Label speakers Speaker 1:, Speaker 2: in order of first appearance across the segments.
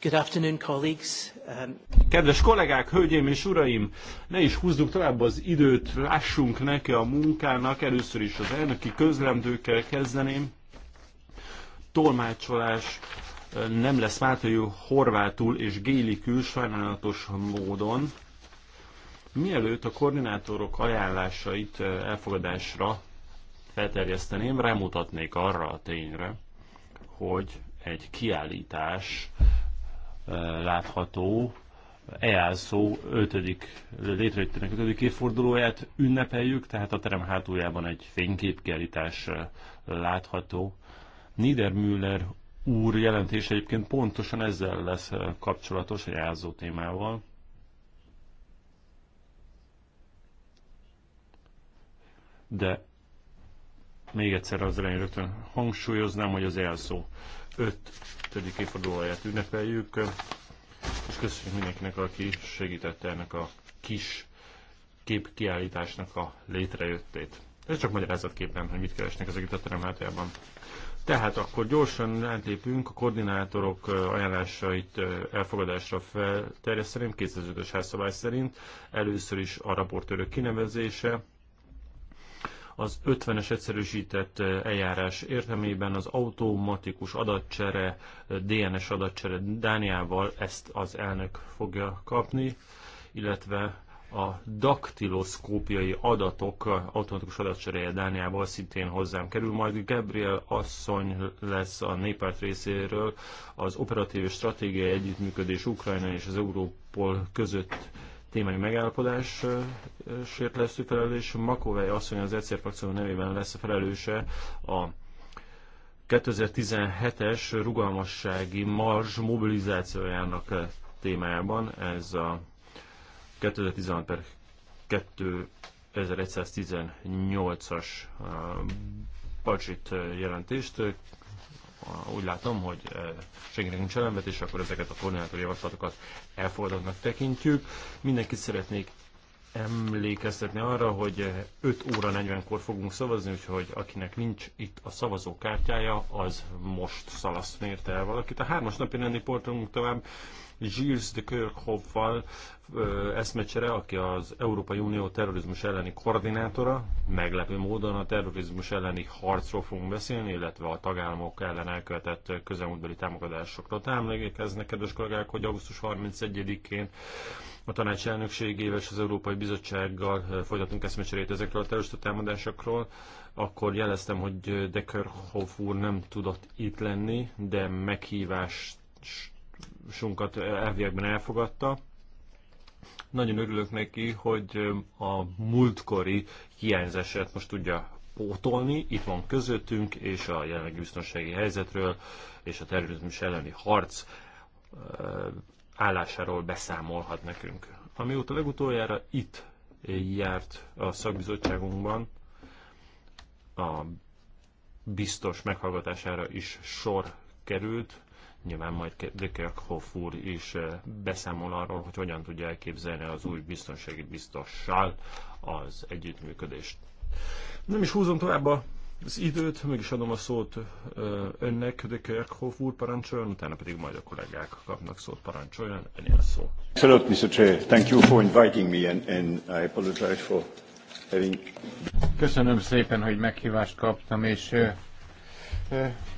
Speaker 1: Good afternoon, colleagues. Um... Kedves kollégák, hölgyeim és uraim, ne is húzzuk tovább az időt, lássunk neki a munkának. Először is az elnöki közlemdőkkel kezdeném. Tolmácsolás eh, nem lesz máthajú horvátul
Speaker 2: és gélikül sajnálatos módon. Mielőtt a koordinátorok ajánlásait eh, elfogadásra felterjeszteném, rámutatnék arra a tényre, hogy egy kiállítás látható EASZO 5. létrejöttének 5. évfordulóját ünnepeljük, tehát a terem hátuljában egy fényképkiállítás látható. Niedermüller úr jelentése egyébként pontosan ezzel lesz kapcsolatos a ázó témával. De még egyszer az elején rögtön hangsúlyoznám, hogy az elszó 5. évfordulóját ünnepeljük, és köszönjük mindenkinek, aki segítette ennek a kis képkiállításnak a létrejöttét. Ez csak magyarázatképpen, hogy mit keresnek ezek itt a terem hátuljában. Tehát akkor gyorsan átlépünk a koordinátorok ajánlásait elfogadásra felterjeszteném, 2005-ös házszabály szerint. Először is a raportőrök kinevezése, az 50-es egyszerűsített eljárás értelmében az automatikus adatcsere, DNS adatcsere Dániával ezt az elnök fogja kapni, illetve a daktiloszkópiai adatok automatikus adatcseréje Dániával szintén hozzám kerül. Majd Gabriel asszony lesz a néppárt részéről az operatív és stratégiai együttműködés Ukrajna és az Európol között témai megállapodásért lesz felelős. Makovej asszony az egyszer frakció nevében lesz a felelőse a 2017-es rugalmassági marzs mobilizációjának témájában. Ez a 2016 per 2118-as uh, budget jelentést úgy látom, hogy e, senkinek nincs és akkor ezeket a koordinátor javaslatokat elfogadottnak tekintjük. Mindenkit szeretnék emlékeztetni arra, hogy 5 óra 40-kor fogunk szavazni, úgyhogy akinek nincs itt a szavazókártyája, az most mérte el valakit. A hármas napi rendi portunk tovább Gilles de Kirchhoff-val eszmecsere, aki az Európai Unió terrorizmus elleni koordinátora. Meglepő módon a terrorizmus elleni harcról fogunk beszélni, illetve a tagállamok ellen elkövetett közelmúltbeli támogatásokról. Támlékeznek, kedves kollégák, hogy augusztus 31-én a tanács elnökségével és az Európai Bizottsággal eh, folytatunk eszmecserét ezekről a terrorista támadásokról. Akkor jeleztem, hogy eh, Dekerhoff úr nem tudott itt lenni, de meghívásunkat elviekben elfogadta. Nagyon örülök neki, hogy eh, a múltkori hiányzását most tudja pótolni. Itt van közöttünk, és a jelenlegi biztonsági helyzetről, és a terrorizmus elleni harc állásáról beszámolhat nekünk. Amióta legutoljára itt járt a szakbizottságunkban, a biztos meghallgatására is sor került, nyilván majd Dekerkhoff úr is eh, beszámol arról, hogy hogyan tudja elképzelni az új biztonsági biztossal az együttműködést.
Speaker 1: Nem is húzom tovább a az időt, mégis adom a szót
Speaker 2: önnek, de Kerkhoff úr parancsoljon, utána pedig majd a kollégák kapnak szót, parancsoljon, önél a szó.
Speaker 1: Hello, Mr. Chair. Thank you for inviting me and, and I apologize for having...
Speaker 3: Köszönöm szépen, hogy meghívást kaptam, és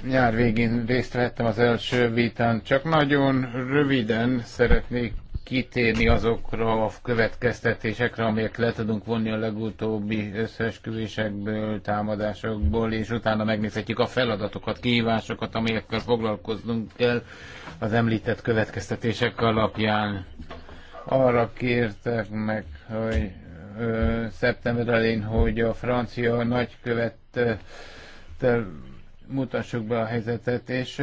Speaker 3: nyár végén részt vettem az első vitán. Csak nagyon röviden szeretnék kitérni azokra a következtetésekre, amelyek le tudunk vonni a legutóbbi összeesküvésekből, támadásokból, és utána megnézhetjük a feladatokat, kihívásokat, amelyekkel foglalkoznunk kell az említett következtetések alapján. Arra kértek meg, hogy ö, szeptember elején, hogy a francia nagykövet mutassuk be a helyzetet, és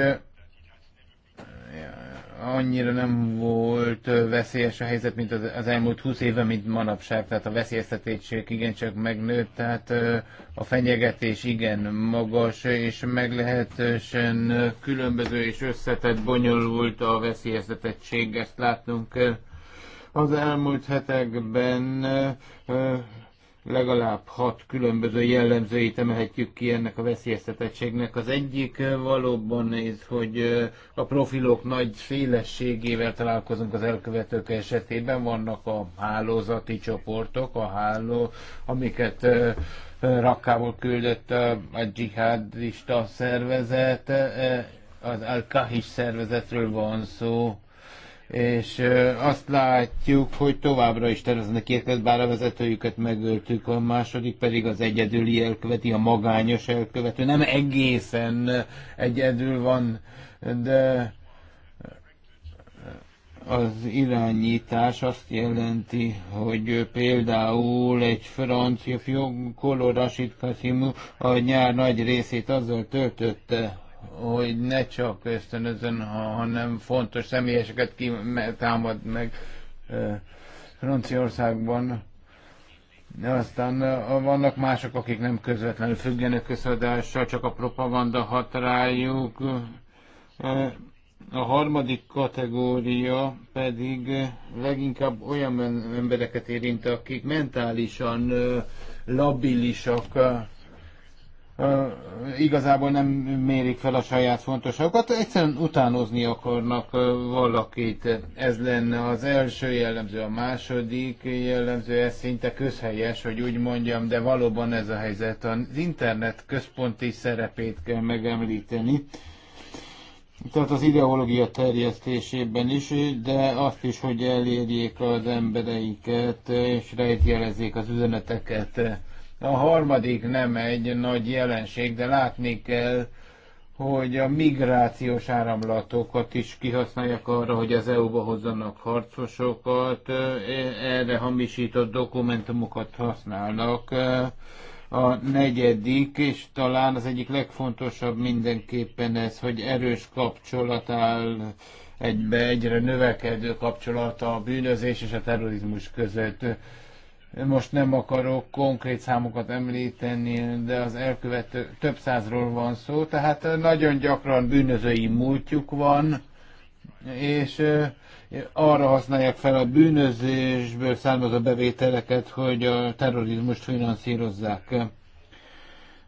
Speaker 3: annyira nem volt veszélyes a helyzet, mint az, az elmúlt 20 éve, mint manapság, tehát a veszélyeztetettség igencsak megnőtt, tehát a fenyegetés igen magas, és meglehetősen különböző és összetett, bonyolult a veszélyeztetettség, ezt látnunk Az elmúlt hetekben legalább hat különböző jellemzőit emelhetjük ki ennek a veszélyeztetettségnek. Az egyik valóban néz, hogy a profilok nagy szélességével találkozunk az elkövetők esetében. Vannak a hálózati csoportok, a háló, amiket rakkából küldött a dzsihadista szervezet, az al szervezetről van szó, és azt látjuk, hogy továbbra is terveznek érkezni, bár a vezetőjüket megöltük, a második pedig az egyedüli elköveti, a magányos elkövető. Nem egészen egyedül van, de az irányítás azt jelenti, hogy például egy francia fiú, Kolorasit Kasimu a nyár nagy részét azzal töltötte, hogy ne csak ösztönözön, hanem fontos személyeseket ki támad meg Franciaországban. Aztán vannak mások, akik nem közvetlenül függenek közhadással, csak a propaganda hat rájuk. A harmadik kategória pedig leginkább olyan embereket érint, akik mentálisan labilisak, igazából nem mérik fel a saját fontosságokat, egyszerűen utánozni akarnak valakit. Ez lenne az első jellemző, a második jellemző, ez szinte közhelyes, hogy úgy mondjam, de valóban ez a helyzet. Az internet központi szerepét kell megemlíteni. Tehát az ideológia terjesztésében is, de azt is, hogy elérjék az embereiket, és rejtjelezzék az üzeneteket a harmadik nem egy nagy jelenség, de látni kell, hogy a migrációs áramlatokat is kihasználják arra, hogy az EU-ba hozzanak harcosokat, erre hamisított dokumentumokat használnak. A negyedik, és talán az egyik legfontosabb mindenképpen ez, hogy erős kapcsolat áll egybe, egyre növekedő kapcsolata a bűnözés és a terrorizmus között most nem akarok konkrét számokat említeni, de az elkövető több százról van szó, tehát nagyon gyakran bűnözői múltjuk van, és arra használják fel a bűnözésből származó bevételeket, hogy a terrorizmust finanszírozzák.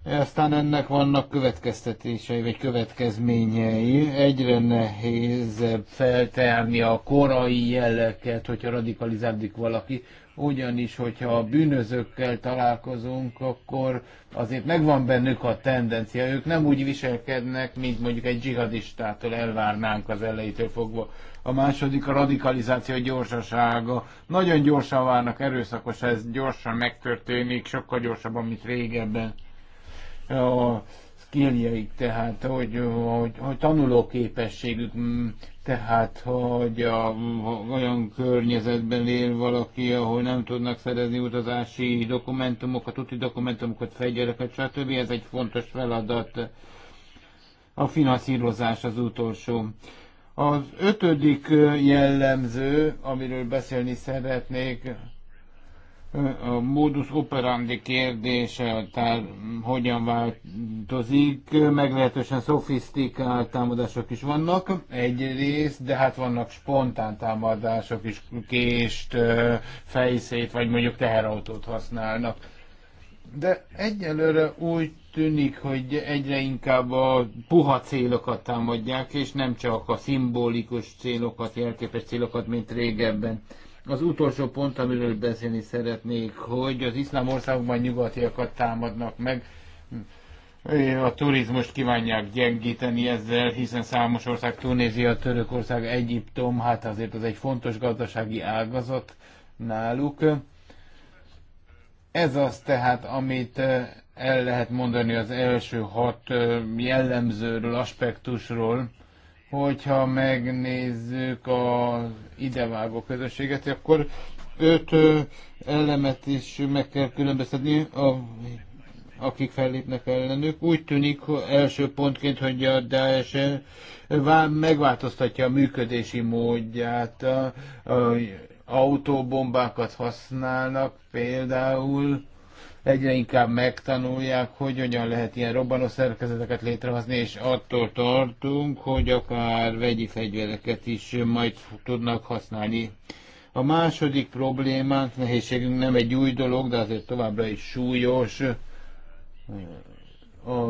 Speaker 3: Aztán ennek vannak következtetései, vagy következményei. Egyre nehéz feltárni a korai jeleket, hogyha radikalizálódik valaki ugyanis, hogyha a bűnözőkkel találkozunk, akkor azért megvan bennük a tendencia. Ők nem úgy viselkednek, mint mondjuk egy dzsihadistától elvárnánk az elejétől fogva. A második a radikalizáció gyorsasága. Nagyon gyorsan várnak erőszakos, ez gyorsan megtörténik, sokkal gyorsabban, mint régebben. A skilljeik, tehát hogy, hogy, hogy tanulóképességük tehát, hogy a, olyan környezetben él valaki, ahol nem tudnak szerezni utazási dokumentumokat, uti dokumentumokat, fegyvereket, stb. Ez egy fontos feladat. A finanszírozás az utolsó. Az ötödik jellemző, amiről beszélni szeretnék, a módus operandi kérdése, tehát hogyan változik, meglehetősen szofisztikált támadások is vannak egyrészt, de hát vannak spontán támadások is, kést, fejszét, vagy mondjuk teherautót használnak. De egyelőre úgy tűnik, hogy egyre inkább a puha célokat támadják, és nem csak a szimbolikus célokat, jelképes célokat, mint régebben. Az utolsó pont, amiről beszélni szeretnék, hogy az iszlám országokban nyugatiakat támadnak meg, a turizmust kívánják gyengíteni ezzel, hiszen számos ország, Tunézia, Törökország, Egyiptom, hát azért az egy fontos gazdasági ágazat náluk. Ez az tehát, amit el lehet mondani az első hat jellemzőről, aspektusról, Hogyha megnézzük az idevágó közösséget, akkor öt elemet is meg kell különböztetni, a, akik fellépnek ellenük. Úgy tűnik első pontként, hogy a Daesh megváltoztatja a működési módját, a, a, autóbombákat használnak például, egyre inkább megtanulják, hogy hogyan lehet ilyen robbanó szerkezeteket létrehozni, és attól tartunk, hogy akár vegyi fegyvereket is majd tudnak használni. A második problémánk, nehézségünk nem egy új dolog, de azért továbbra is súlyos, a,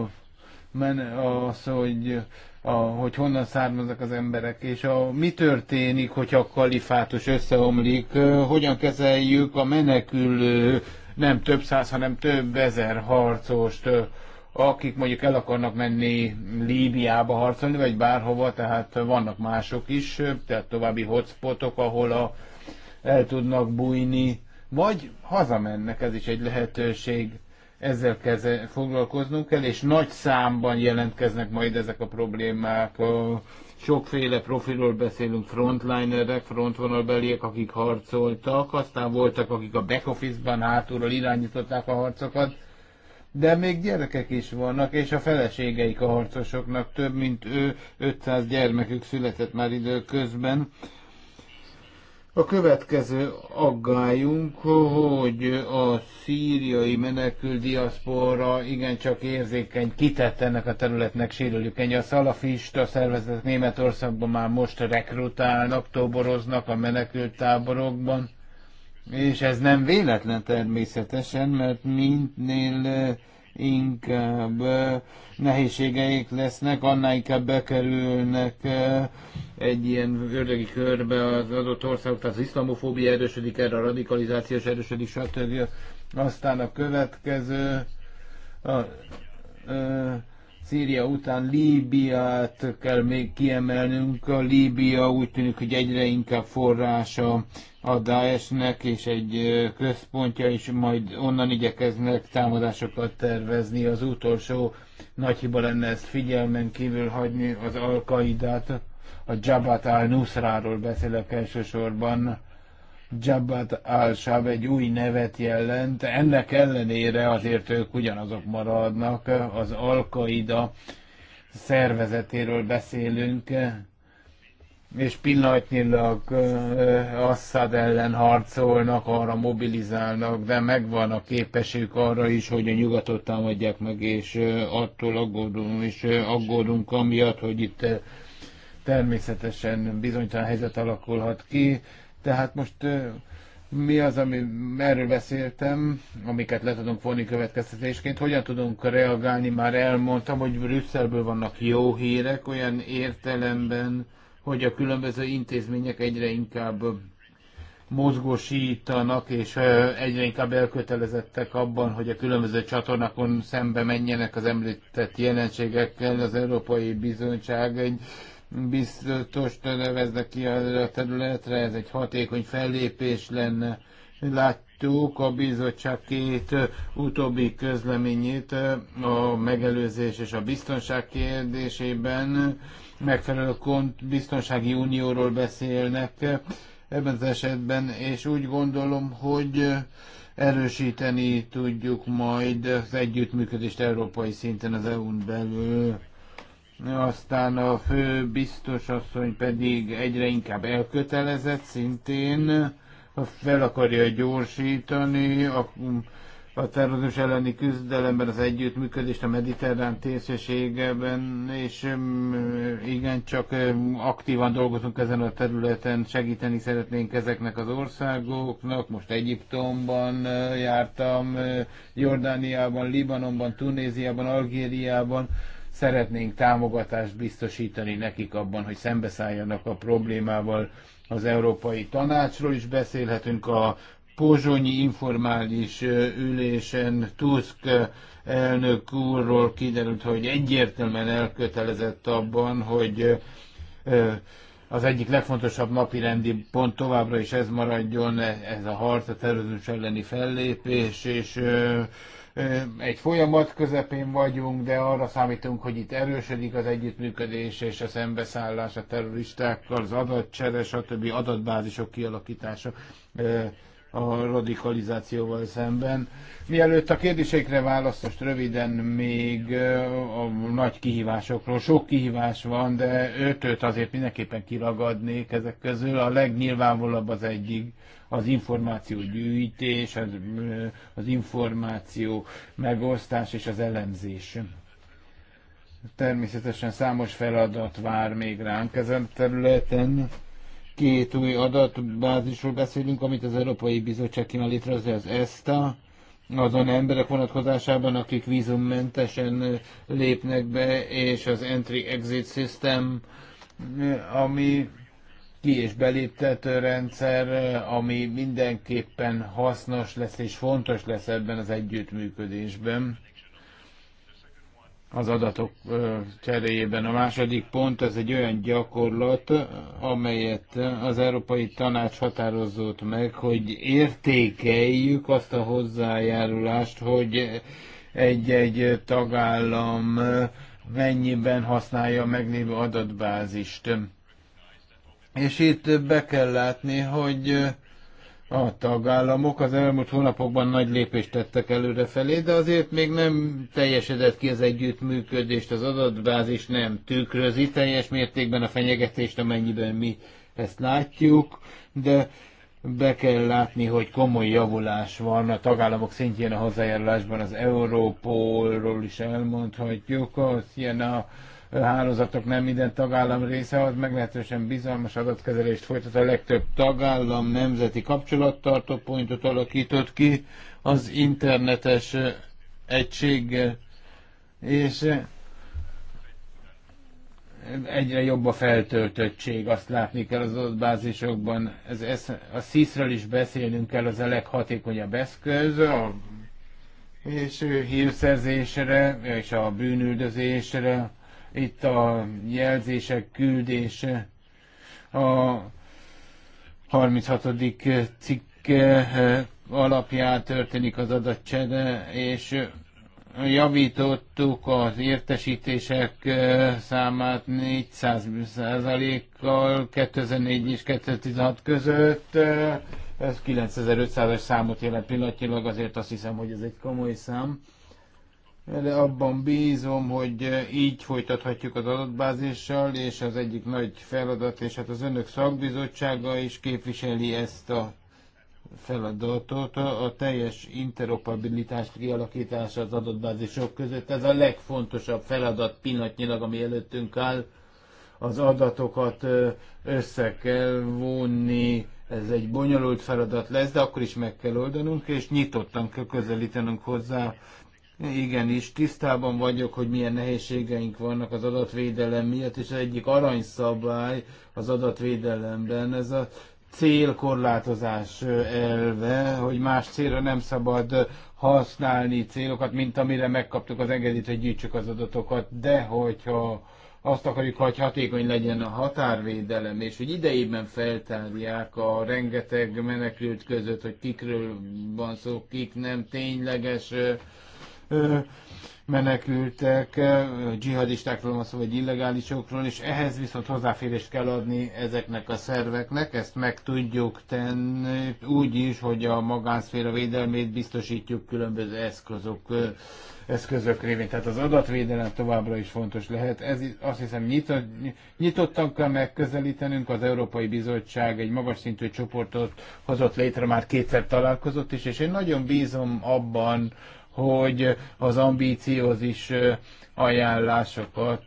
Speaker 3: men, az, hogy, a, hogy honnan származnak az emberek, és a, mi történik, hogyha a kalifátus összeomlik, hogyan kezeljük a menekülő nem több száz, hanem több ezer harcost, akik mondjuk el akarnak menni Líbiába harcolni, vagy bárhova, tehát vannak mások is, tehát további hotspotok, ahol a, el tudnak bújni, vagy hazamennek, ez is egy lehetőség ezzel keze, foglalkoznunk kell, és nagy számban jelentkeznek majd ezek a problémák sokféle profilról beszélünk, frontlinerek, frontvonalbeliek, akik harcoltak, aztán voltak, akik a back office-ban hátulról irányították a harcokat, de még gyerekek is vannak, és a feleségeik a harcosoknak több mint ő, 500 gyermekük született már időközben. A következő aggályunk, hogy a szíriai menekült diaszpora igencsak érzékeny, kitett ennek a területnek sérülőkeny. A szalafista szervezetek Németországban már most rekrutálnak, toboroznak a menekült táborokban, és ez nem véletlen természetesen, mert mindnél inkább eh, nehézségeik lesznek, annál inkább bekerülnek eh, egy ilyen ördögi körbe az adott ország, tehát az iszlamofóbia erősödik erre, a is erősödik, stb. Aztán a következő a, a, eh, Szíria után Líbiát kell még kiemelnünk. A Líbia úgy tűnik, hogy egyre inkább forrása a Daesh-nek, és egy központja is, majd onnan igyekeznek támadásokat tervezni. Az utolsó nagy hiba lenne ezt figyelmen kívül hagyni az Al-Qaidát. A Jabhat al-Nusráról beszélek elsősorban Jabbat al egy új nevet jelent, ennek ellenére azért ők ugyanazok maradnak, az Alkaida szervezetéről beszélünk, és pillanatnyilag eh, Assad ellen harcolnak, arra mobilizálnak, de megvan a képesük arra is, hogy a nyugatot támadják meg, és eh, attól aggódunk, és eh, aggódunk amiatt, hogy itt természetesen bizonytalan helyzet alakulhat ki. Tehát most mi az, ami erről beszéltem, amiket le tudunk vonni következtetésként, hogyan tudunk reagálni, már elmondtam, hogy Brüsszelből vannak jó hírek, olyan értelemben, hogy a különböző intézmények egyre inkább mozgósítanak, és egyre inkább elkötelezettek abban, hogy a különböző csatornákon szembe menjenek az említett jelenségekkel. Az Európai Bizottság egy biztos nevezne ki a területre, ez egy hatékony fellépés lenne. Láttuk a bizottság két utóbbi közleményét a megelőzés és a biztonság kérdésében. Megfelelő kont biztonsági unióról beszélnek ebben az esetben, és úgy gondolom, hogy erősíteni tudjuk majd az együttműködést európai szinten az EU-n belül aztán a fő biztos asszony pedig egyre inkább elkötelezett szintén, fel akarja gyorsítani a, a terrorizmus elleni küzdelemben az együttműködést a mediterrán térségében, és um, igen, csak um, aktívan dolgozunk ezen a területen, segíteni szeretnénk ezeknek az országoknak. Most Egyiptomban uh, jártam, uh, Jordániában, Libanonban, Tunéziában, Algériában, szeretnénk támogatást biztosítani nekik abban, hogy szembeszálljanak a problémával. Az Európai Tanácsról is beszélhetünk, a pozsonyi informális ülésen Tusk elnök úrról kiderült, hogy egyértelműen elkötelezett abban, hogy az egyik legfontosabb napi rendi pont továbbra is ez maradjon, e, ez a harc a terrorizmus elleni fellépés, és egy folyamat közepén vagyunk, de arra számítunk, hogy itt erősödik az együttműködés és a szembeszállás a terroristákkal, az adatcsere, stb. adatbázisok kialakítása a radikalizációval szemben. Mielőtt a kérdésekre választ, röviden még a nagy kihívásokról. Sok kihívás van, de ötöt azért mindenképpen kiragadnék ezek közül. A legnyilvánvalóbb az egyik, az információ gyűjtés, az, az információ megosztás és az elemzés. Természetesen számos feladat vár még ránk ezen területen. Két új adatbázisról beszélünk, amit az Európai Bizottság kínál létrehozni, az ESTA, azon emberek vonatkozásában, akik vízummentesen lépnek be, és az Entry-Exit System, ami ki- és beléptető rendszer, ami mindenképpen hasznos lesz és fontos lesz ebben az együttműködésben az adatok cseréjében. A második pont az egy olyan gyakorlat, amelyet az Európai Tanács határozott meg, hogy értékeljük azt a hozzájárulást, hogy egy-egy tagállam mennyiben használja a megnévő adatbázist és itt be kell látni, hogy a tagállamok az elmúlt hónapokban nagy lépést tettek előre felé, de azért még nem teljesedett ki az együttműködést, az adatbázis nem tükrözi teljes mértékben a fenyegetést, amennyiben mi ezt látjuk, de be kell látni, hogy komoly javulás van a tagállamok szintjén a hozzájárulásban, az Európolról is elmondhatjuk, az ilyen a hálózatok nem minden tagállam része, az meglehetősen bizalmas adatkezelést folytat. A legtöbb tagállam nemzeti kapcsolattartó pontot alakított ki az internetes egységgel, és egyre jobb a feltöltöttség, azt látni kell az bázisokban. Ez, ez, a SZISZ-ről is beszélnünk kell, az a leghatékonyabb eszköz, a, és hírszerzésre, és a bűnüldözésre, itt a jelzések küldése a 36. cikk eh, alapján történik az adatcsere, és javítottuk az értesítések eh, számát 400%-kal 2004 és 2016 között. Eh, ez 9500-as számot jelent pillanatnyilag, azért azt hiszem, hogy ez egy komoly szám de abban bízom, hogy eh, így folytathatjuk az adatbázissal, és az egyik nagy feladat, és hát az önök szakbizottsága is képviseli ezt a feladatot, a teljes interoperabilitást kialakítása az adatbázisok között. Ez a legfontosabb feladat pillanatnyilag, ami előttünk áll. Az adatokat eh, össze kell vonni, ez egy bonyolult feladat lesz, de akkor is meg kell oldanunk, és nyitottan kell közelítenünk hozzá Igenis, tisztában vagyok, hogy milyen nehézségeink vannak az adatvédelem miatt, és az egyik aranyszabály az adatvédelemben, ez a célkorlátozás elve, hogy más célra nem szabad használni célokat, mint amire megkaptuk az engedélyt, hogy gyűjtsük az adatokat, de hogyha azt akarjuk, hogy hatékony legyen a határvédelem, és hogy idejében feltárják a rengeteg menekült között, hogy kikről van szó, kik nem tényleges menekültek, dzsihadistákról van szó, vagy illegálisokról, és ehhez viszont hozzáférést kell adni ezeknek a szerveknek, ezt meg tudjuk tenni úgy is, hogy a magánszféra védelmét biztosítjuk különböző eszközök, eszközök révén. Tehát az adatvédelem továbbra is fontos lehet. Ez azt hiszem nyitott, nyitottan kell megközelítenünk. Az Európai Bizottság egy magas szintű csoportot hozott létre, már kétszer találkozott is, és én nagyon bízom abban, hogy az ambíciózis ajánlásokat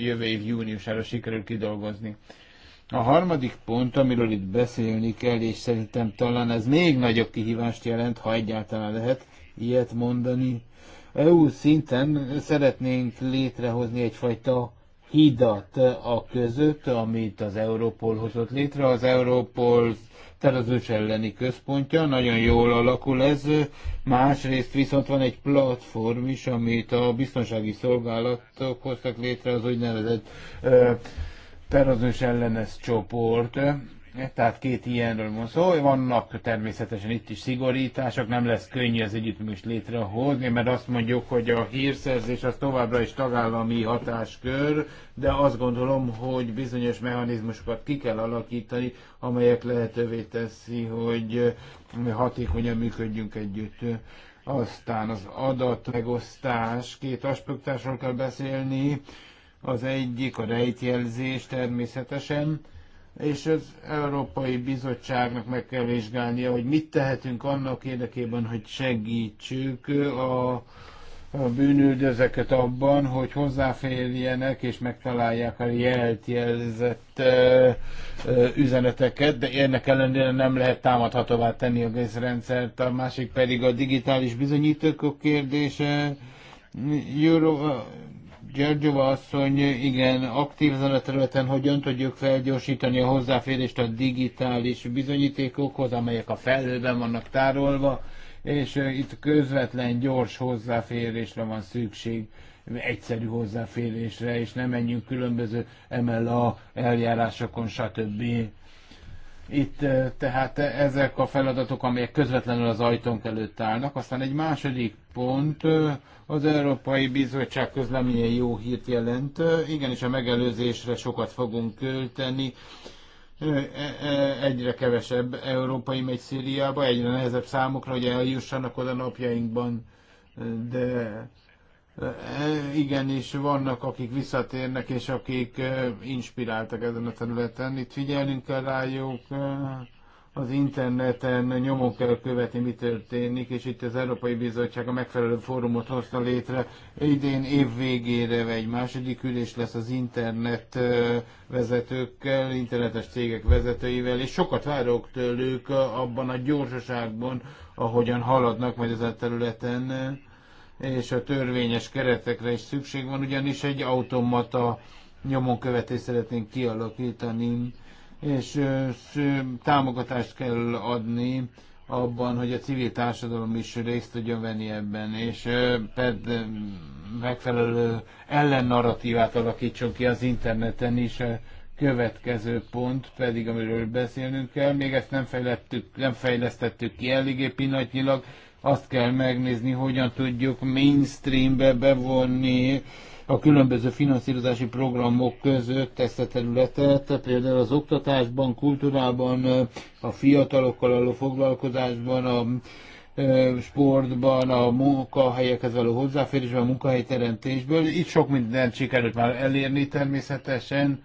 Speaker 3: jövő év júniusára sikerül kidolgozni. A harmadik pont, amiről itt beszélni kell, és szerintem talán ez még nagyobb kihívást jelent, ha egyáltalán lehet ilyet mondani. EU szinten szeretnénk létrehozni egyfajta hidat a között, amit az Europol hozott létre. Az Europol terrorizmus elleni központja, nagyon jól alakul ez. Másrészt viszont van egy platform is, amit a biztonsági szolgálatok hoztak létre, az úgynevezett terrorizmus ellenes csoport tehát két ilyenről van szó, vannak természetesen itt is szigorítások, nem lesz könnyű az együttműködést létrehozni, mert azt mondjuk, hogy a hírszerzés az továbbra is tagállami hatáskör, de azt gondolom, hogy bizonyos mechanizmusokat ki kell alakítani, amelyek lehetővé teszi, hogy hatékonyan működjünk együtt. Aztán az adatmegosztás, két aspektusról kell beszélni, az egyik a rejtjelzés természetesen, és az Európai Bizottságnak meg kell vizsgálnia, hogy mit tehetünk annak érdekében, hogy segítsük a, a bűnüldözeket abban, hogy hozzáférjenek és megtalálják a jelt jelzett ö, ö, üzeneteket, de ennek ellenére nem lehet támadhatóvá tenni a gazrendszert. A másik pedig a digitális bizonyítókok kérdése. Euro, Györgyova asszony, igen, aktív ezen a területen, hogyan tudjuk felgyorsítani a hozzáférést a digitális bizonyítékokhoz, amelyek a felhőben vannak tárolva, és itt közvetlen, gyors hozzáférésre van szükség, egyszerű hozzáférésre, és nem menjünk különböző MLA eljárásokon, stb. Itt eh, tehát ezek a feladatok, amelyek közvetlenül az ajtónk előtt állnak. Aztán egy második pont, eh, az Európai Bizottság közleménye jó hírt jelent. Eh, igenis a megelőzésre sokat fogunk költeni. E, e, egyre kevesebb európai megy Szíriába, egyre nehezebb számukra, hogy eljussanak oda napjainkban, de E, Igenis, vannak, akik visszatérnek, és akik e, inspiráltak ezen a területen. Itt figyelnünk kell rájuk, e, az interneten nyomon kell követni, mi történik, és itt az Európai Bizottság a megfelelő fórumot hozta létre. Idén év végére egy második ülés lesz az internet vezetőkkel, internetes cégek vezetőivel, és sokat várok tőlük abban a gyorsaságban, ahogyan haladnak majd ezen a területen és a törvényes keretekre is szükség van, ugyanis egy automata nyomon követést szeretnénk kialakítani, és támogatást kell adni abban, hogy a civil társadalom is részt tudjon venni ebben, és ped megfelelő ellennarratívát alakítson ki az interneten is. A következő pont pedig, amiről beszélnünk kell, még ezt nem, fejlettük, nem fejlesztettük ki eléggé pillanatnyilag, azt kell megnézni, hogyan tudjuk mainstreambe bevonni a különböző finanszírozási programok között ezt a területet, például az oktatásban, kultúrában, a fiatalokkal való foglalkozásban, a sportban, a munkahelyekhez való hozzáférésben, a munkahelyteremtésből. Itt sok mindent sikerült már elérni természetesen,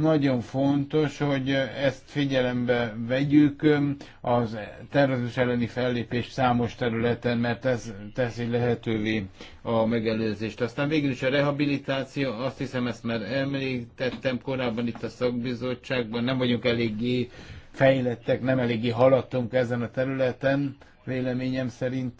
Speaker 3: nagyon fontos, hogy ezt figyelembe vegyük az terrorizmus elleni fellépés számos területen, mert ez teszi lehetővé a megelőzést. Aztán végül is a rehabilitáció, azt hiszem ezt már említettem korábban itt a szakbizottságban, nem vagyunk eléggé fejlettek, nem eléggé haladtunk ezen a területen, véleményem szerint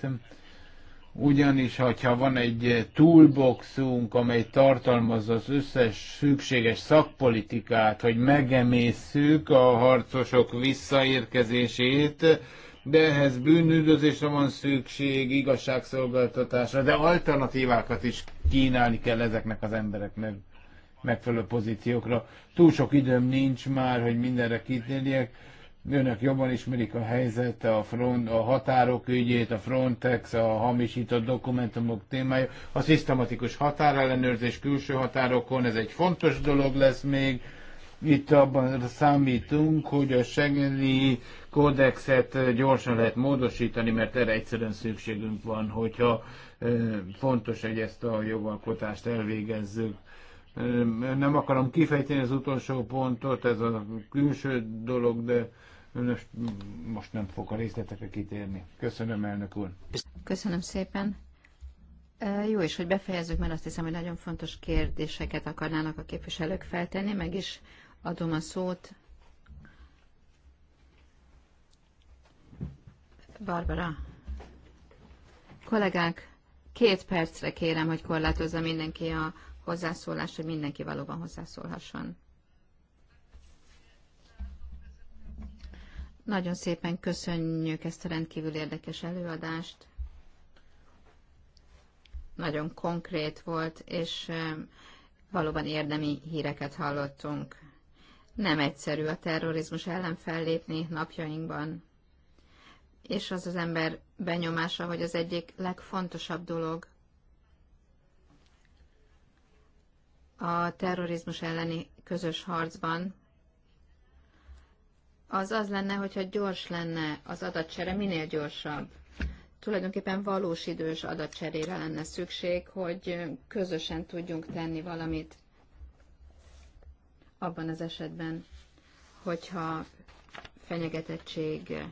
Speaker 3: ugyanis ha van egy toolboxunk, amely tartalmazza az összes szükséges szakpolitikát, hogy megemészszük a harcosok visszaérkezését, de ehhez bűnüldözésre van szükség, igazságszolgáltatásra, de alternatívákat is kínálni kell ezeknek az embereknek megfelelő pozíciókra. Túl sok időm nincs már, hogy mindenre kitérjek önök jobban ismerik a helyzet, a, front, a határok ügyét, a Frontex, a hamisított dokumentumok témája, a szisztematikus határellenőrzés külső határokon, ez egy fontos dolog lesz még. Itt abban számítunk, hogy a Schengeni kódexet gyorsan lehet módosítani, mert erre egyszerűen szükségünk van, hogyha fontos, hogy ezt a jogalkotást elvégezzük. Nem akarom kifejteni az utolsó pontot, ez a külső dolog, de most, most nem fog a részletekre kitérni. Köszönöm, elnök úr.
Speaker 4: Köszönöm szépen. Jó és hogy befejezzük, mert azt hiszem, hogy nagyon fontos kérdéseket akarnának a képviselők feltenni, meg is adom a szót Barbara. Kollégák, két percre kérem, hogy korlátozza mindenki a hozzászólást, hogy mindenki valóban hozzászólhasson. Nagyon szépen köszönjük ezt a rendkívül érdekes előadást. Nagyon konkrét volt, és valóban érdemi híreket hallottunk. Nem egyszerű a terrorizmus ellen fellépni napjainkban. És az az ember benyomása, hogy az egyik legfontosabb dolog a terrorizmus elleni közös harcban az az lenne, hogyha gyors lenne az adatcsere, minél gyorsabb. Tulajdonképpen valós idős adatcserére lenne szükség, hogy közösen tudjunk tenni valamit abban az esetben, hogyha fenyegetettség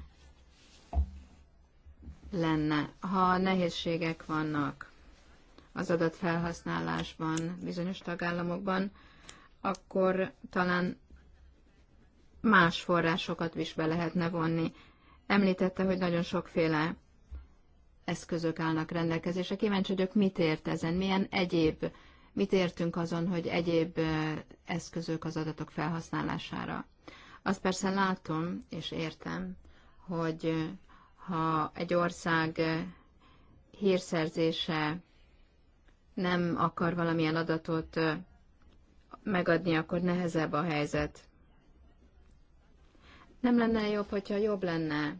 Speaker 4: lenne. Ha nehézségek vannak az adatfelhasználásban bizonyos tagállamokban, akkor talán más forrásokat is be lehetne vonni. Említette, hogy nagyon sokféle eszközök állnak rendelkezésre. Kíváncsi vagyok, mit ért ezen, milyen egyéb, mit értünk azon, hogy egyéb eszközök az adatok felhasználására. Azt persze látom és értem, hogy ha egy ország hírszerzése nem akar valamilyen adatot megadni, akkor nehezebb a helyzet. Nem lenne jobb, hogyha jobb lenne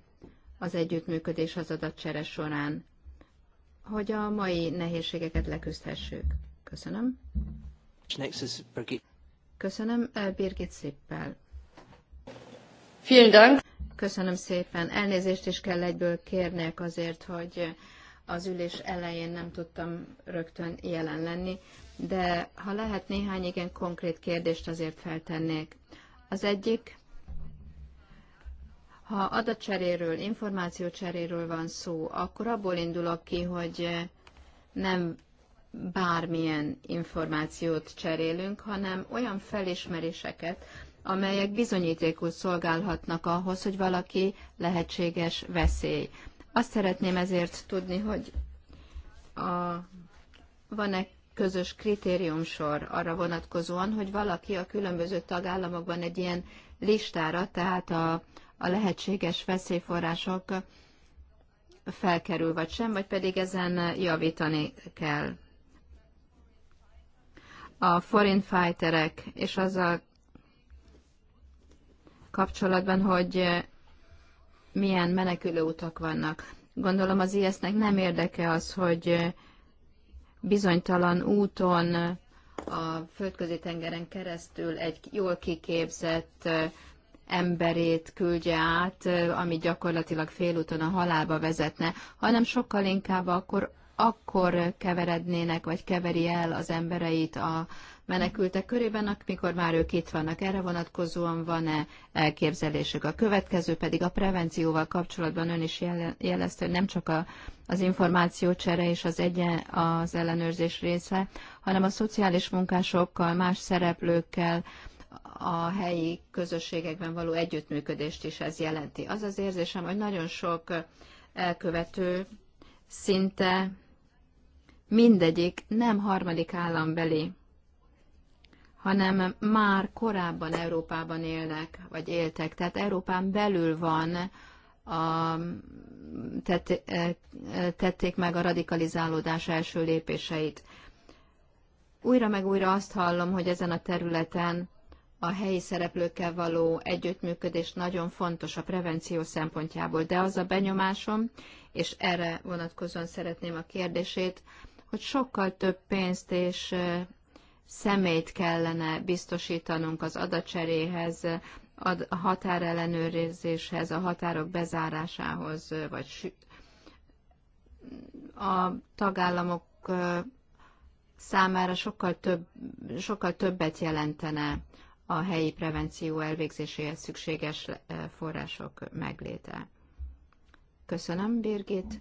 Speaker 4: az együttműködés az adatcsere során, hogy a mai nehézségeket leküzdhessük. Köszönöm. Köszönöm, eh, Birgit Szippel. Vielen Dank. Köszönöm szépen. Elnézést is kell egyből kérnek azért, hogy az ülés elején nem tudtam rögtön jelen lenni, de ha lehet néhány igen konkrét kérdést azért feltennék. Az egyik, ha adatcseréről, információcseréről van szó, akkor abból indulok ki, hogy nem bármilyen információt cserélünk, hanem olyan felismeréseket, amelyek bizonyítékul szolgálhatnak ahhoz, hogy valaki lehetséges veszély. Azt szeretném ezért tudni, hogy a, van-e közös kritériumsor arra vonatkozóan, hogy valaki a különböző tagállamokban egy ilyen listára, tehát a, a lehetséges veszélyforrások felkerül vagy sem, vagy pedig ezen javítani kell. A foreign fighterek és azzal kapcsolatban, hogy milyen menekülő utak vannak. Gondolom az IS-nek nem érdeke az, hogy bizonytalan úton a földközi tengeren keresztül egy jól kiképzett emberét küldje át, ami gyakorlatilag félúton a halálba vezetne, hanem sokkal inkább akkor, akkor keverednének, vagy keveri el az embereit a menekültek körében, mikor már ők itt vannak. Erre vonatkozóan van-e elképzelésük? A következő pedig a prevencióval kapcsolatban ön is jelezte, hogy nem csak a, az információcsere és az, egyen, az ellenőrzés része, hanem a szociális munkásokkal, más szereplőkkel, a helyi közösségekben való együttműködést is ez jelenti. Az az érzésem, hogy nagyon sok elkövető szinte mindegyik nem harmadik állambeli, hanem már korábban Európában élnek, vagy éltek. Tehát Európán belül van, a, tett, e, tették meg a radikalizálódás első lépéseit. Újra meg újra azt hallom, hogy ezen a területen a helyi szereplőkkel való együttműködés nagyon fontos a prevenció szempontjából, de az a benyomásom, és erre vonatkozóan szeretném a kérdését, hogy sokkal több pénzt és szemét kellene biztosítanunk az adacseréhez, a határellenőrzéshez, a határok bezárásához, vagy a tagállamok számára sokkal, több, sokkal többet jelentene a helyi prevenció elvégzéséhez szükséges eh, források megléte. Köszönöm, Birgit.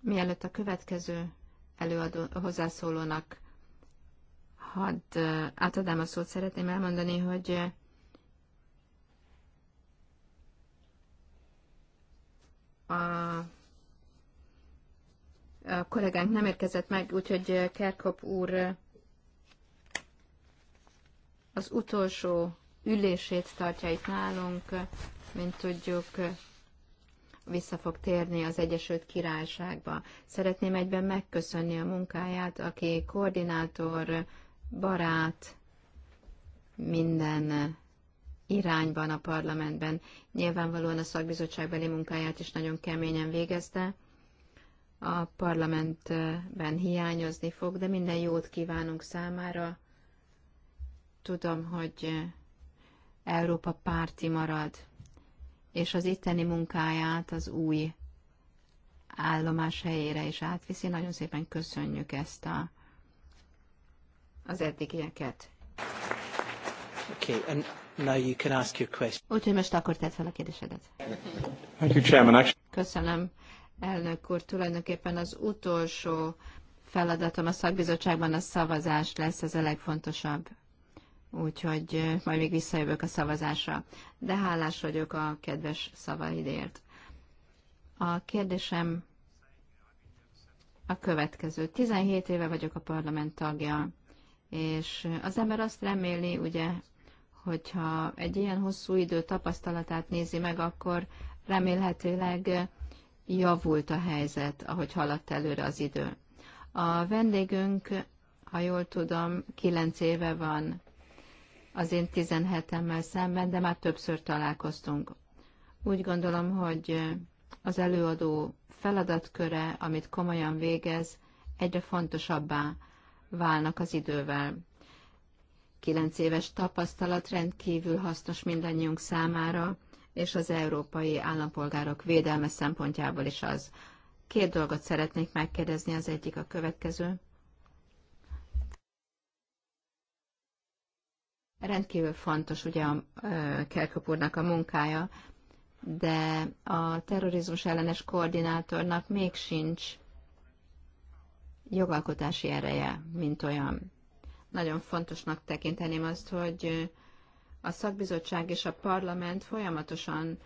Speaker 4: Mielőtt a következő előadó, hozzászólónak hadd eh, átadám a szót, szeretném elmondani, hogy eh, a, a kollégánk nem érkezett meg, úgyhogy Kerkop úr az utolsó ülését tartja itt nálunk, mint tudjuk, vissza fog térni az Egyesült Királyságba. Szeretném egyben megköszönni a munkáját, aki koordinátor, barát, minden irányban a parlamentben. Nyilvánvalóan a szakbizottságbeli munkáját is nagyon keményen végezte. A parlamentben hiányozni fog, de minden jót kívánunk számára Tudom, hogy Európa párti marad, és az itteni munkáját az új állomás helyére is átviszi. Nagyon szépen köszönjük ezt a, az eddigieket.
Speaker 5: Okay, and now you can ask your question.
Speaker 4: Úgyhogy most akkor tedd fel a kérdésedet. Thank you, Chairman. Köszönöm, elnök úr. Tulajdonképpen az utolsó feladatom a szakbizottságban a szavazás lesz, ez a legfontosabb úgyhogy majd még visszajövök a szavazásra. De hálás vagyok a kedves szavaidért. A kérdésem a következő. 17 éve vagyok a parlament tagja, és az ember azt reméli, ugye, hogyha egy ilyen hosszú idő tapasztalatát nézi meg, akkor remélhetőleg javult a helyzet, ahogy haladt előre az idő. A vendégünk, ha jól tudom, kilenc éve van az én 17-emmel szemben, de már többször találkoztunk. Úgy gondolom, hogy az előadó feladatköre, amit komolyan végez, egyre fontosabbá válnak az idővel. Kilenc éves tapasztalat rendkívül hasznos mindannyiunk számára, és az európai állampolgárok védelme szempontjából is az. Két dolgot szeretnék megkérdezni, az egyik a következő. Rendkívül fontos ugye a Kerköp a munkája, de a terrorizmus ellenes koordinátornak még sincs jogalkotási ereje, mint olyan. Nagyon fontosnak tekinteném azt, hogy a szakbizottság és a parlament folyamatosan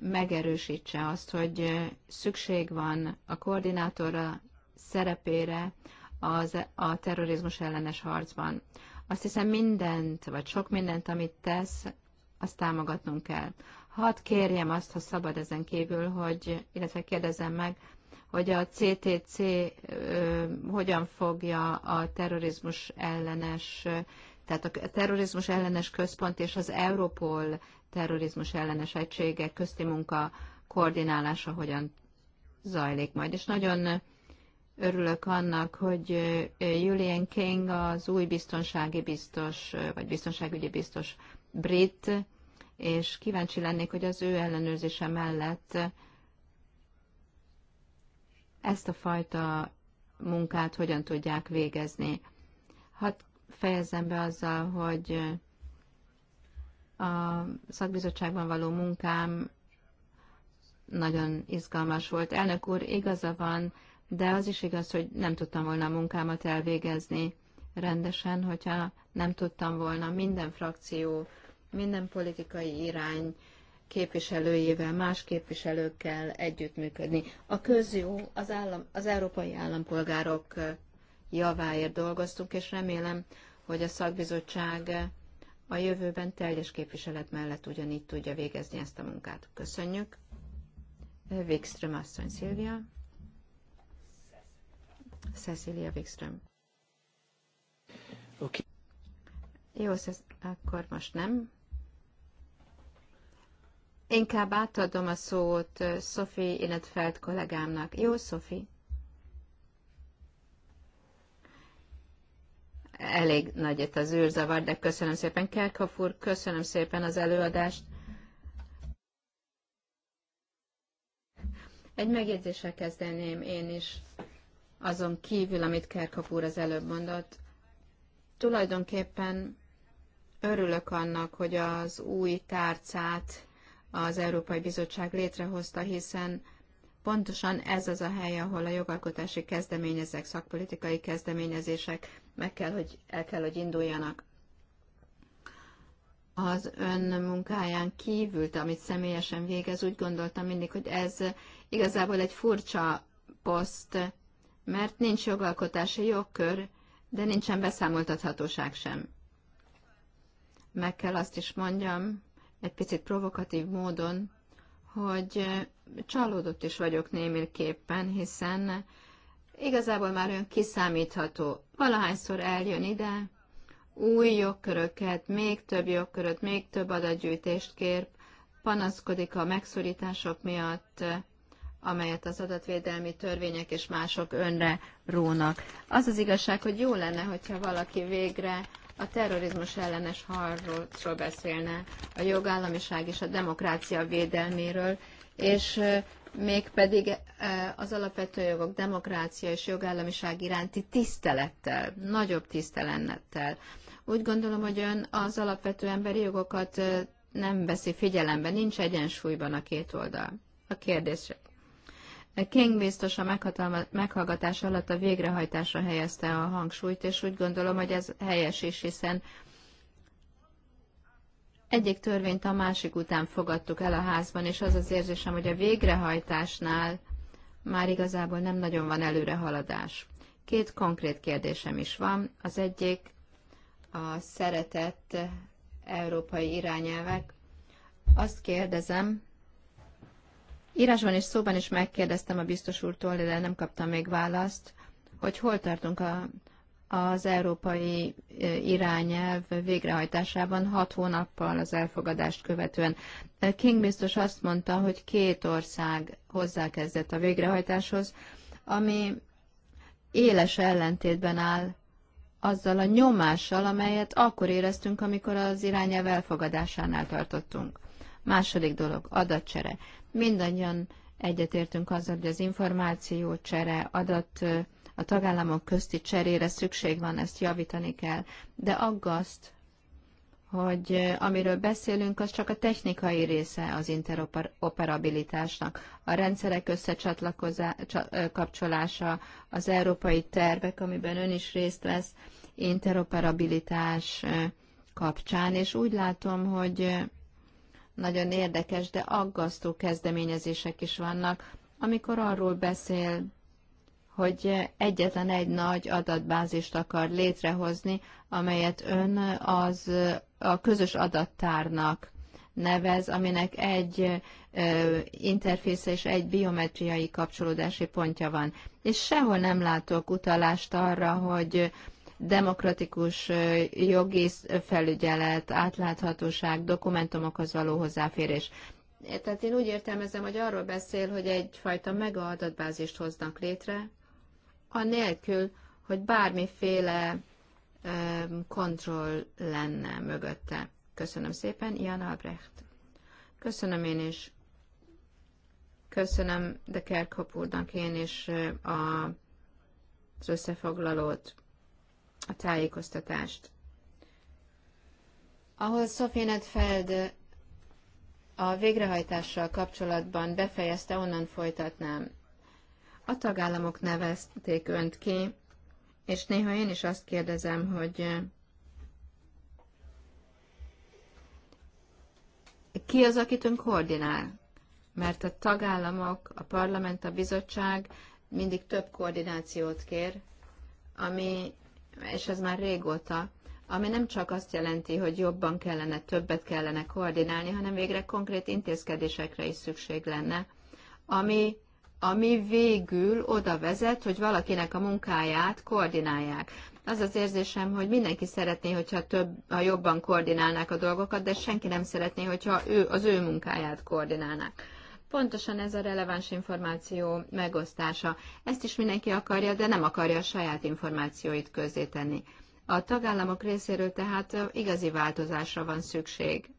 Speaker 4: megerősítse azt, hogy szükség van a koordinátorra szerepére az, a terrorizmus ellenes harcban. Azt hiszem mindent, vagy sok mindent, amit tesz, azt támogatnunk kell. Hadd kérjem azt, ha szabad ezen kívül, hogy, illetve kérdezem meg, hogy a CTC ö, hogyan fogja a terrorizmus ellenes, tehát a terrorizmus ellenes központ és az Európol terrorizmus ellenes egységek közti munka koordinálása hogyan zajlik majd. És nagyon Örülök annak, hogy eh, Julian King az új biztonsági biztos, eh, vagy biztonságügyi biztos brit, és kíváncsi lennék, hogy az ő ellenőrzése mellett ezt a fajta munkát hogyan tudják végezni. Hadd fejezem be azzal, hogy eh, a szakbizottságban való munkám nagyon izgalmas volt. Elnök úr, igaza van, de az is igaz, hogy nem tudtam volna a munkámat elvégezni rendesen, hogyha nem tudtam volna minden frakció, minden politikai irány képviselőjével, más képviselőkkel együttműködni. A közjó, az, állam, az európai állampolgárok javáért dolgoztunk, és remélem, hogy a szakbizottság a jövőben teljes képviselet mellett ugyanígy tudja végezni ezt a munkát. Köszönjük. Wikström asszony, Szilvia. Cecilia Wikström. Okay. Jó, szesz, akkor most nem. Inkább átadom a szót Szofi Inetfeld kollégámnak. Jó, Szofi? Elég nagy itt az űrzavar, de köszönöm szépen. Kerkhoff úr, köszönöm szépen az előadást. Egy megjegyzéssel kezdeném én is azon kívül, amit Kerkap úr az előbb mondott, tulajdonképpen örülök annak, hogy az új tárcát az Európai Bizottság létrehozta, hiszen pontosan ez az a hely, ahol a jogalkotási kezdeményezések, szakpolitikai kezdeményezések meg kell, hogy el kell, hogy induljanak. Az ön munkáján kívül, amit személyesen végez, úgy gondoltam mindig, hogy ez igazából egy furcsa poszt, mert nincs jogalkotási jogkör, de nincsen beszámoltathatóság sem. Meg kell azt is mondjam, egy picit provokatív módon, hogy csalódott is vagyok némilképpen, hiszen igazából már olyan kiszámítható. Valahányszor eljön ide, új jogköröket, még több jogköröt, még több adatgyűjtést kér, panaszkodik a megszorítások miatt, amelyet az adatvédelmi törvények és mások önre rónak. Az az igazság, hogy jó lenne, hogyha valaki végre a terrorizmus ellenes harcról beszélne, a jogállamiság és a demokrácia védelméről, és mégpedig az alapvető jogok demokrácia és jogállamiság iránti tisztelettel, nagyobb tisztelettel. Úgy gondolom, hogy ön az alapvető emberi jogokat nem veszi figyelembe, nincs egyensúlyban a két oldal. A kérdésre King biztos a meghallgatás alatt a végrehajtásra helyezte a hangsúlyt, és úgy gondolom, hogy ez helyes is, hiszen egyik törvényt a másik után fogadtuk el a házban, és az az érzésem, hogy a végrehajtásnál már igazából nem nagyon van előrehaladás. Két konkrét kérdésem is van. Az egyik a szeretett európai irányelvek. Azt kérdezem, Írásban és szóban is megkérdeztem a biztos úrtól, de nem kaptam még választ, hogy hol tartunk a, az európai irányelv végrehajtásában hat hónappal az elfogadást követően. King biztos azt mondta, hogy két ország hozzákezdett a végrehajtáshoz, ami éles ellentétben áll azzal a nyomással, amelyet akkor éreztünk, amikor az irányelv elfogadásánál tartottunk. Második dolog, adatcsere. Mindannyian egyetértünk azzal, hogy az információ csere, adat a tagállamok közti cserére szükség van, ezt javítani kell. De aggaszt, hogy amiről beszélünk, az csak a technikai része az interoperabilitásnak. A rendszerek összekapcsolása, az európai tervek, amiben ön is részt vesz, interoperabilitás kapcsán, és úgy látom, hogy nagyon érdekes, de aggasztó kezdeményezések is vannak, amikor arról beszél, hogy egyetlen egy nagy adatbázist akar létrehozni, amelyet ön az a közös adattárnak nevez, aminek egy interfésze és egy biometriai kapcsolódási pontja van. És sehol nem látok utalást arra, hogy demokratikus jogi felügyelet, átláthatóság, dokumentumokhoz való hozzáférés. Tehát én úgy értelmezem, hogy arról beszél, hogy egyfajta megaadatbázist hoznak létre, anélkül, hogy bármiféle kontroll lenne mögötte. Köszönöm szépen, Jan Albrecht. Köszönöm én is. Köszönöm de Kerkhop úrnak én is a, az összefoglalót a tájékoztatást. Ahol Sofianet Feld a végrehajtással kapcsolatban befejezte, onnan folytatnám. A tagállamok nevezték önt ki, és néha én is azt kérdezem, hogy ki az, akit ön koordinál? Mert a tagállamok, a parlament, a bizottság mindig több koordinációt kér, ami és ez már régóta, ami nem csak azt jelenti, hogy jobban kellene, többet kellene koordinálni, hanem végre konkrét intézkedésekre is szükség lenne, ami, ami végül oda vezet, hogy valakinek a munkáját koordinálják. Az az érzésem, hogy mindenki szeretné, hogyha több, ha jobban koordinálnák a dolgokat, de senki nem szeretné, hogyha ő, az ő munkáját koordinálnák. Pontosan ez a releváns információ megosztása. Ezt is mindenki akarja, de nem akarja a saját információit közzétenni. A tagállamok részéről tehát igazi változásra van szükség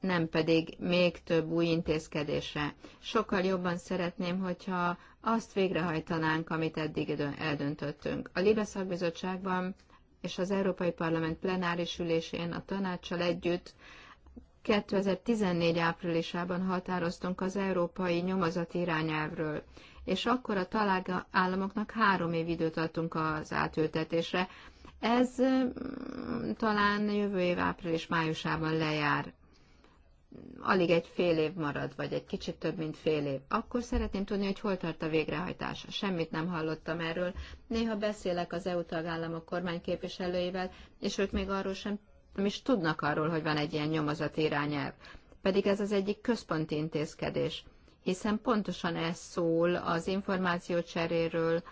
Speaker 4: nem pedig még több új intézkedésre. Sokkal jobban szeretném, hogyha azt végrehajtanánk, amit eddig eldöntöttünk. A Libe szakbizottságban és az Európai Parlament plenáris ülésén a tanácssal együtt 2014 áprilisában határoztunk az európai nyomozati irányelvről, és akkor a államoknak három év időt adtunk az átültetésre. Ez mm, talán jövő év április-májusában lejár. Alig egy fél év marad, vagy egy kicsit több, mint fél év. Akkor szeretném tudni, hogy hol tart a végrehajtás. Semmit nem hallottam erről. Néha beszélek az EU tagállamok kormányképviselőivel, és ők még arról sem nem is tudnak arról, hogy van egy ilyen nyomozati irányelv. Pedig ez az egyik központi intézkedés, hiszen pontosan ez szól az információ cseréről,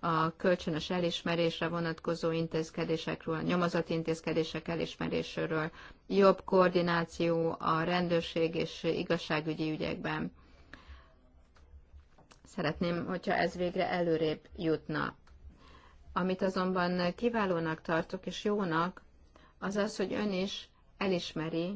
Speaker 4: a kölcsönös elismerésre vonatkozó intézkedésekről, a nyomozati intézkedések elismeréséről, jobb koordináció a rendőrség és igazságügyi ügyekben. Szeretném, hogyha ez végre előrébb jutna. Amit azonban kiválónak tartok és jónak, az az, hogy ön is elismeri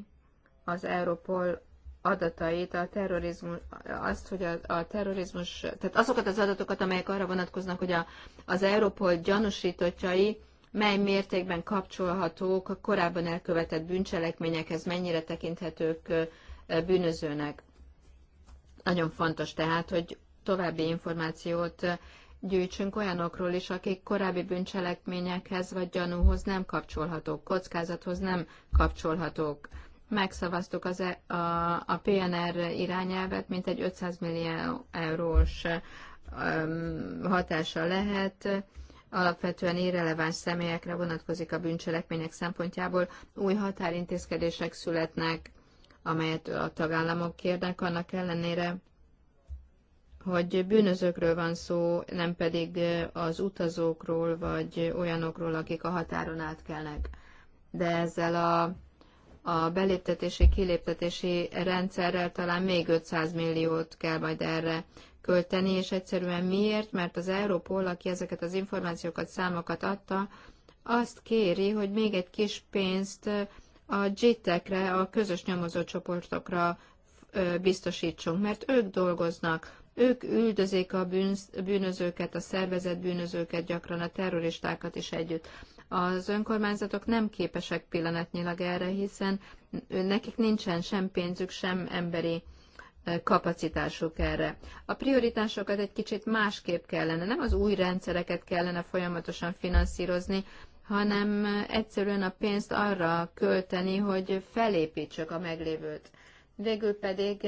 Speaker 4: az Europol adatait, a terrorizmus, azt, hogy a, a terrorizmus, tehát azokat az adatokat, amelyek arra vonatkoznak, hogy a, az Europol gyanúsítottjai mely mértékben kapcsolhatók a korábban elkövetett bűncselekményekhez, mennyire tekinthetők bűnözőnek. Nagyon fontos tehát, hogy további információt gyűjtsünk olyanokról is, akik korábbi bűncselekményekhez vagy gyanúhoz nem kapcsolhatók, kockázathoz nem kapcsolhatók. Megszavaztuk az, e- a, a PNR irányelvet, mint egy 500 millió eurós hatása lehet alapvetően irreleváns személyekre vonatkozik a bűncselekmények szempontjából, új határintézkedések születnek, amelyet a tagállamok kérnek, annak ellenére, hogy bűnözőkről van szó, nem pedig az utazókról, vagy olyanokról, akik a határon átkelnek. De ezzel a, a beléptetési-kiléptetési rendszerrel talán még 500 milliót kell majd erre költeni, és egyszerűen miért? Mert az Európol, aki ezeket az információkat, számokat adta, azt kéri, hogy még egy kis pénzt a JIT-ekre, a közös nyomozó csoportokra biztosítsunk, mert ők dolgoznak ők üldözik a bűnözőket, a szervezett bűnözőket, gyakran a terroristákat is együtt. Az önkormányzatok nem képesek pillanatnyilag erre, hiszen nekik nincsen sem pénzük, sem emberi kapacitásuk erre. A prioritásokat egy kicsit másképp kellene, nem az új rendszereket kellene folyamatosan finanszírozni, hanem egyszerűen a pénzt arra költeni, hogy felépítsük a meglévőt. Végül pedig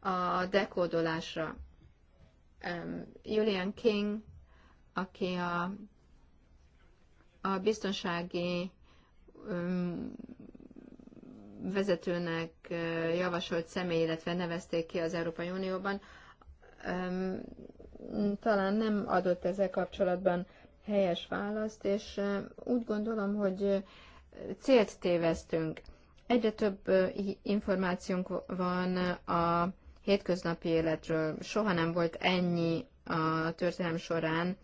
Speaker 4: a dekódolásra um, Julian King, aki a, a biztonsági um, vezetőnek uh, javasolt személy, illetve nevezték ki az Európai Unióban, um, talán nem adott ezzel kapcsolatban helyes választ, és uh, úgy gondolom, hogy uh, célt téveztünk. Egyre több információnk van a hétköznapi életről. Soha nem volt ennyi a történelem során,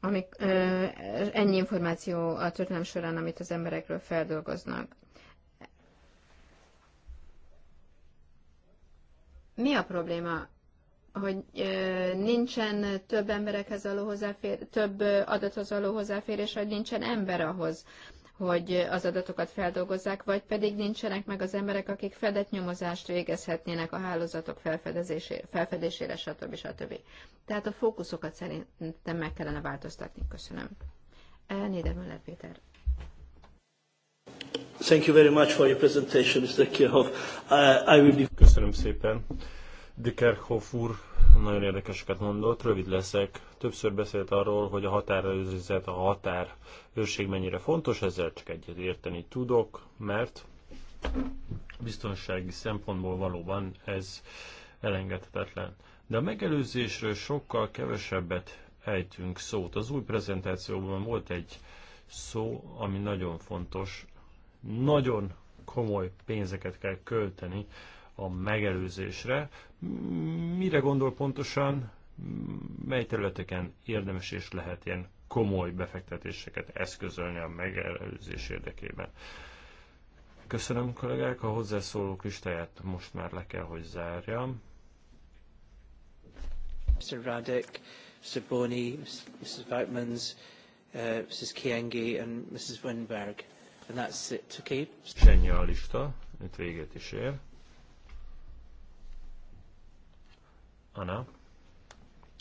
Speaker 4: amik, ö, ennyi információ a történelem során, amit az emberekről feldolgoznak. Mi a probléma? hogy nincsen több emberekhez való hozzáférés, több adathoz való hozzáférés, vagy nincsen ember ahhoz, hogy az adatokat feldolgozzák, vagy pedig nincsenek meg az emberek, akik fedett nyomozást végezhetnének a hálózatok felfedezésére, felfedésére, stb. stb. Tehát a fókuszokat szerintem meg kellene változtatni. Köszönöm. Eh, Néder Müller Péter.
Speaker 5: Thank you very much
Speaker 2: for your presentation, Mr. Kirchhoff. I will be... Köszönöm szépen. De Kerkhoff úr nagyon érdekeseket mondott, rövid leszek. Többször beszélt arról, hogy a határőrizet, a határ őrség mennyire fontos, ezzel csak egyet érteni tudok, mert biztonsági szempontból valóban ez elengedhetetlen. De a megelőzésről sokkal kevesebbet ejtünk szót. Az új prezentációban volt egy szó, ami nagyon fontos. Nagyon komoly pénzeket kell költeni a megelőzésre. Mire gondol pontosan, mely területeken érdemes és lehet ilyen komoly befektetéseket eszközölni a megelőzés érdekében. Köszönöm, kollégák, a hozzászólók listáját most már le kell, hogy zárjam.
Speaker 5: Mr. Radek, Mr. Boni, Mrs. Boutmans, uh, Mrs. Kiengi and Mrs. Winberg. And that's it, okay? Ennyi
Speaker 2: a lista, itt véget is ér. Anna.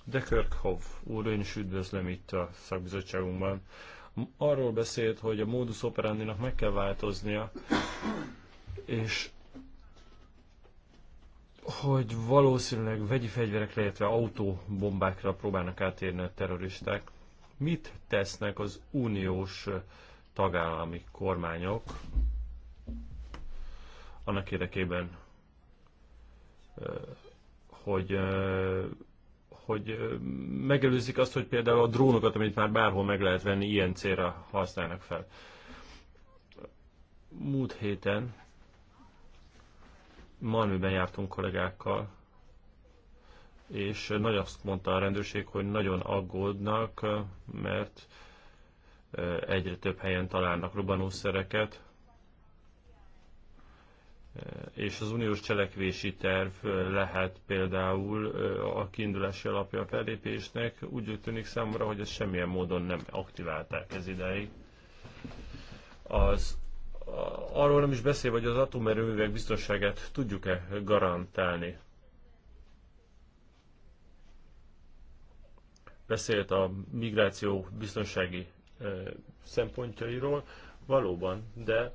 Speaker 2: De Kirkhoff úr, én is üdvözlöm itt a szakbizottságunkban. Arról beszélt, hogy a módus operandinak meg kell változnia, és hogy valószínűleg vegyi fegyverekre, illetve autóbombákra próbálnak átérni a terroristák. Mit tesznek az uniós tagállami kormányok annak érdekében, hogy hogy megelőzik azt, hogy például a drónokat, amit már bárhol meg lehet venni, ilyen célra használnak fel. Múlt héten Malműben jártunk kollégákkal, és nagy azt mondta a rendőrség, hogy nagyon aggódnak, mert egyre több helyen találnak robbanószereket, és az uniós cselekvési terv lehet például a kiindulási alapja a fellépésnek. Úgy tűnik számomra, hogy ezt semmilyen módon nem aktiválták ez ideig. Az, arról nem is beszél, hogy az atomerőművek biztonságát tudjuk-e garantálni. Beszélt a migráció biztonsági szempontjairól, valóban, de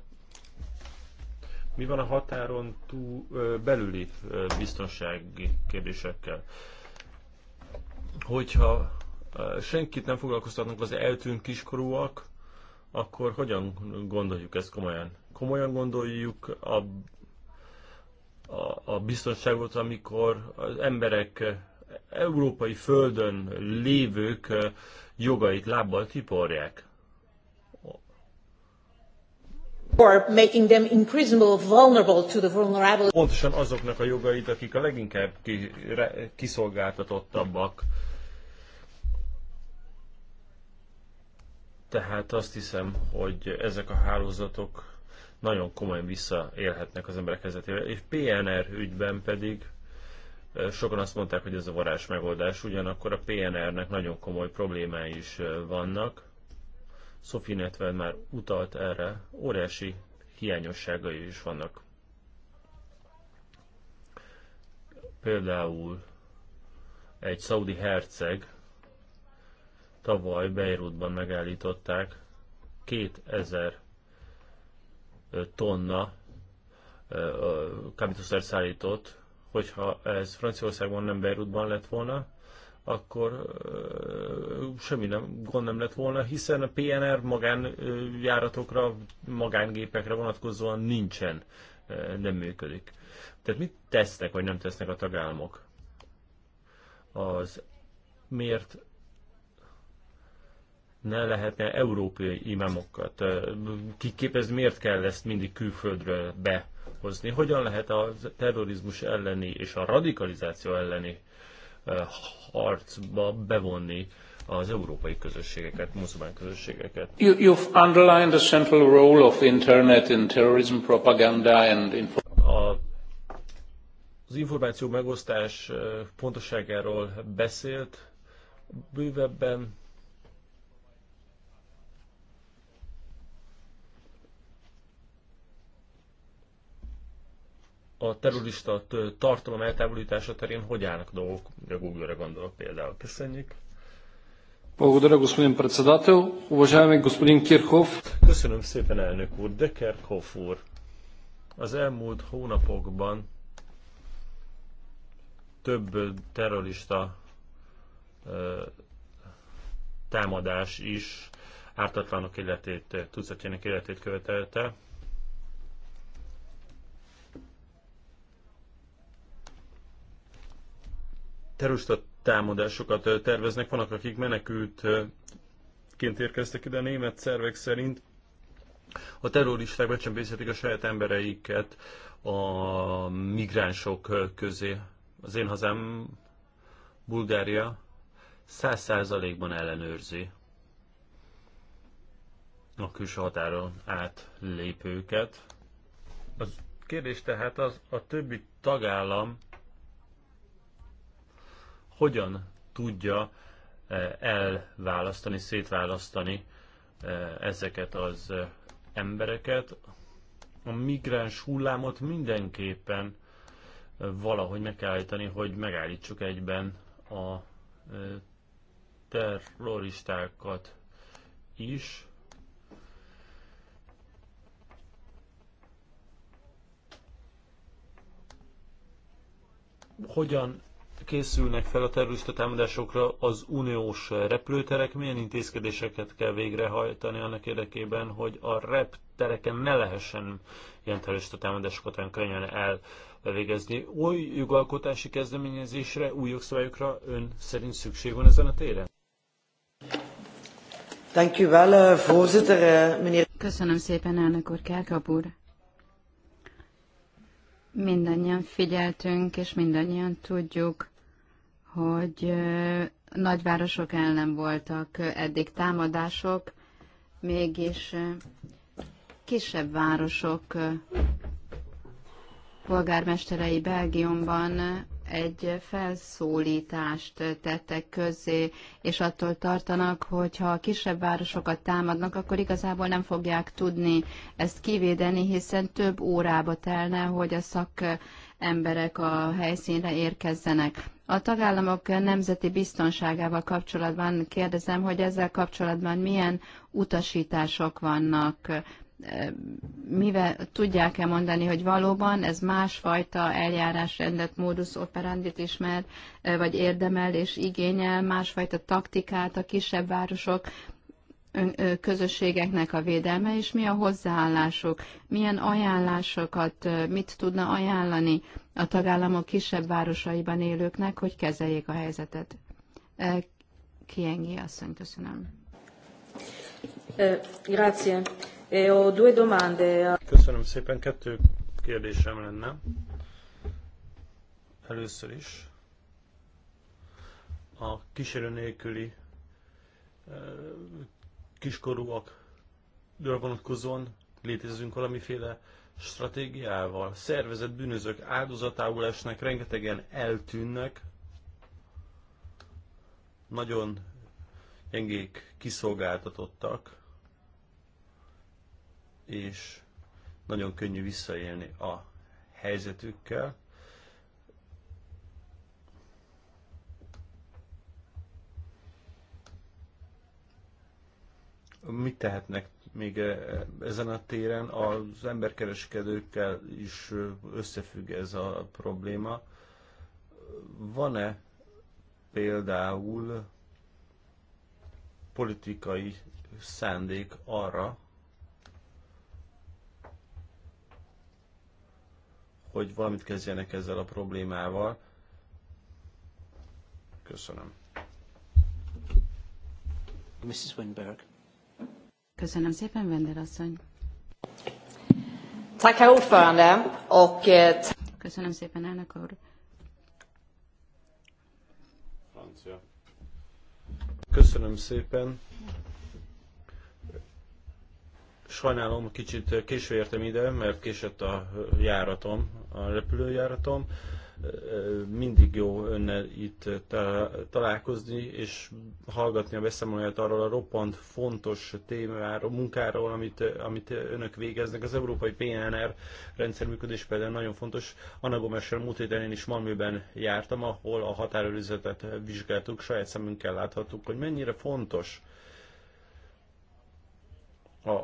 Speaker 2: mi van a határon túl belüli biztonsági kérdésekkel? Hogyha senkit nem foglalkoztatnak az eltűnt kiskorúak, akkor hogyan gondoljuk ezt komolyan? Komolyan gondoljuk a, a, a biztonságot, amikor az emberek európai földön lévők jogait lábbal tiporják.
Speaker 5: Pontosan
Speaker 2: azoknak a jogait, akik a leginkább kiszolgáltatottabbak. Tehát azt hiszem, hogy ezek a hálózatok nagyon komolyan visszaélhetnek az emberek kezetével. És PNR ügyben pedig sokan azt mondták, hogy ez a varázs megoldás, ugyanakkor a PNR-nek nagyon komoly problémái is vannak. Sophie Netwell már utalt erre, óriási hiányosságai is vannak. Például egy szaudi herceg tavaly Beirutban megállították 2000 tonna kábítószer szállított, hogyha ez Franciaországban nem Beirutban lett volna, akkor semmi nem, gond nem lett volna, hiszen a PNR magánjáratokra, magángépekre vonatkozóan nincsen, nem működik. Tehát mit tesznek, vagy nem tesznek a tagállamok? Az miért ne lehetne európai imámokat kiképezni, miért kell ezt mindig külföldről behozni? Hogyan lehet a terrorizmus elleni és a radikalizáció elleni harcba bevonni az európai közösségeket, muszlimán közösségeket.
Speaker 3: You, you've underlined the central role of internet in terrorism propaganda and a,
Speaker 2: az információ megosztás pontosságáról beszélt bővebben, a terrorista tartalom eltávolítása terén hogy állnak a dolgok, a Google-re gondolok például. Köszönjük.
Speaker 1: Благодаря, господин председател. Уважаеми господин Кирхов.
Speaker 2: Köszönöm szépen, elnök úr. De Kirchhoff úr, az elmúlt hónapokban több terrorista támadás is ártatlanok életét, tucatjának életét követelte.
Speaker 1: terrorista támadásokat terveznek. Vannak, akik menekültként érkeztek ide a német szervek szerint. A terroristák becsempészhetik a saját
Speaker 2: embereiket a migránsok közé. Az én hazám, Bulgária, száz százalékban ellenőrzi a külső határon átlépőket. A kérdés tehát az, a többi tagállam hogyan tudja eh, elválasztani, szétválasztani eh, ezeket az eh, embereket. A migráns hullámot mindenképpen valahogy meg kell állítani, hogy megállítsuk egyben a terroristákat is. Hogyan készülnek fel a terrorista támadásokra az uniós repülőterek? Milyen intézkedéseket kell végrehajtani annak érdekében, hogy a reptereken ne lehessen ilyen terrorista támadásokat olyan könnyen elvégezni? Új jogalkotási kezdeményezésre, új jogszabályokra ön szerint szükség van ezen a téren?
Speaker 4: Uh, uh, Köszönöm szépen, elnök úr, Kárkap úr. Mindannyian figyeltünk, és mindannyian tudjuk, hogy nagyvárosok ellen voltak eddig támadások, mégis kisebb városok polgármesterei Belgiumban egy felszólítást tettek közzé, és attól tartanak, hogy ha kisebb városokat támadnak, akkor igazából nem fogják tudni ezt kivédeni, hiszen több órába telne, hogy a szak emberek a helyszínre érkezzenek. A tagállamok nemzeti biztonságával kapcsolatban kérdezem, hogy ezzel kapcsolatban milyen utasítások vannak, mivel tudják-e mondani, hogy valóban ez másfajta eljárásrendet, módusz operandit ismer, vagy érdemel és igényel, másfajta taktikát a kisebb városok közösségeknek a védelme, és mi a hozzáállásuk, milyen ajánlásokat, mit tudna ajánlani a tagállamok kisebb városaiban élőknek, hogy kezeljék a helyzetet. Kiengi asszony, köszönöm. Grazie. due domande.
Speaker 1: Köszönöm szépen, kettő kérdésem lenne. Először is a kísérő nélküli kiskorúak vonatkozóan létezünk valamiféle stratégiával. Szervezett bűnözők áldozatául esnek, rengetegen eltűnnek, nagyon gyengék, kiszolgáltatottak, és nagyon könnyű visszaélni a helyzetükkel. Mit tehetnek még eh, ezen a téren? Az emberkereskedőkkel is eh, összefügg ez a probléma. Van-e például politikai szándék arra, hogy valamit kezdjenek ezzel a problémával. Köszönöm. Mrs. Winberg.
Speaker 4: Köszönöm szépen, Vendel asszony. Tack, ordförande, och... Eh, Köszönöm szépen, elnök úr.
Speaker 1: Francia. Köszönöm szépen. Sajnálom, kicsit késő értem ide, mert késett a járatom, a repülőjáratom mindig jó önnel itt eh, találkozni, és hallgatni a beszámolóját arról a roppant fontos témáról, munkáról, amit, eh, amit önök végeznek. Az európai PNR rendszer működés például nagyon fontos. Anna Gomessel múlt héten én is Malmöben jártam, ahol a határőrizetet vizsgáltuk, saját szemünkkel láthattuk, hogy mennyire fontos a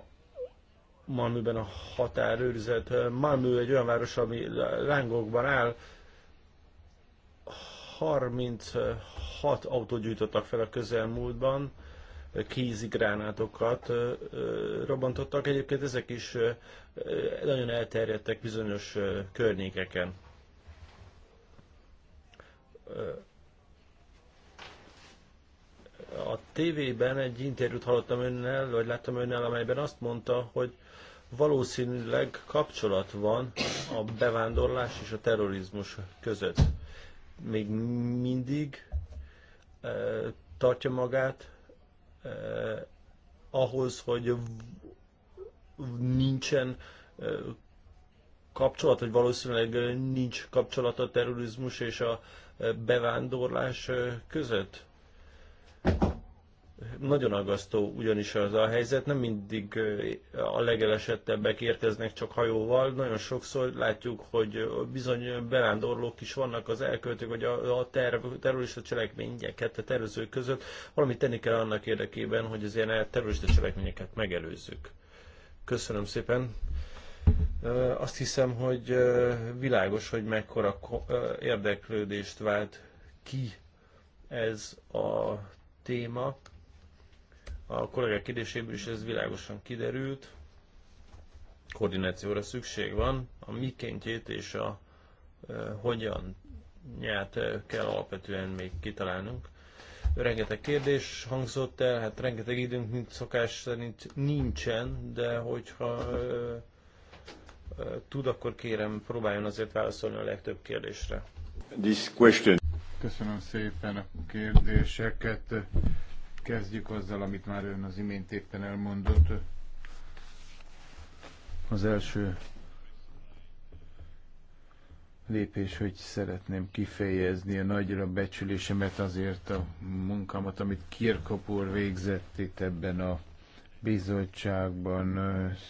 Speaker 1: Malmöben a határőrzet. Malmö egy olyan város, ami lángokban áll, 36 autót gyújtottak fel a közelmúltban, kézigránátokat robbantottak. Egyébként ezek is nagyon elterjedtek bizonyos környékeken. A tévében egy interjút hallottam önnel, vagy láttam önnel, amelyben azt mondta, hogy valószínűleg kapcsolat van a bevándorlás és a terrorizmus között még mindig tartja magát ahhoz, hogy nincsen kapcsolat, vagy valószínűleg nincs kapcsolat a terrorizmus és a bevándorlás között. Nagyon aggasztó ugyanis az a helyzet, nem mindig a legelesettebbek érkeznek csak hajóval, nagyon sokszor látjuk, hogy bizony bevándorlók is vannak az elköltők, vagy a, a terv, terrorista cselekményeket a tervezők között, valamit tenni kell annak érdekében, hogy az ilyen terrorista cselekményeket megelőzzük. Köszönöm szépen! Azt hiszem, hogy világos, hogy mekkora érdeklődést vált ki ez a téma. A kollégák kérdéséből is ez világosan kiderült. Koordinációra szükség van. A mikéntjét és a e, hogyan nyát kell alapvetően még kitalálnunk. Rengeteg kérdés hangzott el, hát rengeteg időnk, mint szokás szerint nincsen, de hogyha e, e, tud, akkor kérem, próbáljon azért válaszolni a legtöbb kérdésre. This question. Köszönöm
Speaker 3: szépen a kérdéseket. Kezdjük azzal, amit már ön az imént éppen elmondott. Az első lépés, hogy szeretném kifejezni a nagyra becsülésemet azért a munkámat, amit Kirkopor végzett itt ebben a bizottságban.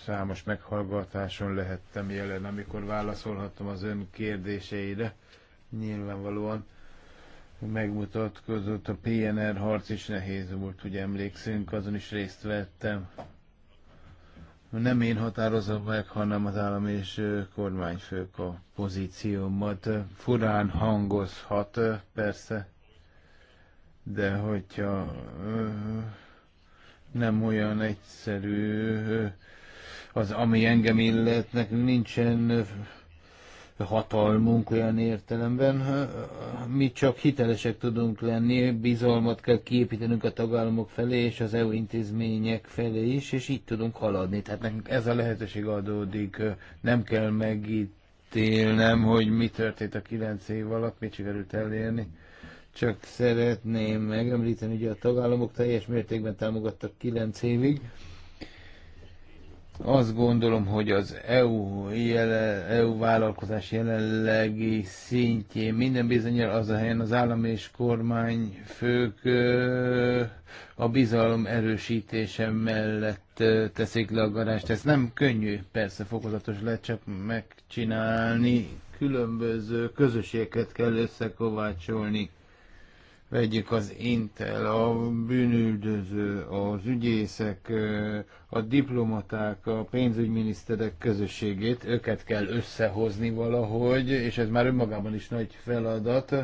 Speaker 3: Számos meghallgatáson lehettem jelen, amikor válaszolhattam az ön kérdéseire, nyilvánvalóan megmutatkozott, a PNR harc is nehéz volt, hogy emlékszünk, azon is részt vettem. Nem én határozom meg, hanem az állam és kormányfők a pozíciómat. Furán hangozhat, persze, de hogyha nem olyan egyszerű, az, ami engem illet, nekünk nincsen hatalmunk olyan értelemben. Mi csak hitelesek tudunk lenni, bizalmat kell kiépítenünk a tagállamok felé és az EU intézmények felé is, és így tudunk haladni. Tehát nekünk ez a lehetőség adódik, nem kell megítélnem, hogy mi történt a kilenc év alatt, mit sikerült elérni. Csak szeretném megemlíteni, hogy a tagállamok teljes mértékben támogattak kilenc évig, azt gondolom, hogy az EU, jele, EU vállalkozás jelenlegi szintjén minden bizonyal az a helyen az állam és kormány fők a bizalom erősítése mellett teszik le a garást. Ez nem könnyű, persze fokozatos lehet csak megcsinálni, különböző közösségeket kell összekovácsolni Vegyük az Intel, a bűnüldöző, az ügyészek, a diplomaták, a pénzügyminiszterek közösségét, őket kell összehozni valahogy, és ez már önmagában is nagy feladat,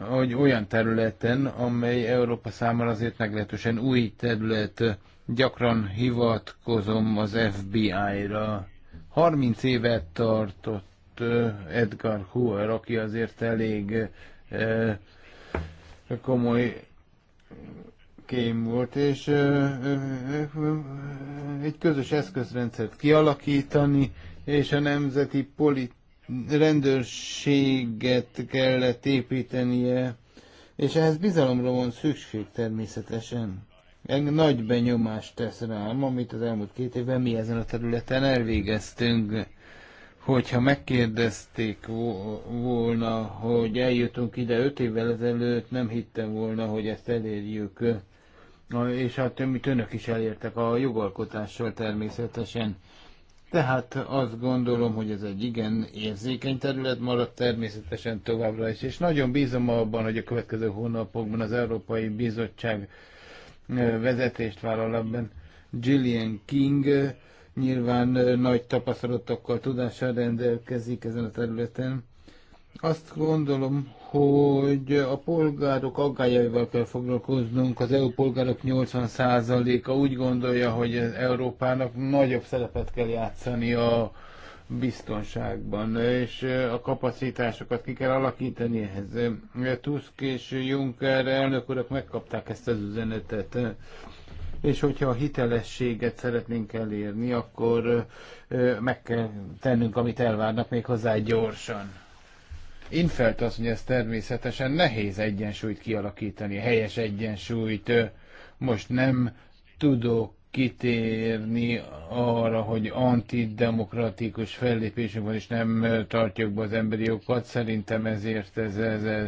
Speaker 3: hogy olyan területen, amely Európa számára azért meglehetősen új terület, gyakran hivatkozom az FBI-ra. 30 évet tartott Edgar Hoover, aki azért elég Eh, komoly kém volt, és eh, eh, egy közös eszközrendszert kialakítani, és a nemzeti politikai rendőrséget kellett építenie, és ehhez bizalomra van szükség természetesen. egy nagy benyomást tesz rám, amit az elmúlt két évben mi ezen a területen elvégeztünk hogyha megkérdezték volna, hogy eljutunk ide öt évvel ezelőtt, nem hittem volna, hogy ezt elérjük. És hát amit önök is elértek a jogalkotással természetesen. Tehát azt gondolom, hogy ez egy igen érzékeny terület maradt természetesen továbbra is, és nagyon bízom abban, hogy a következő hónapokban az Európai Bizottság vezetést vállal ebben. Gillian King nyilván nagy tapasztalatokkal, tudással rendelkezik ezen a területen. Azt gondolom, hogy a polgárok aggájaival kell foglalkoznunk. Az EU polgárok 80%-a úgy gondolja, hogy az Európának nagyobb szerepet kell játszani a biztonságban, és a kapacitásokat ki kell alakítani ehhez. Tusk és Juncker elnök urak megkapták ezt az üzenetet és hogyha a hitelességet szeretnénk elérni, akkor meg kell tennünk, amit elvárnak még hozzá gyorsan. Infelt azt mondja, ez természetesen nehéz egyensúlyt kialakítani, helyes egyensúlyt. Most nem tudok kitérni arra, hogy antidemokratikus fellépésünk van, és nem tartjuk be az emberi jogokat. Szerintem ezért ez, ez, ez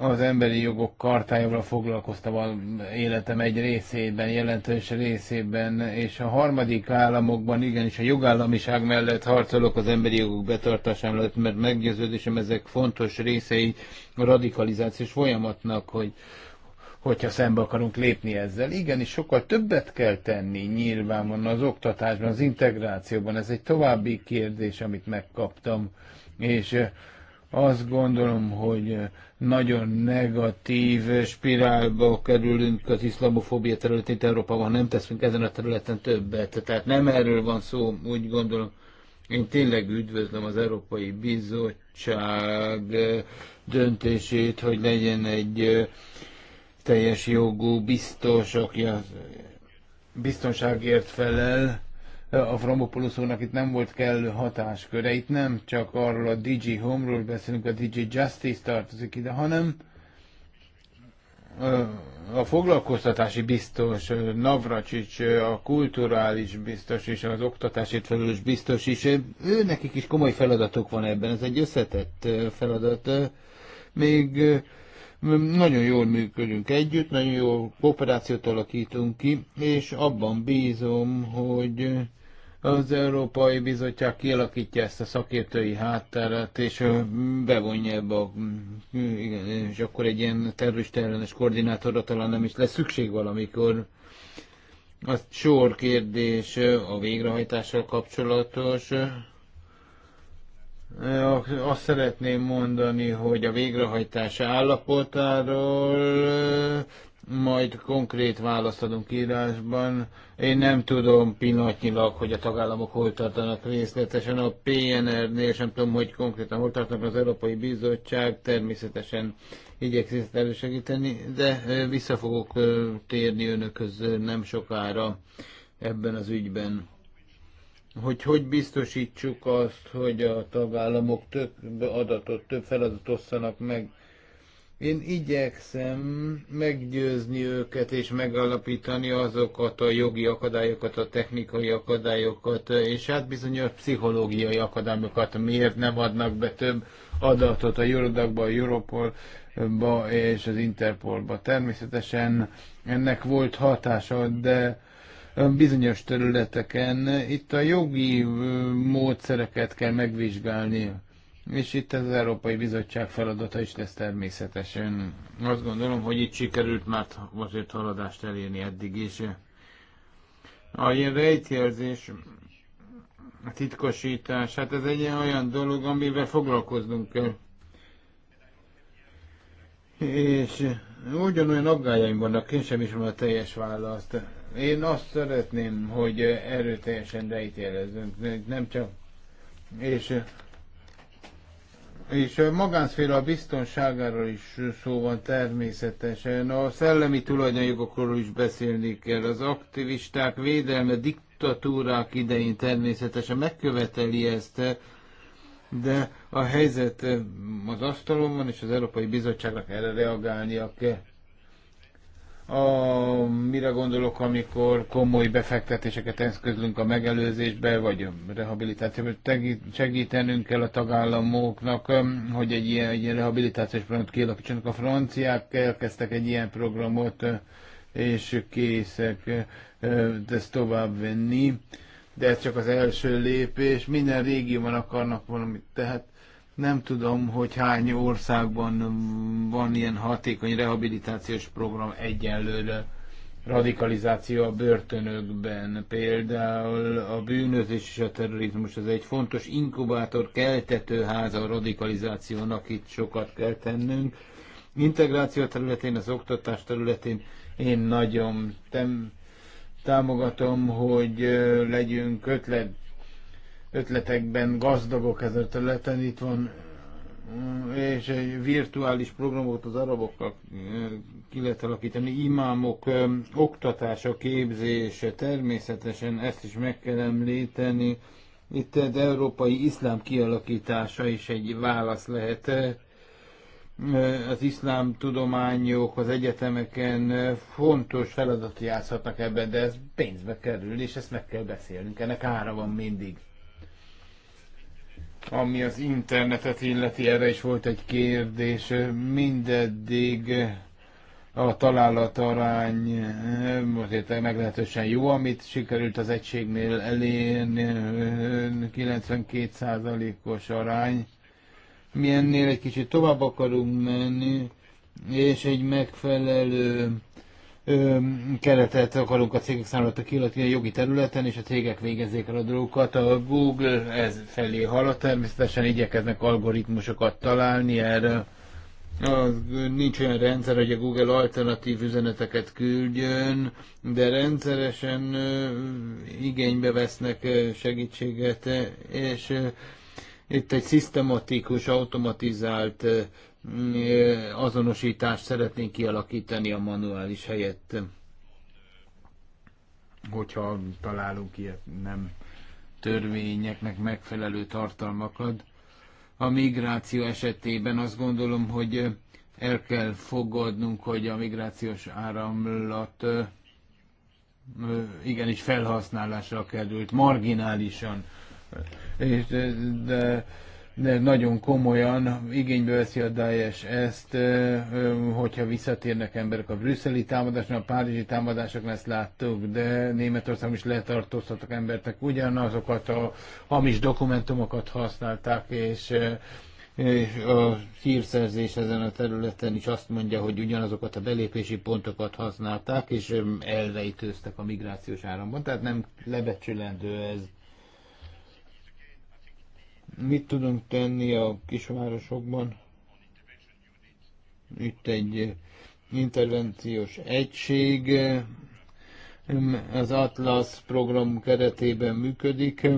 Speaker 3: az emberi jogok kartájával foglalkoztam a életem egy részében, jelentős részében, és a harmadik államokban igenis a jogállamiság mellett harcolok az emberi jogok betartásán mellett, mert meggyőződésem ezek fontos részei a radikalizációs folyamatnak, hogy hogyha szembe akarunk lépni ezzel. igen és sokkal többet kell tenni nyilvánvalóan az oktatásban, az integrációban. Ez egy további kérdés, amit megkaptam, és eh, azt gondolom, hogy eh, nagyon negatív spirálba kerülünk az iszlamofóbia területén, itt Európában nem teszünk ezen a területen többet. Tehát nem erről van szó, úgy gondolom. Én tényleg üdvözlöm az Európai Bizottság eh, döntését, hogy legyen egy eh, teljes jogú biztos, aki a eh, biztonságért felel, a Frambopoulos úrnak itt nem volt kellő hatásköre. Itt nem csak arról a DJ Home-ról beszélünk, a DJ Justice tartozik ide, hanem a foglalkoztatási biztos, Navracsics, a kulturális biztos és az oktatásért felelős biztos is, ő nekik is komoly feladatok van ebben, ez egy összetett feladat. Még nagyon jól működünk együtt, nagyon jó kooperációt alakítunk ki, és abban bízom, hogy az Európai Bizottság kialakítja ezt a szakértői hátteret, és bevonja ebbe a, igen, és akkor egy ilyen terrorista ellenes koordinátorra talán nem is lesz szükség valamikor. A sor kérdés a végrehajtással kapcsolatos. Azt szeretném mondani, hogy a végrehajtás állapotáról majd konkrét választ adunk írásban. Én nem tudom pillanatnyilag, hogy a tagállamok hol tartanak részletesen. A PNR-nél sem tudom, hogy konkrétan hol tartanak az Európai Bizottság. Természetesen igyekszik elősegíteni, de vissza fogok térni önökhöz nem sokára ebben az ügyben. Hogy hogy biztosítsuk azt, hogy a tagállamok több adatot, több feladatot osszanak meg, én igyekszem meggyőzni őket és megalapítani azokat a jogi akadályokat, a technikai akadályokat, és hát bizonyos pszichológiai akadályokat, miért nem adnak be több adatot a Eurodagba, a Europolba és az Interpolba. Természetesen ennek volt hatása, de bizonyos területeken itt a jogi módszereket kell megvizsgálni és itt az Európai Bizottság feladata is lesz természetesen. Azt gondolom, hogy itt sikerült már azért haladást elérni eddig is. A ilyen rejtjelzés, a titkosítás, hát ez egy olyan dolog, amivel foglalkoznunk kell. És ugyanolyan aggájaim vannak, én sem ismerem a teljes választ. Én azt szeretném, hogy erőteljesen rejtjelezzünk, nem csak... És és a magánszféra a biztonságáról is szó van természetesen. A szellemi tulajdonjogokról is beszélni kell. Az aktivisták védelme diktatúrák idején természetesen megköveteli ezt, de a helyzet az asztalon van, és az Európai Bizottságnak erre reagálnia kell a, mire gondolok, amikor komoly befektetéseket eszközlünk a megelőzésbe, vagy a rehabilitációba, segítenünk kell a tagállamoknak, hogy egy ilyen, egy ilyen rehabilitációs programot kialakítsanak. A franciák elkezdtek egy ilyen programot, és készek ezt továbbvenni, de ez csak az első lépés. Minden régióban akarnak valamit, tehát nem tudom, hogy hány országban van ilyen hatékony rehabilitációs program egyenlőre radikalizáció a börtönökben, például a bűnözés és a terrorizmus, az egy fontos inkubátor, keltető háza a radikalizációnak, itt sokat kell tennünk. Integráció területén, az oktatás területén én nagyon tem, támogatom, hogy legyünk ötlet ötletekben gazdagok ezen a területen. Itt van mm, és egy virtuális programot az arabokkal mm, ki lehet alakítani, imámok mm, oktatása, képzése, természetesen ezt is meg kell említeni. Itt az európai iszlám kialakítása is egy válasz lehet. Az iszlám tudományok az egyetemeken fontos feladat játszhatnak ebben, de ez pénzbe kerül, és ezt meg kell beszélnünk. Ennek ára van mindig. Ami az internetet illeti, erre is volt egy kérdés. Mindeddig a találatarány eh, azért meglehetősen jó, amit sikerült az egységnél elérni, 92%-os eh, arány. Mi ennél egy kicsit tovább akarunk menni, és egy megfelelő keretet akarunk a cégek számára kiadni a jogi területen, és a cégek végezzék el a dolgokat. A Google ez felé halad, természetesen igyekeznek algoritmusokat találni erre. A, nincs olyan rendszer, hogy a Google alternatív üzeneteket küldjön, de rendszeresen ö, igénybe vesznek segítséget, és ö, itt egy szisztematikus, automatizált azonosítást szeretnénk kialakítani a manuális helyett, hogyha találunk ilyet nem törvényeknek megfelelő tartalmakat. A migráció esetében azt gondolom, hogy el kell fogadnunk, hogy a migrációs áramlat igenis felhasználásra került, marginálisan. És, de, de de nagyon komolyan igénybe veszi a Daesh ezt, hogyha visszatérnek emberek a brüsszeli támadásnál, a párizsi támadásoknál ezt láttuk, de Németország is letartóztattak embertek, ugyanazokat a hamis dokumentumokat használták, és a hírszerzés ezen a területen is azt mondja, hogy ugyanazokat a belépési pontokat használták, és elvejtőztek a migrációs áramban, tehát nem lebecsülendő ez. Mit tudunk tenni a kisvárosokban? Itt egy intervenciós egység az Atlas program keretében működik.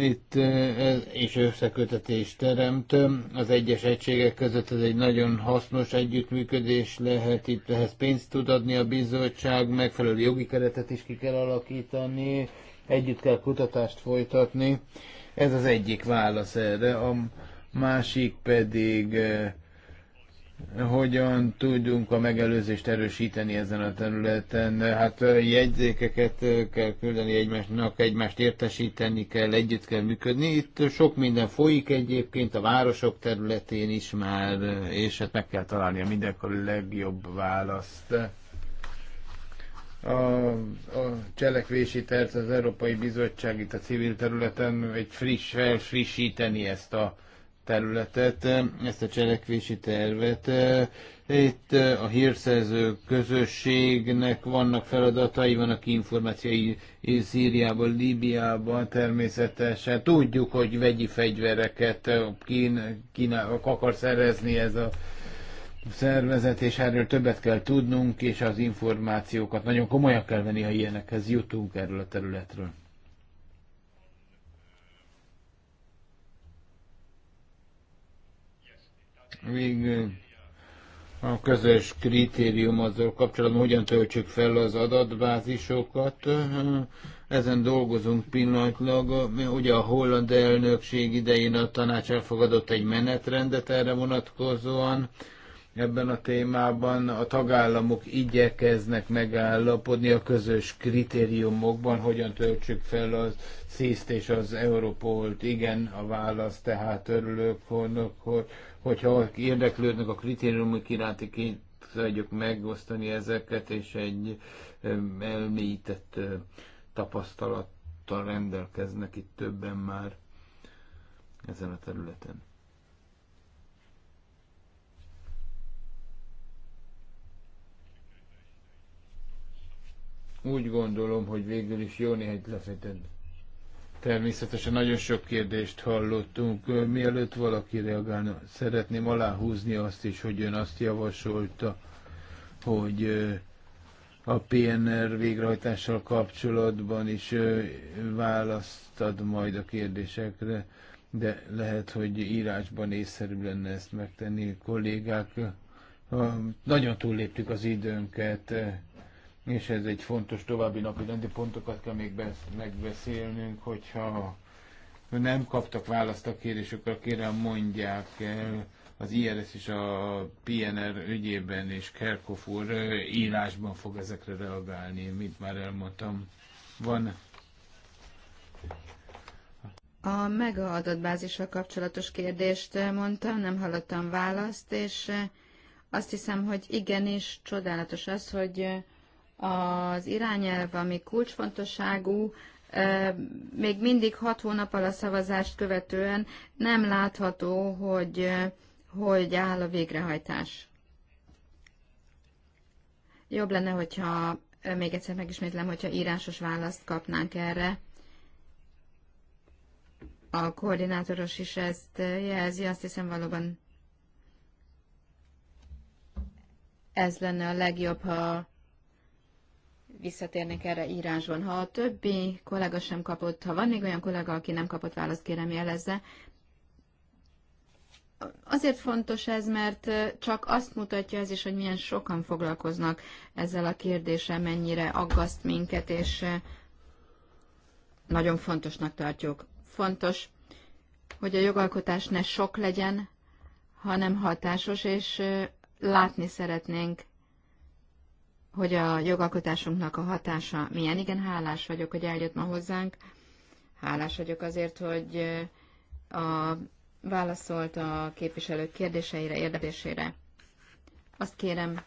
Speaker 3: Itt ez, és összekötetést teremt. Az egyes egységek között ez egy nagyon hasznos együttműködés lehet, itt ehhez pénzt tud adni a bizottság, megfelelő jogi keretet is ki kell alakítani, együtt kell kutatást folytatni, ez az egyik válasz erre. A másik pedig eh, hogyan tudunk a megelőzést erősíteni ezen a területen. Hát eh, jegyzékeket eh, kell küldeni egymásnak, egymást értesíteni kell, együtt kell működni. Itt sok minden folyik egyébként a városok területén is már, és hát meg kell találni a mindenkor legjobb választ cselekvési terv az Európai Bizottság itt a civil területen, egy friss, felfrissíteni ezt a területet, ezt a cselekvési tervet. Itt a hírszerző közösségnek vannak feladatai, vannak információi Szíriában, Líbiában természetesen. Tudjuk, hogy vegyi fegyvereket Kín, Kína akar szerezni ez a szervezet, és erről többet kell tudnunk, és az információkat nagyon komolyan kell venni, ha ilyenekhez jutunk erről a területről. Végül a közös kritérium azzal kapcsolatban, hogyan töltsük fel az adatbázisokat. Ezen dolgozunk pillanatlag. Ugye a holland elnökség idején a tanács elfogadott egy menetrendet erre vonatkozóan ebben a témában. A tagállamok igyekeznek megállapodni a közös kritériumokban, hogyan töltsük fel a sziszt és az Európolt. Igen, a válasz, tehát örülök, hogy, hogyha érdeklődnek a kritériumok iránti két tudjuk megosztani ezeket, és egy elmélyített tapasztalattal rendelkeznek itt többen már ezen a területen. Úgy gondolom, hogy végül is jó néhány lefetett. Természetesen nagyon sok kérdést hallottunk. Mielőtt valaki reagálna, szeretném aláhúzni azt is, hogy ön azt javasolta, hogy a PNR végrehajtással kapcsolatban is választ ad majd a kérdésekre, de lehet, hogy írásban észszerű lenne ezt megtenni, kollégák. Nagyon túlléptük az időnket és ez egy fontos további napi rendi pontokat kell még megbeszélnünk, hogyha nem kaptak választ a kérdésekre, kérem mondják el az IRS és a PNR ügyében, és Kerkhoff úr írásban fog ezekre reagálni, mint már elmondtam. Van
Speaker 4: a mega adatbázisra kapcsolatos kérdést mondtam, nem hallottam választ, és azt hiszem, hogy igenis csodálatos az, hogy az irányelv, ami kulcsfontosságú, még mindig hat hónappal a szavazást követően nem látható, hogy, hogy áll a végrehajtás. Jobb lenne, hogyha, még egyszer megismétlem, hogyha írásos választ kapnánk erre. A koordinátoros is ezt jelzi, azt hiszem valóban ez lenne a legjobb, ha visszatérnék erre írásban. Ha a többi kollega sem kapott, ha van még olyan kollega, aki nem kapott választ, kérem jelezze. Azért fontos ez, mert csak azt mutatja ez is, hogy milyen sokan foglalkoznak ezzel a kérdéssel, mennyire aggaszt minket, és nagyon fontosnak tartjuk. Fontos, hogy a jogalkotás ne sok legyen, hanem hatásos, és látni szeretnénk hogy a jogalkotásunknak a hatása milyen. Igen, hálás vagyok, hogy eljött ma hozzánk. Hálás vagyok azért, hogy a, válaszolt a képviselők kérdéseire, érdeklésére. Azt kérem,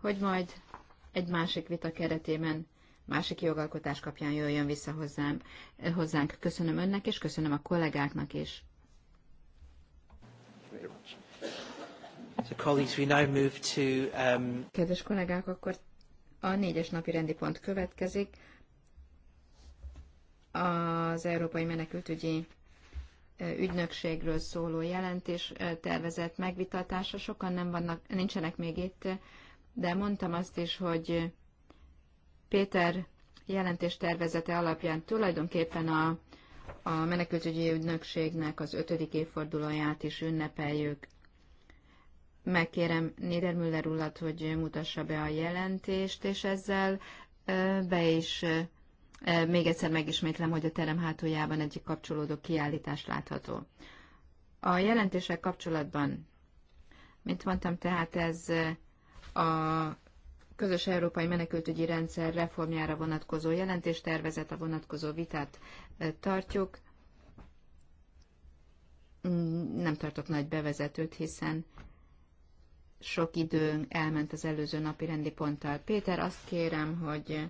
Speaker 4: hogy majd egy másik vita keretében másik jogalkotás kapján jöjjön vissza hozzám, hozzánk. Köszönöm önnek, és köszönöm a kollégáknak is.
Speaker 5: Köszönöm. So colleagues, we now move to, um...
Speaker 4: Kedves kollégák, akkor a négyes napi rendi pont következik. Az Európai Menekültügyi Ügynökségről szóló jelentés tervezett megvitatása. Sokan nem vannak, nincsenek még itt, de mondtam azt is, hogy Péter jelentés tervezete alapján tulajdonképpen a, a menekültügyi ügynökségnek az ötödik évfordulóját is ünnepeljük. Megkérem Niedermüller urat, hogy mutassa be a jelentést, és ezzel be is még egyszer megismétlem, hogy a terem hátuljában egyik kapcsolódó kiállítás látható. A jelentések kapcsolatban, mint mondtam, tehát ez a közös európai menekültügyi rendszer reformjára vonatkozó jelentéstervezet, a vonatkozó vitát tartjuk. Nem tartok nagy bevezetőt, hiszen sok időnk elment az előző napi rendi ponttal. Péter, azt kérem, hogy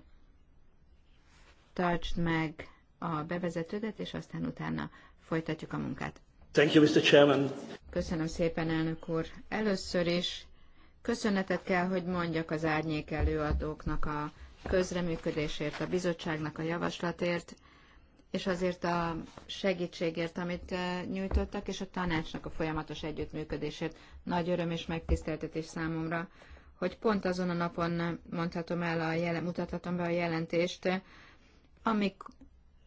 Speaker 4: tartsd meg a bevezetődet, és aztán utána folytatjuk a munkát.
Speaker 5: Thank you, Mr. Chairman.
Speaker 4: Köszönöm szépen, elnök úr. Először is köszönetet kell, hogy mondjak az árnyék előadóknak a közreműködésért, a bizottságnak a javaslatért, és azért a segítségért, amit nyújtottak, és a tanácsnak a folyamatos együttműködését Nagy öröm és megtiszteltetés számomra, hogy pont azon a napon mondhatom el, a jelen, mutathatom be a jelentést, amik,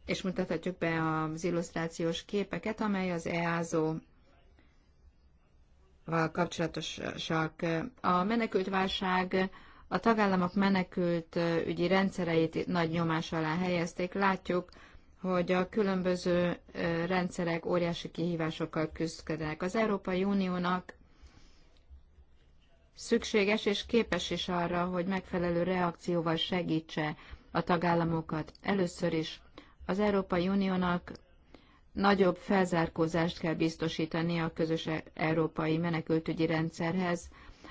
Speaker 4: és mutathatjuk be az illusztrációs képeket, amely az EASO val kapcsolatosak. A menekültválság a tagállamok menekült ügyi rendszereit nagy nyomás alá helyezték. Látjuk, hogy a különböző rendszerek óriási kihívásokkal küzdködnek. Az Európai Uniónak szükséges és képes is arra, hogy megfelelő reakcióval segítse a tagállamokat. Először is az Európai Uniónak nagyobb felzárkózást kell biztosítani a közös e- európai menekültügyi rendszerhez.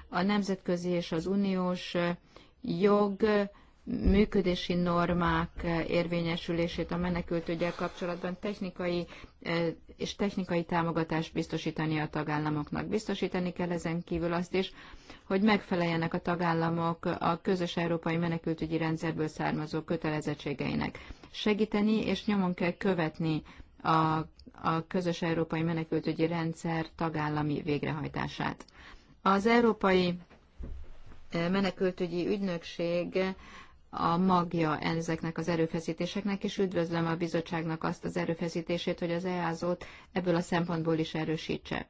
Speaker 4: A nemzetközi és az uniós jog működési normák érvényesülését a menekültügyel kapcsolatban technikai e, és technikai támogatást biztosítani a tagállamoknak. Biztosítani kell ezen kívül azt is, hogy megfeleljenek a tagállamok a közös európai menekültügyi rendszerből származó kötelezettségeinek. Segíteni és nyomon kell követni a, a közös európai menekültügyi rendszer tagállami végrehajtását. Az európai menekültügyi ügynökség a magja ezeknek az erőfeszítéseknek, és üdvözlöm a bizottságnak azt az erőfeszítését, hogy az easo ot ebből a szempontból is erősítse.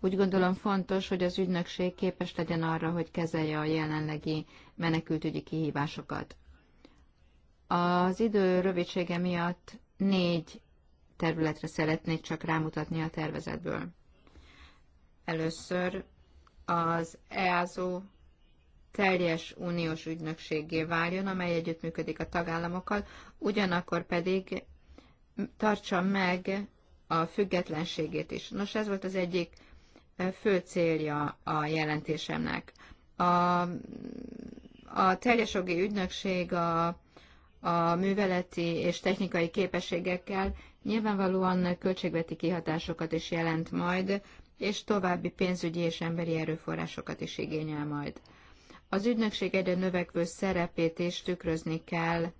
Speaker 4: Úgy gondolom fontos, hogy az ügynökség képes legyen arra, hogy kezelje a jelenlegi menekültügyi kihívásokat. Az idő rövidsége miatt négy területre szeretnék csak rámutatni a tervezetből. Először az EASO teljes uniós ügynökségé váljon, amely együttműködik a tagállamokkal, ugyanakkor pedig tartsa meg a függetlenségét is. Nos, ez volt az egyik eh, fő célja a jelentésemnek. A, a teljes jogi ügynökség a, a műveleti és technikai képességekkel nyilvánvalóan költségveti kihatásokat is jelent majd, és további pénzügyi és emberi erőforrásokat is igényel majd. Az ügynökség egyre növekvő szerepét is tükrözni kell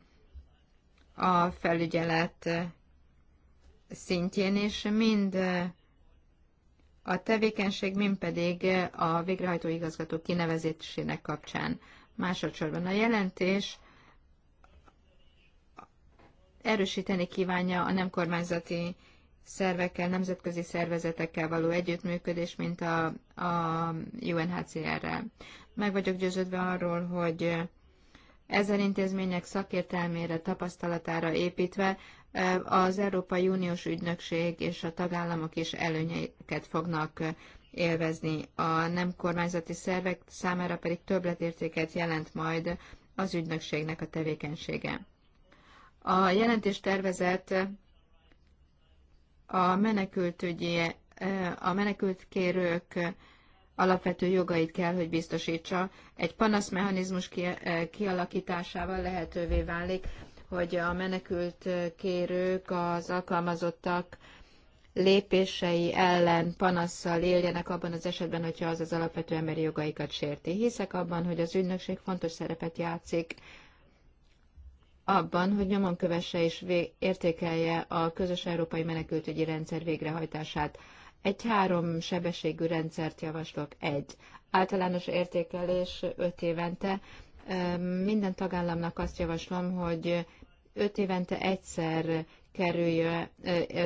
Speaker 4: a felügyelet szintjén, és mind a tevékenység, mind pedig a végrehajtó igazgató kinevezésének kapcsán. Másodszorban a jelentés erősíteni kívánja a nem kormányzati szervekkel, nemzetközi szervezetekkel való együttműködés, mint a, a UNHCR-rel. Meg vagyok győződve arról, hogy ezen intézmények szakértelmére, tapasztalatára építve eh, az Európai Uniós Ügynökség és a tagállamok is előnyeket fognak eh, élvezni. A nem kormányzati szervek számára pedig többletértéket jelent majd az ügynökségnek a tevékenysége. A jelentés tervezet a menekült, menekültügyi, a menekült kérők alapvető jogait kell, hogy biztosítsa. Egy panaszmechanizmus kialakításával lehetővé válik, hogy a menekült kérők, az alkalmazottak lépései ellen panasszal éljenek abban az esetben, hogyha az az alapvető emberi jogaikat sérti. Hiszek abban, hogy az ügynökség fontos szerepet játszik abban, hogy nyomon kövesse és értékelje a közös európai menekültügyi rendszer végrehajtását. Egy három sebességű rendszert javaslok. Egy. Általános értékelés öt évente. Minden tagállamnak azt javaslom, hogy öt évente egyszer kerülje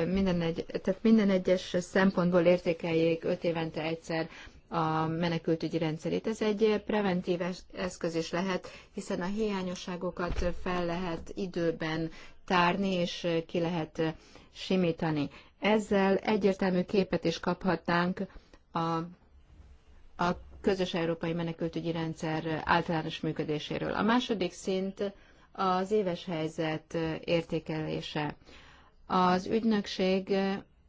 Speaker 4: minden, egy, tehát minden egyes szempontból értékeljék öt évente egyszer a menekültügyi rendszerét. Ez egy preventív eszköz is lehet, hiszen a hiányosságokat fel lehet időben tárni, és ki lehet simítani. Ezzel egyértelmű képet is kaphatnánk a, a közös európai menekültügyi rendszer általános működéséről. A második szint az éves helyzet értékelése. Az ügynökség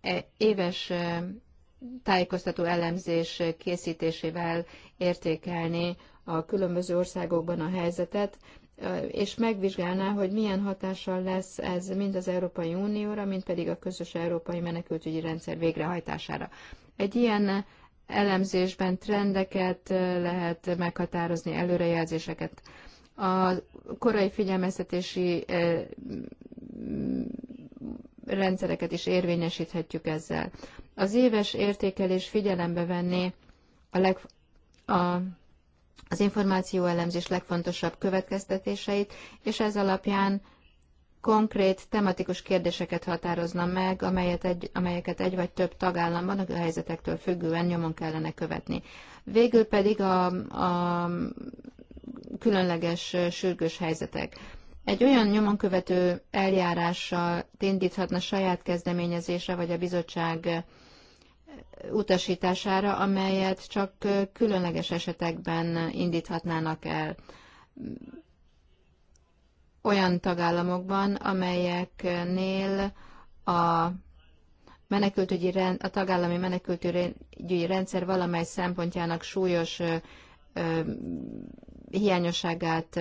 Speaker 4: e- éves tájékoztató elemzés készítésével értékelni a különböző országokban a helyzetet, és megvizsgálná, hogy milyen hatással lesz ez mind az Európai Unióra, mind pedig a közös európai menekültügyi rendszer végrehajtására. Egy ilyen elemzésben trendeket lehet meghatározni, előrejelzéseket. A korai figyelmeztetési eh, rendszereket is érvényesíthetjük ezzel. Az éves értékelés figyelembe venné a leg, a, az információelemzés legfontosabb következtetéseit, és ez alapján konkrét tematikus kérdéseket határozna meg, amelyet egy, amelyeket egy vagy több tagállamban a helyzetektől függően nyomon kellene követni. Végül pedig a, a különleges sürgős helyzetek egy olyan nyomon követő eljárással indíthatna saját kezdeményezésre, vagy a bizottság eh, utasítására, amelyet csak eh, különleges esetekben indíthatnának el olyan tagállamokban, amelyeknél a menekültügyi rend, a tagállami menekültügyi rendszer valamely szempontjának súlyos eh, hiányosságát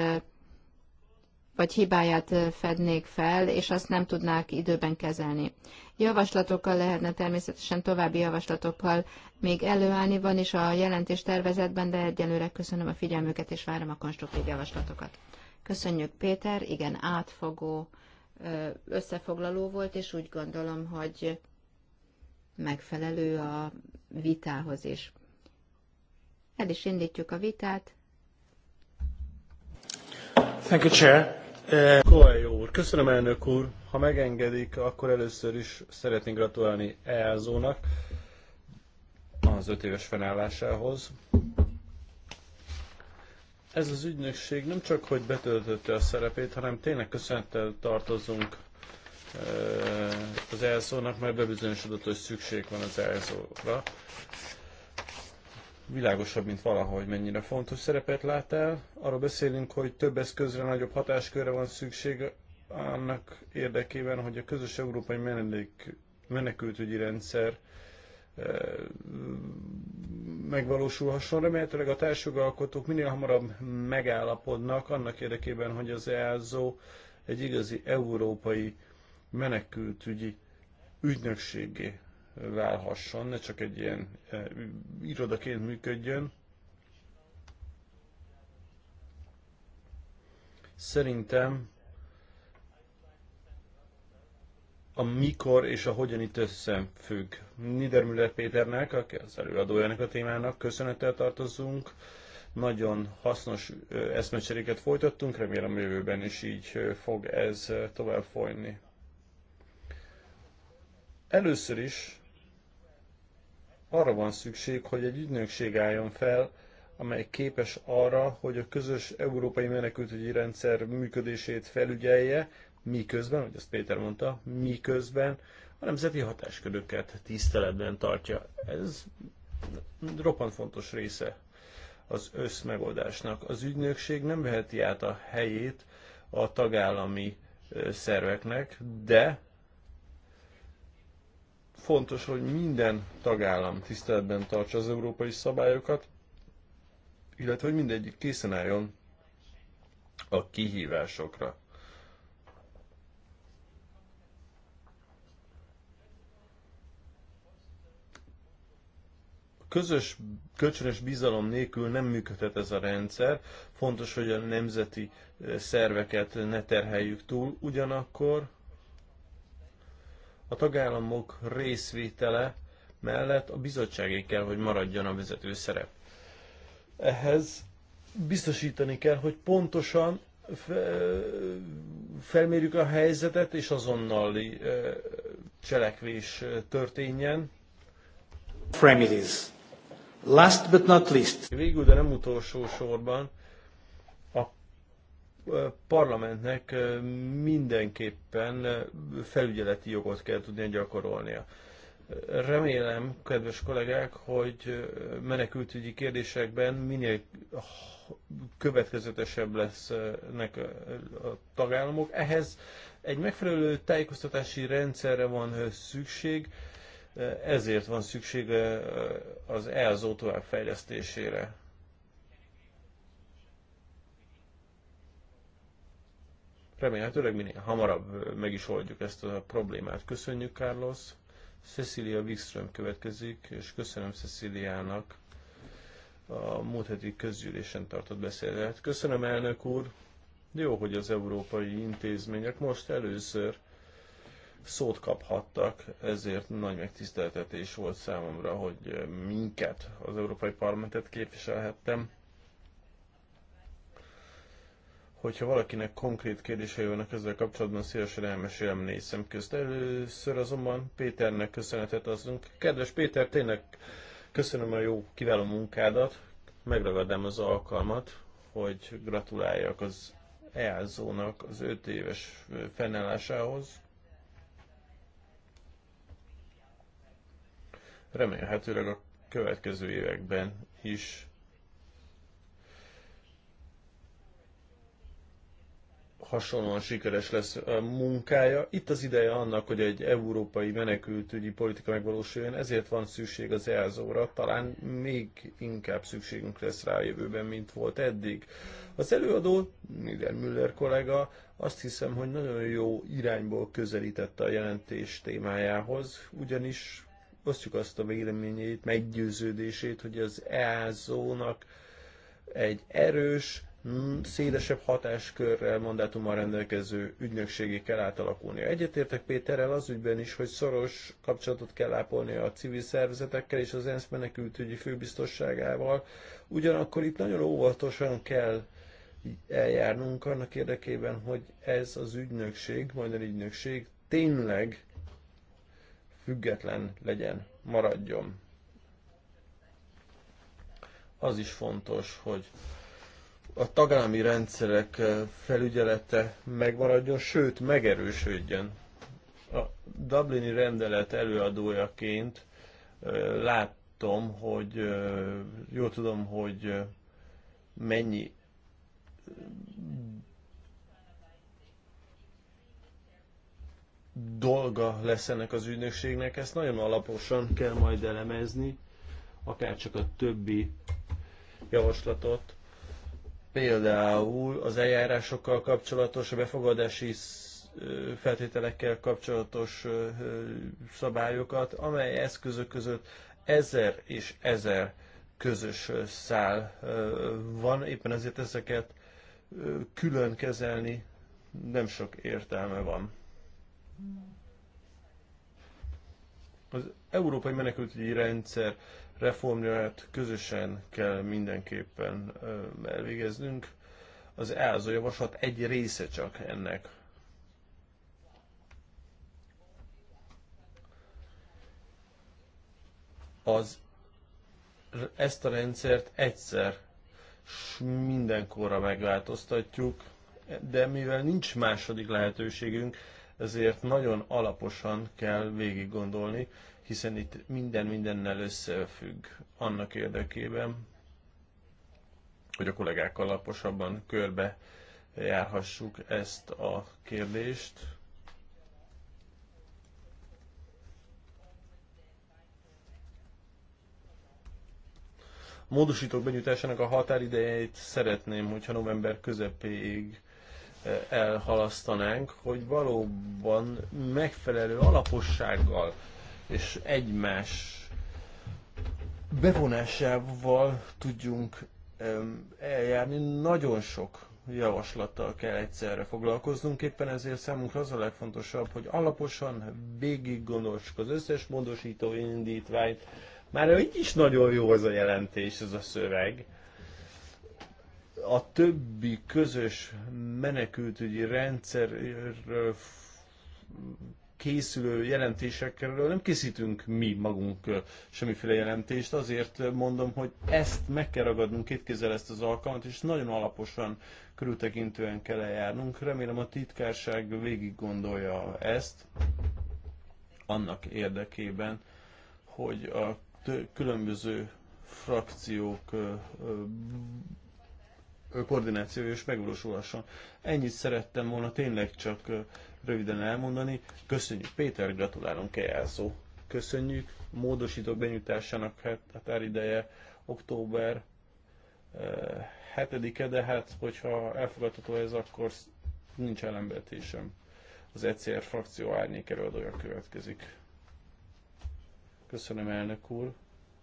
Speaker 4: vagy hibáját fednék fel, és azt nem tudnák időben kezelni. Javaslatokkal lehetne természetesen további javaslatokkal még előállni, van is a jelentés tervezetben, de egyelőre köszönöm a figyelmüket, és várom a konstruktív javaslatokat. Köszönjük, Péter, igen, átfogó összefoglaló volt, és úgy gondolom, hogy megfelelő a vitához is. El is indítjuk a vitát. Thank you, Chair.
Speaker 1: Eh, Koelyó úr, köszönöm elnök úr. Ha megengedik, akkor először is szeretnénk gratulálni EASO-nak az öt éves fennállásához. Ez az ügynökség nem csak, hogy betöltötte a szerepét, hanem tényleg köszönettel tartozunk eh, az elszónak, mert bebizonyosodott, hogy szükség van az elszóra világosabb, mint valaha, hogy mennyire fontos szerepet lát el. Arról beszélünk, hogy több eszközre, nagyobb hatáskörre van szükség annak érdekében, hogy a közös európai menedék, menekültügyi rendszer eh, megvalósulhasson. Remélhetőleg a társjogalkotók minél hamarabb megállapodnak annak érdekében, hogy az EASO egy igazi európai menekültügyi ügynökségé válhasson, ne csak egy ilyen e, irodaként működjön. Szerintem a mikor és a hogyan itt összefügg. Niedermüller Péternek, aki az előadója ennek a témának, köszönettel tartozunk. Nagyon hasznos e, eszmecseréket folytattunk, remélem jövőben is így e, fog ez tovább folyni. Először is arra van szükség, hogy egy ügynökség álljon fel, amely képes arra, hogy a közös európai menekültügyi rendszer működését felügyelje, miközben, hogy azt Péter mondta, miközben a nemzeti hatásköröket tiszteletben tartja. Ez roppant fontos része az összmegoldásnak. Az ügynökség nem veheti át a helyét a tagállami szerveknek, de Fontos, hogy minden tagállam tiszteletben tartsa az európai szabályokat, illetve hogy mindegyik készen álljon a kihívásokra. közös, kölcsönös bizalom nélkül nem működhet ez a rendszer. Fontos, hogy a nemzeti eh, szerveket ne terheljük túl, ugyanakkor a tagállamok részvétele mellett a bizottságé kell, hogy maradjon a vezető szerep. Ehhez biztosítani kell, hogy pontosan felmérjük a helyzetet, és azonnali cselekvés történjen. Last but not least. Végül, de nem utolsó sorban, parlamentnek mindenképpen felügyeleti jogot kell tudnia gyakorolnia. Remélem, kedves kollégák, hogy menekültügyi kérdésekben minél következetesebb lesznek a tagállamok. Ehhez egy megfelelő tájékoztatási rendszerre van szükség, ezért van szükség az ELZO továbbfejlesztésére. Remélhetőleg minél hamarabb meg is oldjuk ezt a problémát. Köszönjük, Carlos. Cecilia Wikström következik, és köszönöm Ceciliának a múlt heti közgyűlésen tartott beszédet. Köszönöm, elnök úr. Jó, hogy az európai intézmények most először szót kaphattak, ezért nagy megtiszteltetés volt számomra, hogy minket, az Európai Parlamentet képviselhettem. Hogyha valakinek konkrét kérdései vannak ezzel kapcsolatban, szívesen elmesélem négy szem közt. Először azonban Péternek köszönetet adunk. Kedves Péter, tényleg köszönöm a jó, kiváló munkádat. Megragadnám az alkalmat, hogy gratuláljak az EASO-nak az 5 éves fennállásához. Remélhetőleg a következő években is hasonlóan sikeres lesz a munkája. Itt az ideje annak, hogy egy európai menekültügyi politika megvalósuljon, ezért van szükség az EASO-ra, talán még inkább szükségünk lesz rá a jövőben, mint volt eddig. Az előadó, Miller Müller kollega, azt hiszem, hogy nagyon jó irányból közelítette a jelentés témájához, ugyanis osztjuk azt a véleményét, meggyőződését, hogy az EASO-nak egy erős, Hmm, szélesebb hatáskörrel, mandátummal rendelkező ügynökségé kell átalakulnia. Egyetértek Péterrel az ügyben is, hogy szoros kapcsolatot kell ápolni a civil szervezetekkel és az ENSZ menekültügyi főbiztosságával, ugyanakkor itt nagyon óvatosan kell eljárnunk annak érdekében, hogy ez az ügynökség, majd az ügynökség tényleg független legyen, maradjon. Az is fontos, hogy a tagállami rendszerek felügyelete megmaradjon, sőt megerősödjön. A Dublini rendelet előadójaként látom, hogy jól tudom, hogy mennyi dolga lesz ennek az ügynökségnek, ezt nagyon alaposan kell majd elemezni, akár csak a többi javaslatot például az eljárásokkal kapcsolatos, a befogadási feltételekkel kapcsolatos szabályokat, amely eszközök között ezer és ezer közös szál van, éppen ezért ezeket külön kezelni nem sok értelme van. Az európai menekültügyi rendszer reformját közösen kell mindenképpen elvégeznünk. Az ELZO javaslat egy része csak ennek. Az ezt a rendszert egyszer s mindenkorra megváltoztatjuk, de mivel nincs második lehetőségünk, ezért nagyon alaposan kell végig gondolni, hiszen itt minden mindennel összefügg annak érdekében, hogy a kollégákkal laposabban körbe járhassuk ezt a kérdést. A módosítók benyújtásának a határidejét szeretném, hogyha november közepéig eh, elhalasztanánk, hogy valóban megfelelő alapossággal és egymás bevonásával tudjunk eljárni. Nagyon sok javaslattal kell egyszerre foglalkoznunk, éppen ezért számunkra az a legfontosabb, hogy alaposan végig gondoljuk az összes módosító indítványt. Már így is nagyon jó az a jelentés, ez a szöveg. A többi közös menekültügyi rendszerről készülő jelentésekről nem készítünk mi magunk semmiféle jelentést, azért mondom, hogy ezt meg kell ragadnunk két kézzel ezt az alkalmat, és nagyon alaposan, körültekintően kell eljárnunk. Remélem a titkárság végig gondolja ezt annak érdekében, hogy a különböző frakciók koordinációja is megvalósulhasson. Ennyit szerettem volna tényleg csak röviden elmondani. Köszönjük Péter, gratulálunk Kejászó. Köszönjük. Módosítók benyújtásának hát, határideje október 7-e, eh, de hát hogyha elfogadható ez, akkor nincs ellenbetésem. Az ECR frakció árnyék előadója következik. Köszönöm elnök úr,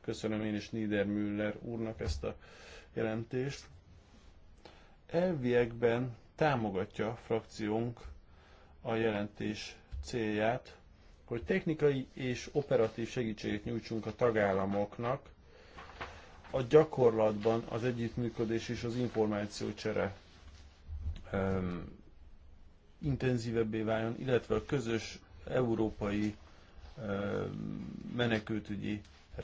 Speaker 1: köszönöm én is Niedermüller úrnak ezt a jelentést. Elviekben támogatja a frakciónk a jelentés célját, hogy technikai és operatív segítséget nyújtsunk a tagállamoknak a gyakorlatban az együttműködés és az információcsere um, intenzívebbé váljon, illetve a közös európai menekültügyi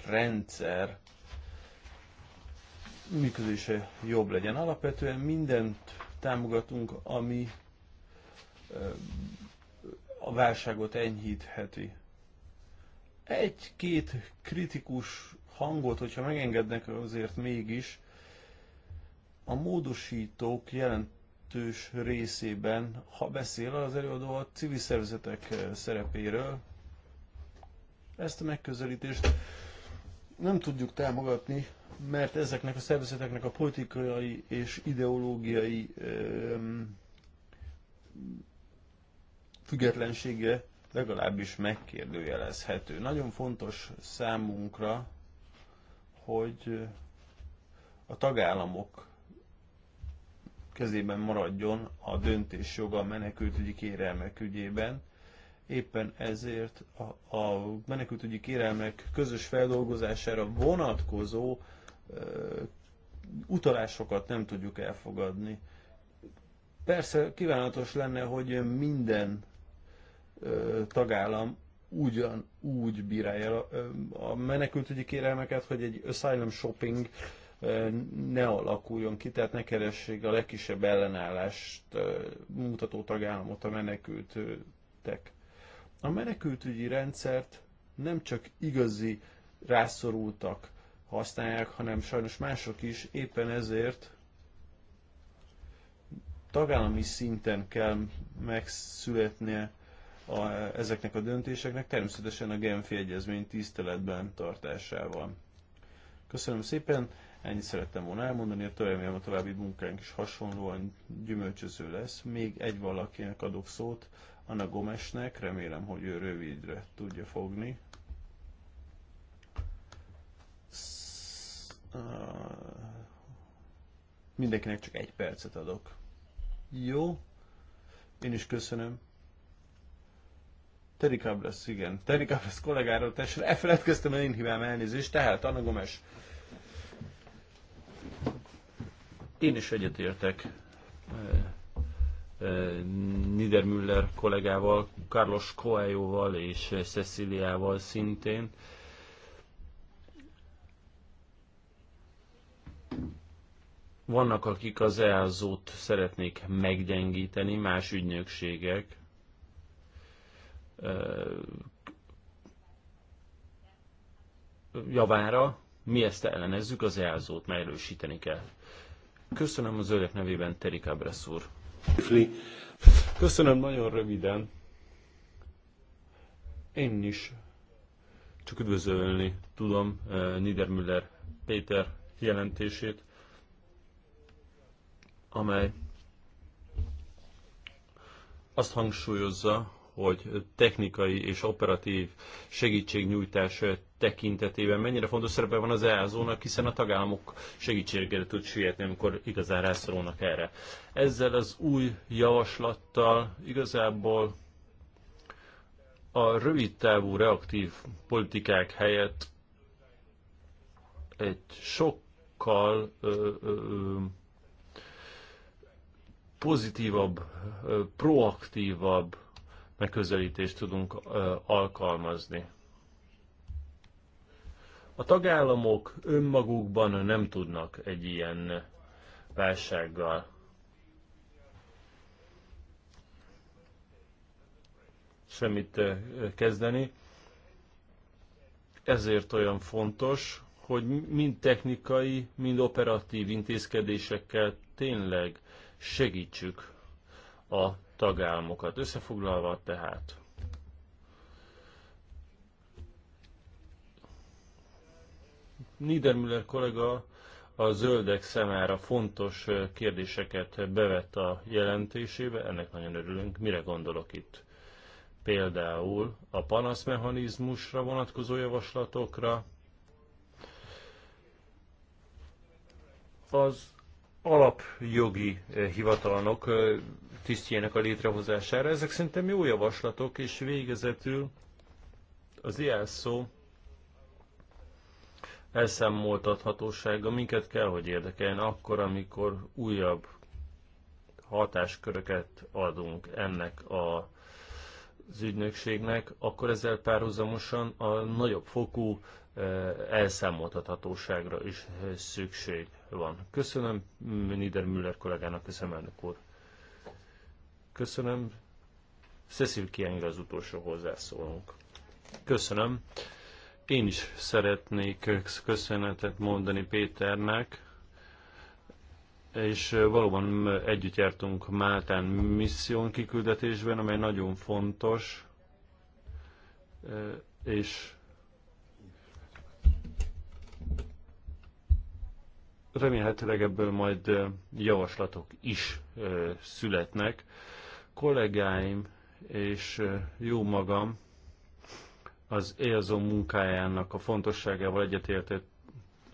Speaker 1: rendszer működése jobb legyen. Alapvetően mindent támogatunk, ami a válságot enyhítheti. Egy-két kritikus hangot, hogyha megengednek, azért mégis a módosítók jelentős részében, ha beszél az előadó a civil szervezetek szerepéről, ezt a megközelítést nem tudjuk támogatni, mert ezeknek a szervezeteknek a politikai és ideológiai függetlensége legalábbis megkérdőjelezhető. Nagyon fontos számunkra, hogy a tagállamok kezében maradjon a döntésjoga a menekültügyi kérelmek ügyében. Éppen ezért a, a menekültügyi kérelmek közös feldolgozására vonatkozó ö, utalásokat nem tudjuk elfogadni. Persze kívánatos lenne, hogy minden tagállam ugyanúgy bírálja a menekültügyi kérelmeket, hogy egy asylum shopping ne alakuljon ki, tehát ne keressék a legkisebb ellenállást mutató tagállamot a menekültek. A menekültügyi rendszert nem csak igazi rászorultak használják, hanem sajnos mások is, éppen ezért tagállami szinten kell megszületnie a, ezeknek a döntéseknek, természetesen a Genfi Egyezmény tiszteletben tartásával. Köszönöm szépen, ennyit szerettem volna elmondani, a hát remélem a további munkánk is hasonlóan gyümölcsöző lesz. Még egy valakinek adok szót, Anna Gomesnek, remélem, hogy ő rövidre tudja fogni. Mindenkinek csak egy percet adok. Jó, én is köszönöm. Teddy Cabras, igen. Teddy Cabras kollégára tessél. Elfeledkeztem el én hibám elnézést, tehát Anna Gomes. Én is egyetértek eh, eh, Niedermüller kollégával,
Speaker 2: Carlos Coelho-val és Ceciliával szintén. Vannak, akik az elzót szeretnék meggyengíteni, más ügynökségek, javára, mi ezt ellenezzük, az elzót már erősíteni kell. Köszönöm az öreg nevében, Teri Ábrász úr. Köszönöm nagyon röviden. Én is csak üdvözölni tudom Niedermüller Péter jelentését, amely azt hangsúlyozza, hogy technikai és operatív segítségnyújtás tekintetében mennyire fontos szerepe van az EASO-nak, hiszen a tagállamok segítségére tud sietni, amikor igazán rászorulnak erre. Ezzel az új javaslattal igazából a rövid távú reaktív politikák helyett egy sokkal ö, ö, ö, pozitívabb, proaktívabb megközelítést tudunk alkalmazni. A tagállamok önmagukban nem tudnak egy ilyen válsággal semmit kezdeni. Ezért olyan fontos, hogy mind technikai, mind operatív intézkedésekkel tényleg segítsük a tagállamokat. Összefoglalva tehát Niedermüller kollega a zöldek szemára fontos kérdéseket bevett a jelentésébe, ennek nagyon örülünk. Mire gondolok itt? Például a panaszmechanizmusra vonatkozó javaslatokra, az alapjogi eh, hivatalnok eh, tisztjének a létrehozására. Ezek szerintem jó javaslatok,
Speaker 1: és végezetül
Speaker 2: az IASZO elszámoltathatósága minket kell, hogy érdekeljen akkor, amikor újabb hatásköröket adunk ennek a az ügynökségnek, akkor ezzel párhuzamosan a nagyobb fokú e, elszámoltathatóságra is e, szükség van. Köszönöm Nieder Müller kollégának, köszönöm elnök úr. Köszönöm. Cecil Kienge az utolsó hozzászólunk. Köszönöm. Én is szeretnék köszönetet mondani Péternek és valóban együtt jártunk Máltán misszión kiküldetésben, amely nagyon fontos, és remélhetőleg ebből majd javaslatok is születnek. Kollégáim és jó magam az élzó munkájának a fontosságával egyetértett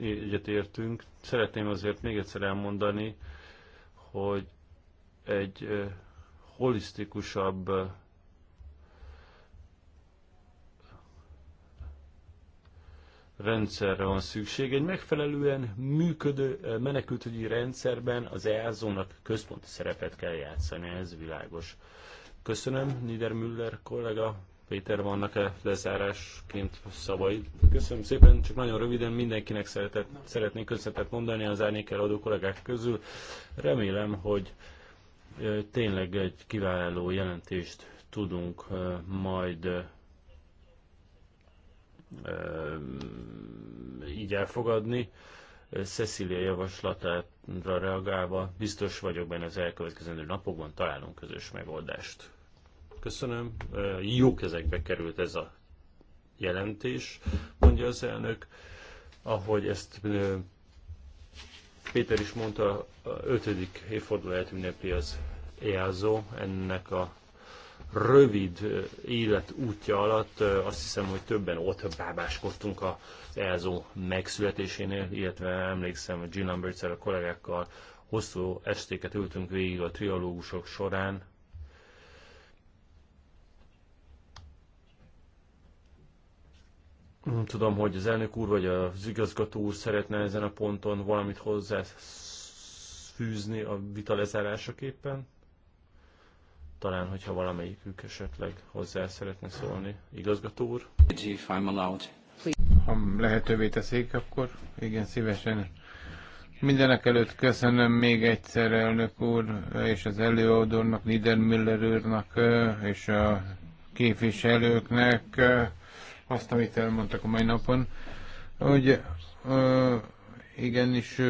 Speaker 2: egyetértünk. Szeretném azért még egyszer elmondani, hogy egy holisztikusabb rendszerre van szükség. Egy megfelelően működő menekültügyi rendszerben az EASO-nak központi szerepet kell játszani, ez világos. Köszönöm, Niedermüller kollega, Péter, vannak-e lezárásként szavaid? Köszönöm szépen, csak nagyon röviden mindenkinek szeretett, szeretnék köszönetet mondani az árnyékel adó kollégák közül. Remélem, hogy tényleg egy kiváló jelentést tudunk majd így elfogadni. Cecilia javaslatára reagálva biztos vagyok benne az elkövetkező napokban találunk közös megoldást. Köszönöm. Jó kezekbe került ez a jelentés, mondja az elnök. Ahogy ezt Péter is mondta, a ötödik évfordulóját ünnepi az EASO, ennek a rövid élet útja alatt azt hiszem, hogy többen ott bábáskodtunk a ELZO megszületésénél, illetve emlékszem, Jill lambert a kollégákkal hosszú estéket ültünk végig a triológusok során, Tudom, hogy az elnök úr vagy az igazgató úr szeretne ezen a ponton valamit hozzáfűzni a vita lezárásaképpen. Talán, hogyha valamelyikük esetleg hozzá szeretne szólni. Igazgató úr?
Speaker 3: Ha lehetővé teszik, akkor igen, szívesen. Mindenek előtt köszönöm még egyszer elnök úr és az előadónak, Niedermüller úrnak és a képviselőknek azt, amit elmondtak a mai napon, hogy ö, igenis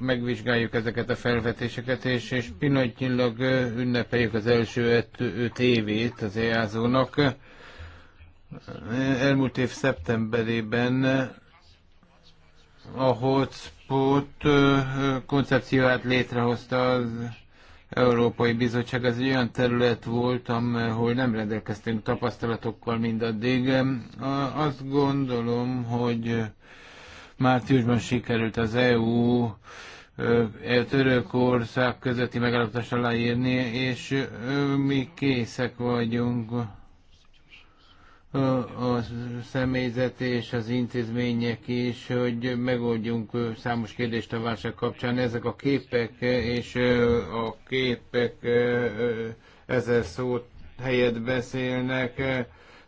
Speaker 3: megvizsgáljuk ezeket a felvetéseket, és, és pillanatnyilag ünnepeljük az első öt évét az éjázónak. E nak Elmúlt év szeptemberében a hotspot koncepcióját létrehozta az Európai Bizottság az olyan terület volt, ahol nem rendelkeztünk tapasztalatokkal mindaddig. Azt gondolom, hogy márciusban sikerült az EU e, Törökország közötti megállapodást aláírni, és mi készek vagyunk a személyzet és az intézmények is, hogy megoldjunk számos kérdést a válság kapcsán. Ezek a képek és a képek ezer szót helyett beszélnek.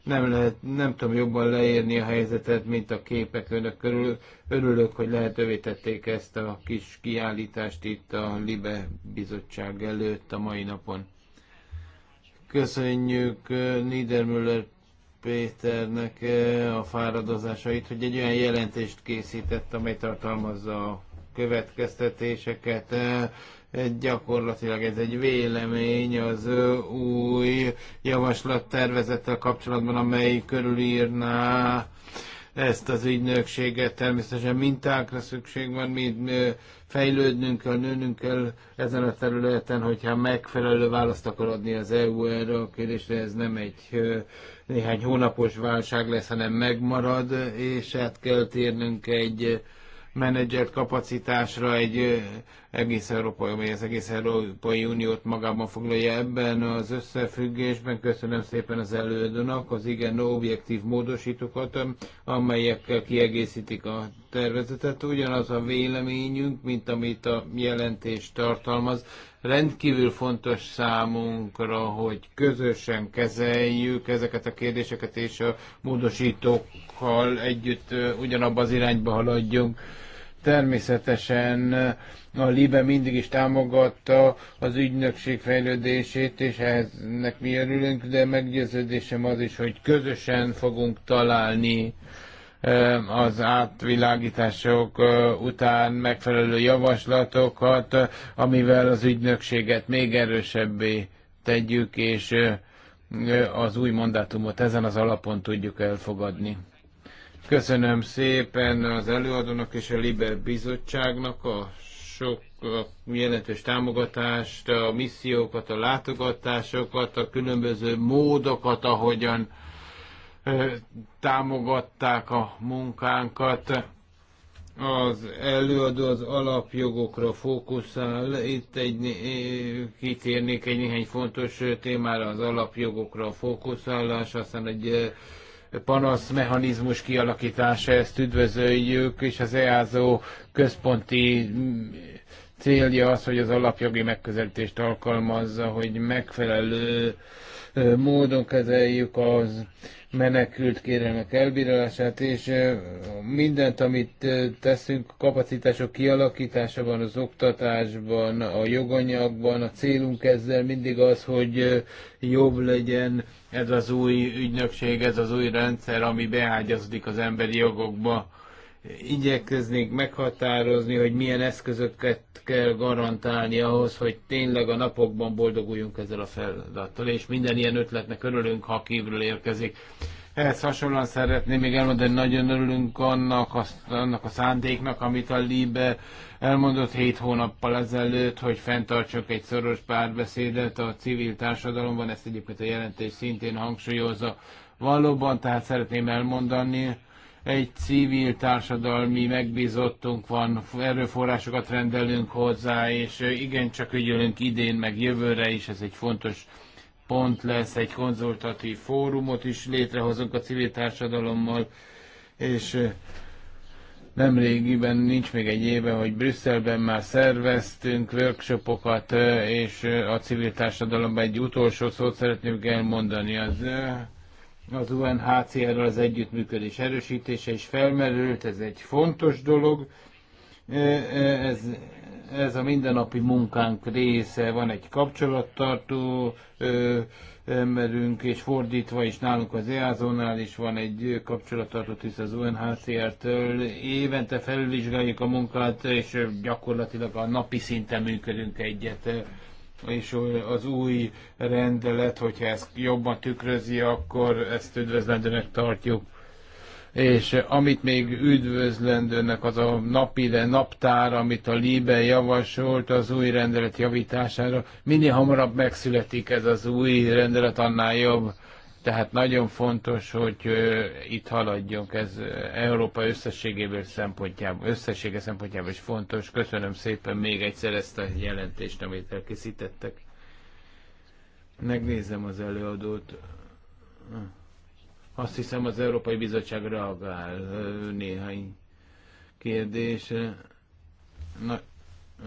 Speaker 3: Nem, lehet, nem tudom jobban leírni a helyzetet, mint a képek önök körül. Örülök, hogy lehetővé tették ezt a kis kiállítást itt a Libe bizottság előtt a mai napon. Köszönjük Niedermüller Péternek eh, a fáradozásait, hogy egy olyan jelentést készített, amely tartalmazza a következtetéseket. Eh, gyakorlatilag ez egy vélemény az eh, új javaslattervezettel kapcsolatban, amely körülírná ezt az ügynökséget. Természetesen mintákra szükség van, mi fejlődnünk kell, nőnünk kell ezen a területen, hogyha megfelelő választ akar adni az EU erre a kérdésre, ez nem egy néhány hónapos válság lesz, hanem megmarad, és hát kell térnünk egy menedzsert kapacitásra, egy egész Európai, amely az egész Európai Uniót magában foglalja ebben az összefüggésben. Köszönöm szépen az előadónak, az igen objektív módosítókat, amelyekkel kiegészítik a tervezetet. Ugyanaz a véleményünk, mint amit a jelentés tartalmaz. Rendkívül fontos számunkra, hogy közösen kezeljük ezeket a kérdéseket, és a módosítókkal együtt ugyanabba az irányba haladjunk Természetesen eh, a Libe mindig is támogatta az ügynökség fejlődését, és eznek mi örülünk, de meggyőződésem az is, hogy közösen fogunk találni eh, az átvilágítások eh, után megfelelő javaslatokat, amivel az ügynökséget még erősebbé tegyük, és az új mandátumot ezen az alapon tudjuk elfogadni. Köszönöm szépen az előadónak és a Liber Bizottságnak a sok a jelentős támogatást, a missziókat, a látogatásokat, a különböző módokat, ahogyan támogatták a munkánkat. Az előadó az alapjogokra fókuszál. Itt egy, kitérnék egy néhány fontos témára, az alapjogokra fókuszálás, aztán egy panasz mechanizmus kialakítása, ezt üdvözöljük, és az EASO központi célja az, hogy az alapjogi megközelítést alkalmazza, hogy megfelelő módon kezeljük az menekült kérelmek elbírálását, és mindent, amit teszünk, kapacitások van az oktatásban, a joganyagban, a célunk ezzel mindig az, hogy jobb legyen ez az új ügynökség, ez az új rendszer, ami beágyazódik az emberi jogokba igyekeznék meghatározni, hogy milyen eszközöket kell garantálni ahhoz, hogy tényleg a napokban boldoguljunk ezzel a feladattal, és minden ilyen ötletnek örülünk, ha kívül érkezik. Ehhez hasonlóan szeretném még elmondani, hogy nagyon örülünk annak a, annak a szándéknak, amit a Libe elmondott hét hónappal ezelőtt, hogy fenntartsunk egy szoros párbeszédet a civil társadalomban, ezt egyébként a jelentés szintén hangsúlyozza. Valóban, tehát szeretném elmondani, egy civil társadalmi megbízottunk van, erőforrásokat rendelünk hozzá, és igen, csak ügyölünk idén, meg jövőre is, ez egy fontos pont lesz, egy konzultatív fórumot is létrehozunk a civil társadalommal, és nemrégiben, nincs még egy éve, hogy Brüsszelben már szerveztünk workshopokat, és a civil társadalomban egy utolsó szót szeretném elmondani. Az az unhcr ral az együttműködés erősítése is felmerült, ez egy fontos dolog. E, e, ez, ez a mindennapi munkánk része, van egy kapcsolattartó emberünk, és fordítva is nálunk az EASO-nál is van egy kapcsolattartó tiszt az UNHCR-től. Évente felülvizsgáljuk a munkát, és gyakorlatilag a napi szinten működünk egyet és az új rendelet, hogyha ezt jobban tükrözi, akkor ezt üdvözlendőnek tartjuk. És amit még üdvözlendőnek az a napi naptár, amit a líbe javasolt az új rendelet javítására, minél hamarabb megszületik ez az új rendelet, annál jobb tehát nagyon fontos, hogy itt haladjunk, ez Európa összességéből szempontjából, összessége szempontjából is fontos. Köszönöm szépen még egyszer ezt a jelentést, amit elkészítettek. Megnézem az előadót. Azt hiszem az Európai Bizottság reagál néhány kérdésre. Na,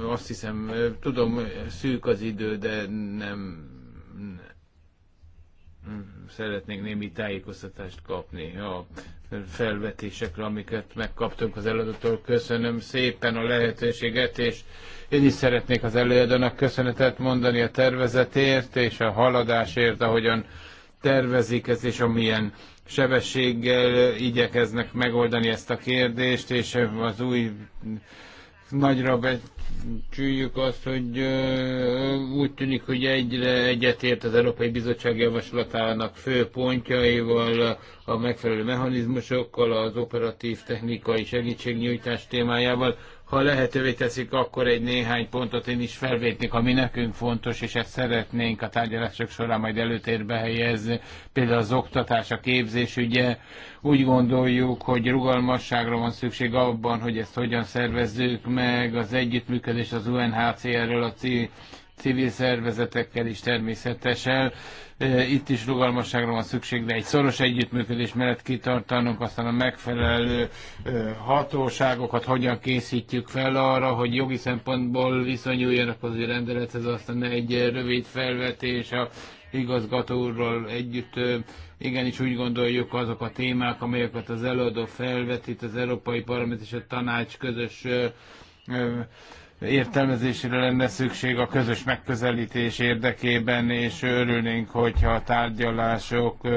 Speaker 4: azt hiszem, tudom,
Speaker 3: szűk az idő, de nem szeretnénk némi tájékoztatást kapni a felvetésekre, amiket megkaptunk az előadótól. Köszönöm szépen a lehetőséget, és én is szeretnék az előadónak köszönetet mondani a tervezetért és a haladásért, ahogyan tervezik ez, és amilyen sebességgel igyekeznek megoldani ezt a kérdést, és az új nagyra becsüljük azt, hogy úgy tűnik, hogy egyre egyetért az Európai Bizottság javaslatának fő pontjaival, a megfelelő mechanizmusokkal, az operatív technikai segítségnyújtás témájával ha lehetővé teszik, akkor egy néhány pontot én is felvétnék, ami nekünk fontos, és ezt szeretnénk a tárgyalások során majd előtérbe helyezni. Például az oktatás, a képzés ugye Úgy gondoljuk, hogy rugalmasságra van szükség abban, hogy ezt hogyan szervezzük meg, az együttműködés az UNHCR-ről, a civil szervezetekkel is természetesen. E, itt is rugalmasságra van szükség, de egy szoros együttműködés mellett kitartanunk, aztán a megfelelő e, hatóságokat hogyan készítjük fel arra, hogy jogi szempontból viszonyuljanak az rendelethez, aztán egy rövid felvetés a igazgató úrral együtt. E, igenis úgy gondoljuk azok a témák, amelyeket az előadó felvetít, az Európai Parlament és a Tanács közös értelmezésére lenne szükség a közös megközelítés érdekében, és örülnénk, hogyha a tárgyalások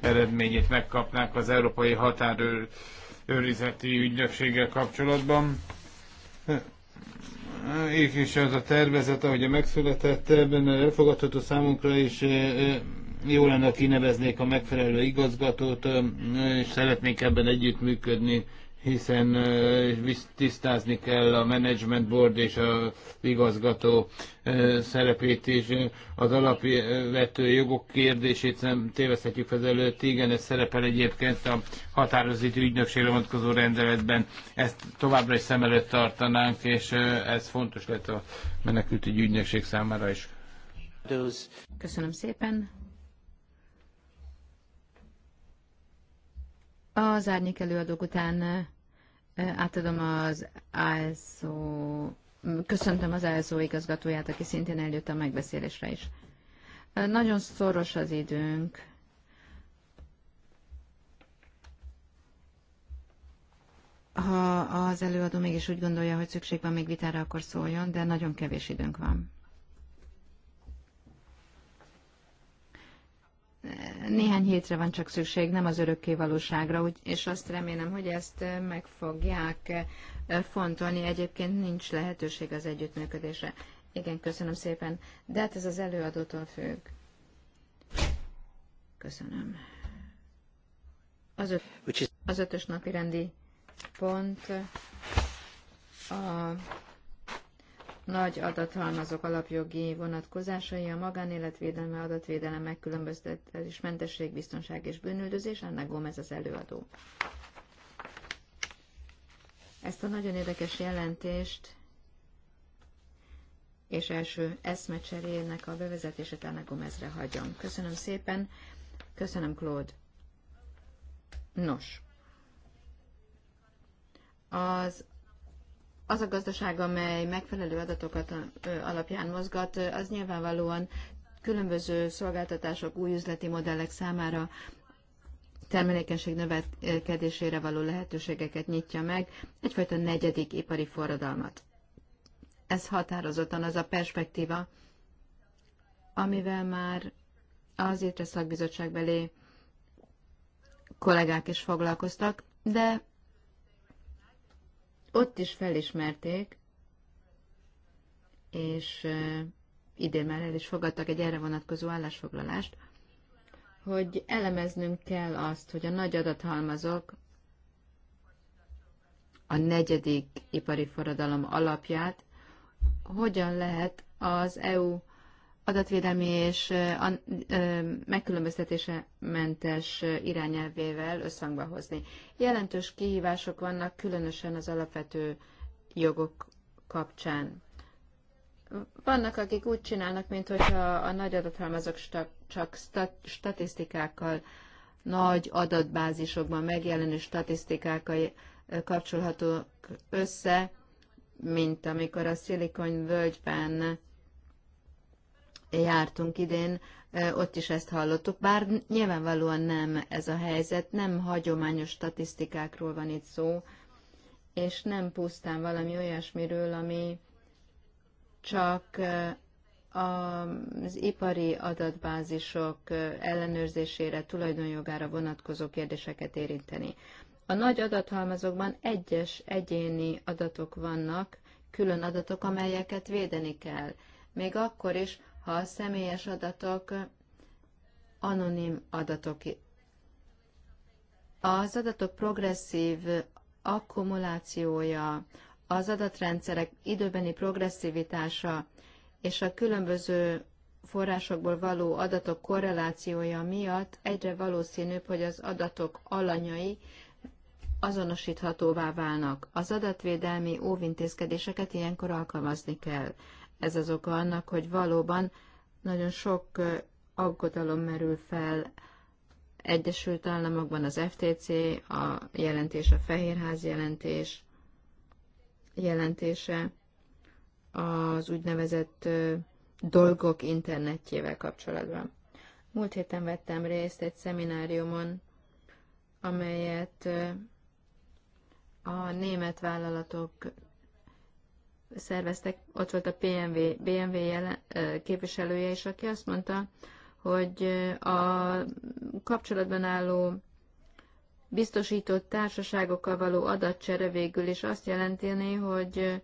Speaker 3: eredményét megkapnák az Európai Határőrizeti Ügynökséggel kapcsolatban. Én is az a tervezet, ahogy megszületett, ebben elfogadható számunkra is jó lenne, kineveznék a megfelelő igazgatót, és szeretnénk ebben együttműködni hiszen tisztázni kell a management board és a igazgató szerepét is. Az alapvető jogok kérdését nem téveszthetjük az előtt. Igen, ez szerepel egyébként a határozati ügynökségre vonatkozó rendeletben. Ezt továbbra is szem előtt tartanánk, és ez fontos lett a menekültügyi ügynökség számára is.
Speaker 4: Köszönöm szépen. Az árnyék előadók után eh, átadom az ASZO, köszöntöm az ASZO igazgatóját, aki szintén eljött a megbeszélésre is. Eh, nagyon szoros az időnk. Ha az előadó mégis úgy gondolja, hogy szükség van még vitára, akkor szóljon, de nagyon kevés időnk van. néhány hétre van csak szükség, nem az örökké valóságra, úgy, és azt remélem, hogy ezt meg fogják eh, fontolni. Egyébként nincs lehetőség az együttműködésre. Igen, köszönöm szépen. De hát ez az előadótól függ. Köszönöm. Az, öt, az ötös napi rendi pont a nagy adathalmazok alapjogi vonatkozásai, a magánéletvédelme, adatvédelem, megkülönböztetés, mentesség, biztonság és bűnüldözés. Anna ez az előadó. Ezt a nagyon érdekes jelentést és első eszmecserének a bevezetését Anna Gomezre hagyom. Köszönöm szépen, köszönöm Claude. Nos, az az a gazdaság, amely megfelelő adatokat alapján mozgat, az nyilvánvalóan különböző szolgáltatások, új üzleti modellek számára termelékenység növekedésére való lehetőségeket nyitja meg, egyfajta negyedik ipari forradalmat. Ez határozottan az a perspektíva, amivel már az étre szakbizottság belé kollégák is foglalkoztak, de ott is felismerték, és idén már el is fogadtak egy erre vonatkozó állásfoglalást, hogy elemeznünk kell azt, hogy a nagy adathalmazok a negyedik ipari forradalom alapját hogyan lehet az EU adatvédelmi és megkülönböztetése mentes irányelvével összhangba hozni. Jelentős kihívások vannak, különösen az alapvető jogok kapcsán. Vannak, akik úgy csinálnak, mintha a nagy adathalmazok csak statisztikákkal, nagy adatbázisokban megjelenő statisztikákkal kapcsolhatók össze, mint amikor a Szilikon völgyben jártunk idén, ott is ezt hallottuk, bár nyilvánvalóan nem ez a helyzet, nem hagyományos statisztikákról van itt szó, és nem pusztán valami olyasmiről, ami csak az ipari adatbázisok ellenőrzésére, tulajdonjogára vonatkozó kérdéseket érinteni. A nagy adathalmazokban egyes egyéni adatok vannak, külön adatok, amelyeket védeni kell. Még akkor is, ha a személyes adatok anonim adatok. Az adatok progresszív akkumulációja, az adatrendszerek időbeni progresszivitása és a különböző forrásokból való adatok korrelációja miatt egyre valószínűbb, hogy az adatok alanyai azonosíthatóvá válnak. Az adatvédelmi óvintézkedéseket ilyenkor alkalmazni kell. Ez az oka annak, hogy valóban nagyon sok aggodalom merül fel Egyesült Államokban az FTC, a jelentés, a Fehérház jelentés, jelentése az úgynevezett dolgok internetjével kapcsolatban. Múlt héten vettem részt egy szemináriumon, amelyet a német vállalatok szerveztek, ott volt a PMV, BMW jelen, képviselője is, aki azt mondta, hogy a kapcsolatban álló biztosított társaságokkal való adatcsere végül is azt jelenteni, hogy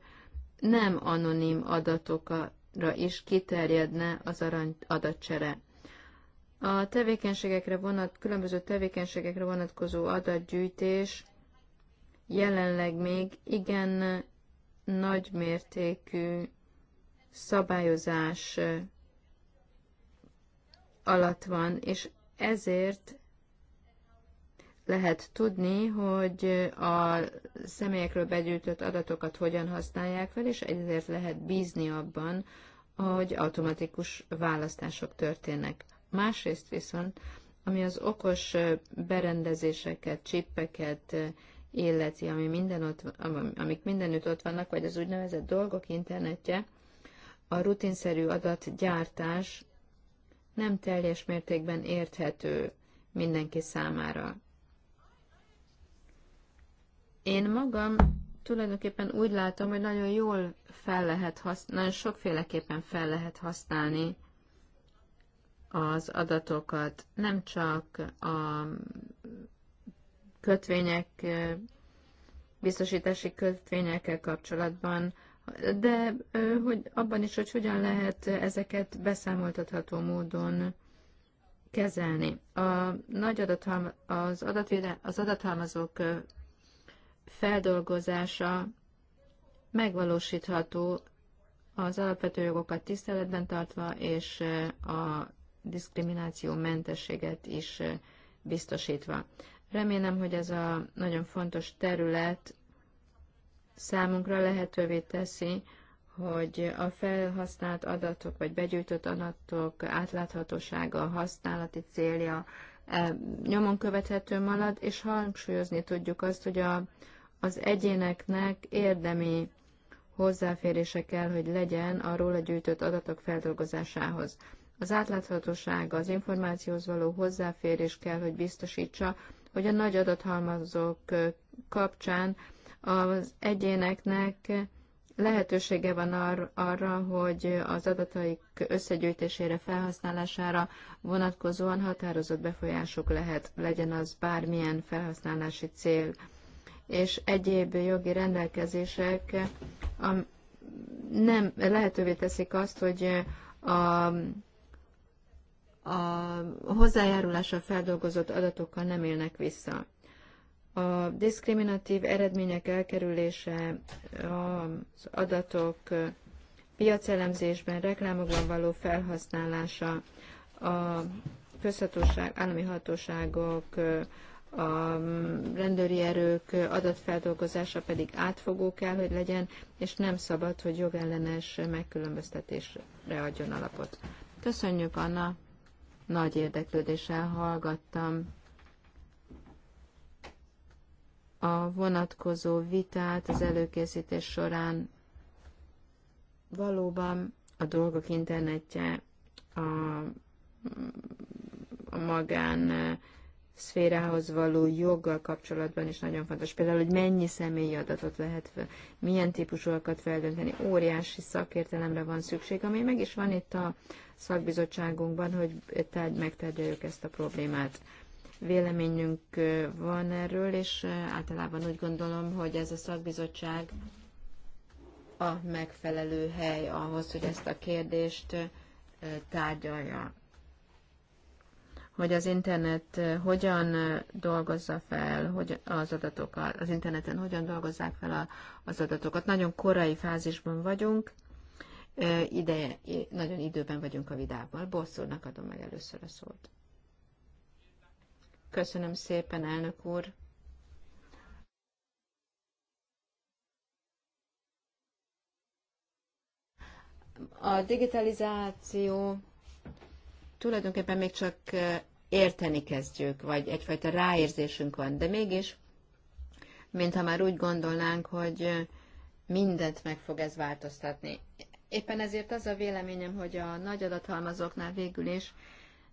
Speaker 4: nem anonim adatokra is kiterjedne az arany adatcsere. A tevékenységekre vonat, különböző tevékenységekre vonatkozó adatgyűjtés jelenleg még igen nagymértékű szabályozás alatt van, és ezért lehet tudni, hogy a személyekről begyűjtött adatokat hogyan használják fel, és ezért lehet bízni abban, hogy automatikus választások történnek. Másrészt viszont, ami az okos berendezéseket, csippeket illeti, ami minden ott, amik mindenütt ott vannak, vagy az úgynevezett dolgok internetje, a rutinszerű adatgyártás nem teljes mértékben érthető mindenki számára. Én magam tulajdonképpen úgy látom, hogy nagyon jól fel lehet használni, nagyon sokféleképpen fel lehet használni az adatokat, nem csak a kötvények, biztosítási kötvényekkel kapcsolatban, de hogy abban is, hogy hogyan lehet ezeket beszámoltatható módon kezelni. A nagy adathalma, az, adatvéde, az adathalmazók feldolgozása megvalósítható az alapvető jogokat tiszteletben tartva, és a diszkrimináció mentességet is biztosítva. Remélem, hogy ez a nagyon fontos terület számunkra lehetővé teszi, hogy a felhasznált adatok vagy begyűjtött adatok átláthatósága, használati célja e, nyomon követhető marad, és hangsúlyozni tudjuk azt, hogy a, az egyéneknek érdemi hozzáférése kell, hogy legyen a róla gyűjtött adatok feldolgozásához. Az átláthatóság, az információhoz való hozzáférés kell, hogy biztosítsa, hogy a nagy adathalmazok kapcsán az egyéneknek lehetősége van ar- arra, hogy az adataik összegyűjtésére, felhasználására vonatkozóan határozott befolyások lehet, legyen az bármilyen felhasználási cél, és egyéb jogi rendelkezések a, nem lehetővé teszik azt, hogy a a hozzájárulással feldolgozott adatokkal nem élnek vissza. A diszkriminatív eredmények elkerülése az adatok piacelemzésben, reklámokban való felhasználása, a közhatóság, állami hatóságok, a rendőri erők adatfeldolgozása pedig átfogó kell, hogy legyen, és nem szabad, hogy jogellenes megkülönböztetésre adjon alapot. Köszönjük, Anna! Nagy érdeklődéssel hallgattam a vonatkozó vitát az előkészítés során. Valóban a dolgok internetje, a, a magán szférához való joggal kapcsolatban is nagyon fontos. Például, hogy mennyi személyi adatot lehet, milyen típusúakat feldönteni. Óriási szakértelemre van szükség, ami meg is van itt a szakbizottságunkban, hogy tárgy, megtárgyaljuk ezt a problémát. Véleményünk van erről, és általában úgy gondolom, hogy ez a szakbizottság a megfelelő hely ahhoz, hogy ezt a kérdést tárgyalja hogy az internet eh, hogyan eh, dolgozza fel hogy az adatokat, az interneten hogyan dolgozzák fel a, az adatokat. Nagyon korai fázisban vagyunk, eh, ide nagyon időben vagyunk a vidával. Bosszúrnak adom meg először a szót. Köszönöm szépen, elnök úr! A digitalizáció tulajdonképpen még csak érteni kezdjük, vagy egyfajta ráérzésünk van. De mégis, mintha már úgy gondolnánk, hogy mindent meg fog ez változtatni. Éppen ezért az a véleményem, hogy a nagy adathalmazoknál végül is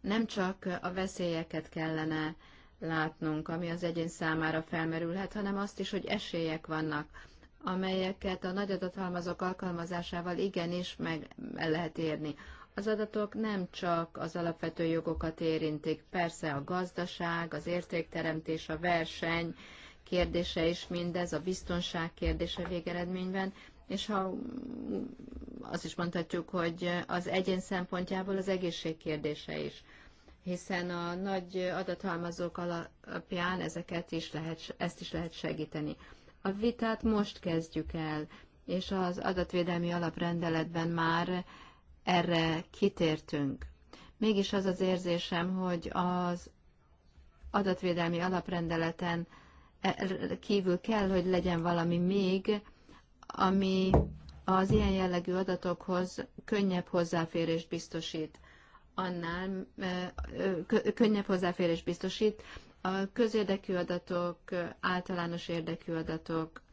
Speaker 4: nem csak a veszélyeket kellene látnunk, ami az egyén számára felmerülhet, hanem azt is, hogy esélyek vannak, amelyeket a nagy adathalmazok alkalmazásával igenis meg el lehet érni. Az adatok nem csak az alapvető jogokat érintik, persze a gazdaság, az értékteremtés, a verseny kérdése is mindez, a biztonság kérdése végeredményben, és ha azt is mondhatjuk, hogy az egyén szempontjából az egészség kérdése is hiszen a nagy adathalmazók alapján ezeket is lehet, ezt is lehet segíteni. A vitát most kezdjük el, és az adatvédelmi alaprendeletben már erre kitértünk. Mégis az az érzésem, hogy az adatvédelmi alaprendeleten e, kívül kell, hogy legyen valami még, ami az ilyen jellegű adatokhoz könnyebb hozzáférést biztosít. Annál e, könnyebb hozzáférést biztosít a közérdekű adatok, általános érdekű adatok,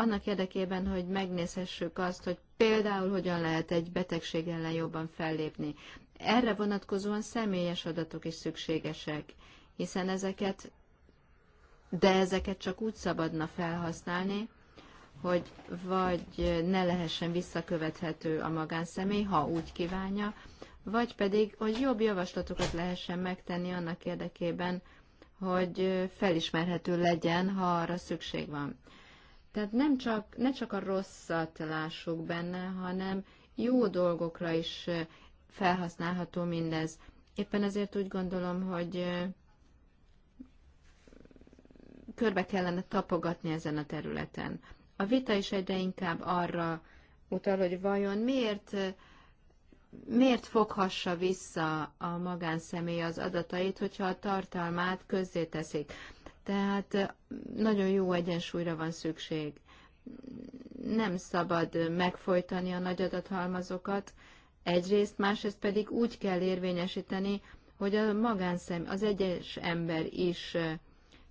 Speaker 4: annak érdekében, hogy megnézhessük azt, hogy például hogyan lehet egy betegség ellen jobban fellépni. Erre vonatkozóan személyes adatok is szükségesek, hiszen ezeket, de ezeket csak úgy szabadna felhasználni, hogy vagy ne lehessen visszakövethető a magánszemély, ha úgy kívánja, vagy pedig, hogy jobb javaslatokat lehessen megtenni annak érdekében, hogy felismerhető legyen, ha arra szükség van. Tehát nem csak, ne csak a rosszat lássuk benne, hanem jó dolgokra is felhasználható mindez. Éppen ezért úgy gondolom, hogy körbe kellene tapogatni ezen a területen. A vita is egyre inkább arra utal, hogy vajon miért, miért foghassa vissza a magánszemély az adatait, hogyha a tartalmát közzéteszik. teszik tehát eh, nagyon jó egyensúlyra van szükség. Nem szabad eh, megfojtani a nagy adathalmazokat, egyrészt, másrészt pedig úgy kell érvényesíteni, hogy a magánszem, az egyes ember is eh,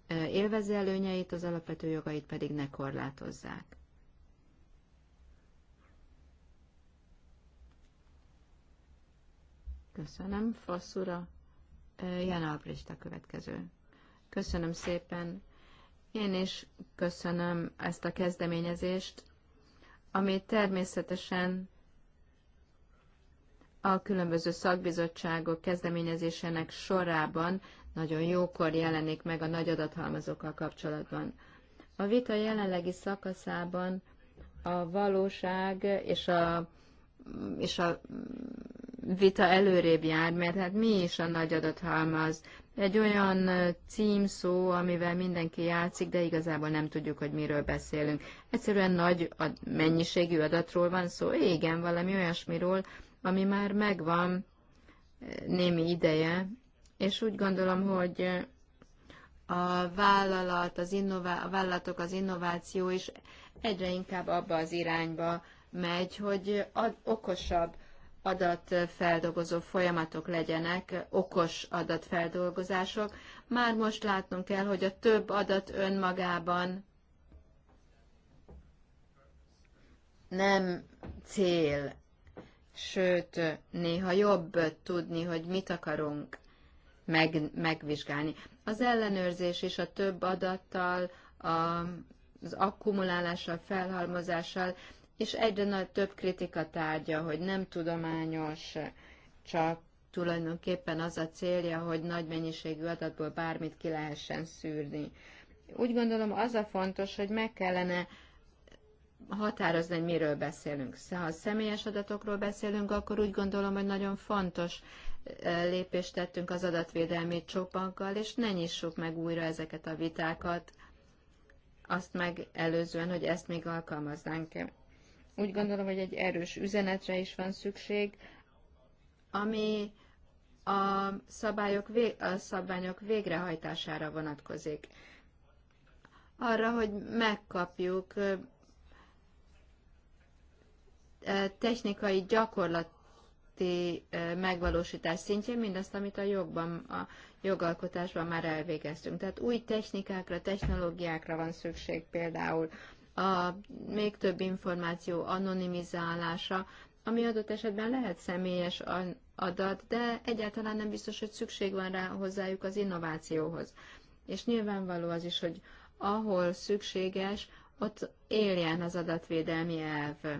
Speaker 4: élvezi előnyeit, az alapvető jogait pedig ne korlátozzák. Köszönöm, Fasszura. Jana Abrista következő. Köszönöm szépen. Én is köszönöm ezt a kezdeményezést, ami természetesen a különböző szakbizottságok kezdeményezésének sorában nagyon jókor jelenik meg a nagy adathalmazokkal kapcsolatban. A vita jelenlegi szakaszában a valóság és a, és a vita előrébb jár, mert hát mi is a nagy adathalmaz, egy olyan címszó, amivel mindenki játszik, de igazából nem tudjuk, hogy miről beszélünk. Egyszerűen nagy a mennyiségű adatról van szó, igen, valami olyasmiról, ami már megvan némi ideje, és úgy gondolom, hogy a vállalat, az innová- a vállalatok, az innováció is egyre inkább abba az irányba megy, hogy ad, okosabb adatfeldolgozó folyamatok legyenek, okos adatfeldolgozások. Már most látnunk kell, hogy a több adat önmagában nem cél, sőt, néha jobb tudni, hogy mit akarunk meg, megvizsgálni. Az ellenőrzés is a több adattal, a, az akkumulálással, felhalmozással és egyre nagy több kritika tárgya, hogy nem tudományos, csak tulajdonképpen az a célja, hogy nagy mennyiségű adatból bármit ki lehessen szűrni. Úgy gondolom az a fontos, hogy meg kellene határozni, hogy miről beszélünk. Ha személyes adatokról beszélünk, akkor úgy gondolom, hogy nagyon fontos e, lépést tettünk az adatvédelmi csopankkal, és ne nyissuk meg újra ezeket a vitákat, azt meg előzően, hogy ezt még alkalmaznánk úgy gondolom, hogy egy erős üzenetre is van szükség, ami a szabályok, a szabványok végrehajtására vonatkozik. Arra, hogy megkapjuk technikai gyakorlati megvalósítás szintjén mindazt, amit a jogban, a jogalkotásban már elvégeztünk. Tehát új technikákra, technológiákra van szükség például a még több információ anonimizálása, ami adott esetben lehet személyes adat, de egyáltalán nem biztos, hogy szükség van rá hozzájuk az innovációhoz. És nyilvánvaló az is, hogy ahol szükséges, ott éljen az adatvédelmi elv.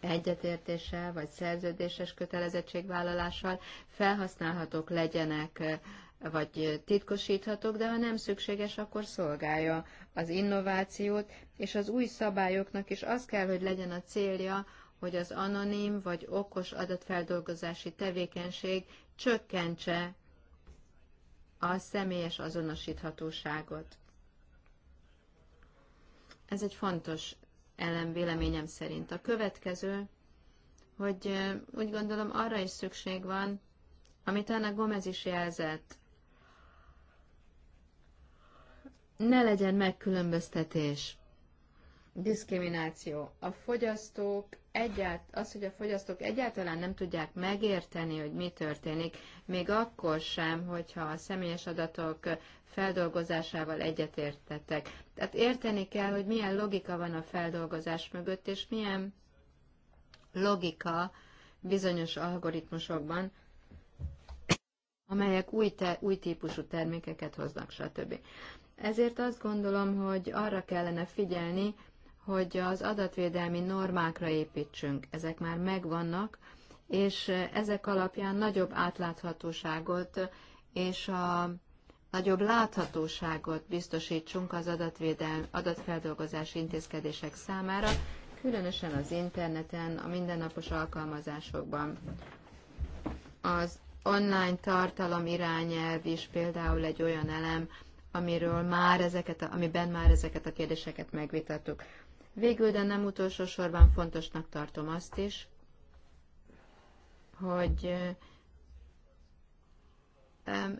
Speaker 4: Egyetértéssel vagy szerződéses kötelezettségvállalással felhasználhatók legyenek vagy titkosíthatók, de ha nem szükséges, akkor szolgálja az innovációt, és az új szabályoknak is az kell, hogy legyen a célja, hogy az anonim vagy okos adatfeldolgozási tevékenység csökkentse a személyes azonosíthatóságot. Ez egy fontos elem véleményem szerint. A következő, hogy úgy gondolom arra is szükség van, amit Anna Gomez is jelzett, ne legyen megkülönböztetés, diszkrimináció. A fogyasztók egyált, az, hogy a fogyasztók egyáltalán nem tudják megérteni, hogy mi történik, még akkor sem, hogyha a személyes adatok feldolgozásával egyetértettek. Tehát érteni kell, hogy milyen logika van a feldolgozás mögött, és milyen logika bizonyos algoritmusokban, amelyek új, te, új típusú termékeket hoznak, stb. Ezért azt gondolom, hogy arra kellene figyelni, hogy az adatvédelmi normákra építsünk. Ezek már megvannak, és ezek alapján nagyobb átláthatóságot és a nagyobb láthatóságot biztosítsunk az adatvédelmi, adatfeldolgozási intézkedések számára, különösen az interneten, a mindennapos alkalmazásokban. Az online tartalom irányelv is például egy olyan elem, amiről már ezeket, amiben már ezeket a kérdéseket megvitattuk. Végül, de nem utolsó sorban fontosnak tartom azt is, hogy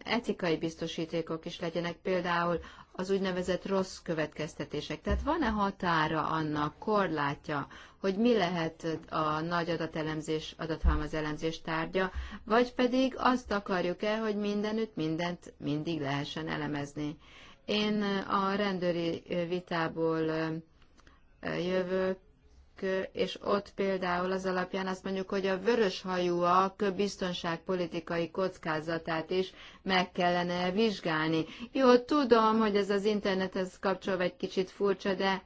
Speaker 4: etikai biztosítékok is legyenek, például az úgynevezett rossz következtetések. Tehát van-e határa annak, korlátja, hogy mi lehet a nagy adatelemzés, adathalmaz elemzés tárgya, vagy pedig azt akarjuk-e, hogy mindenütt mindent mindig lehessen elemezni. Én a rendőri vitából jövök, és ott például az alapján azt mondjuk, hogy a vöröshajúak biztonságpolitikai kockázatát is meg kellene vizsgálni. Jó, tudom, hogy ez az internethez kapcsolva egy kicsit furcsa, de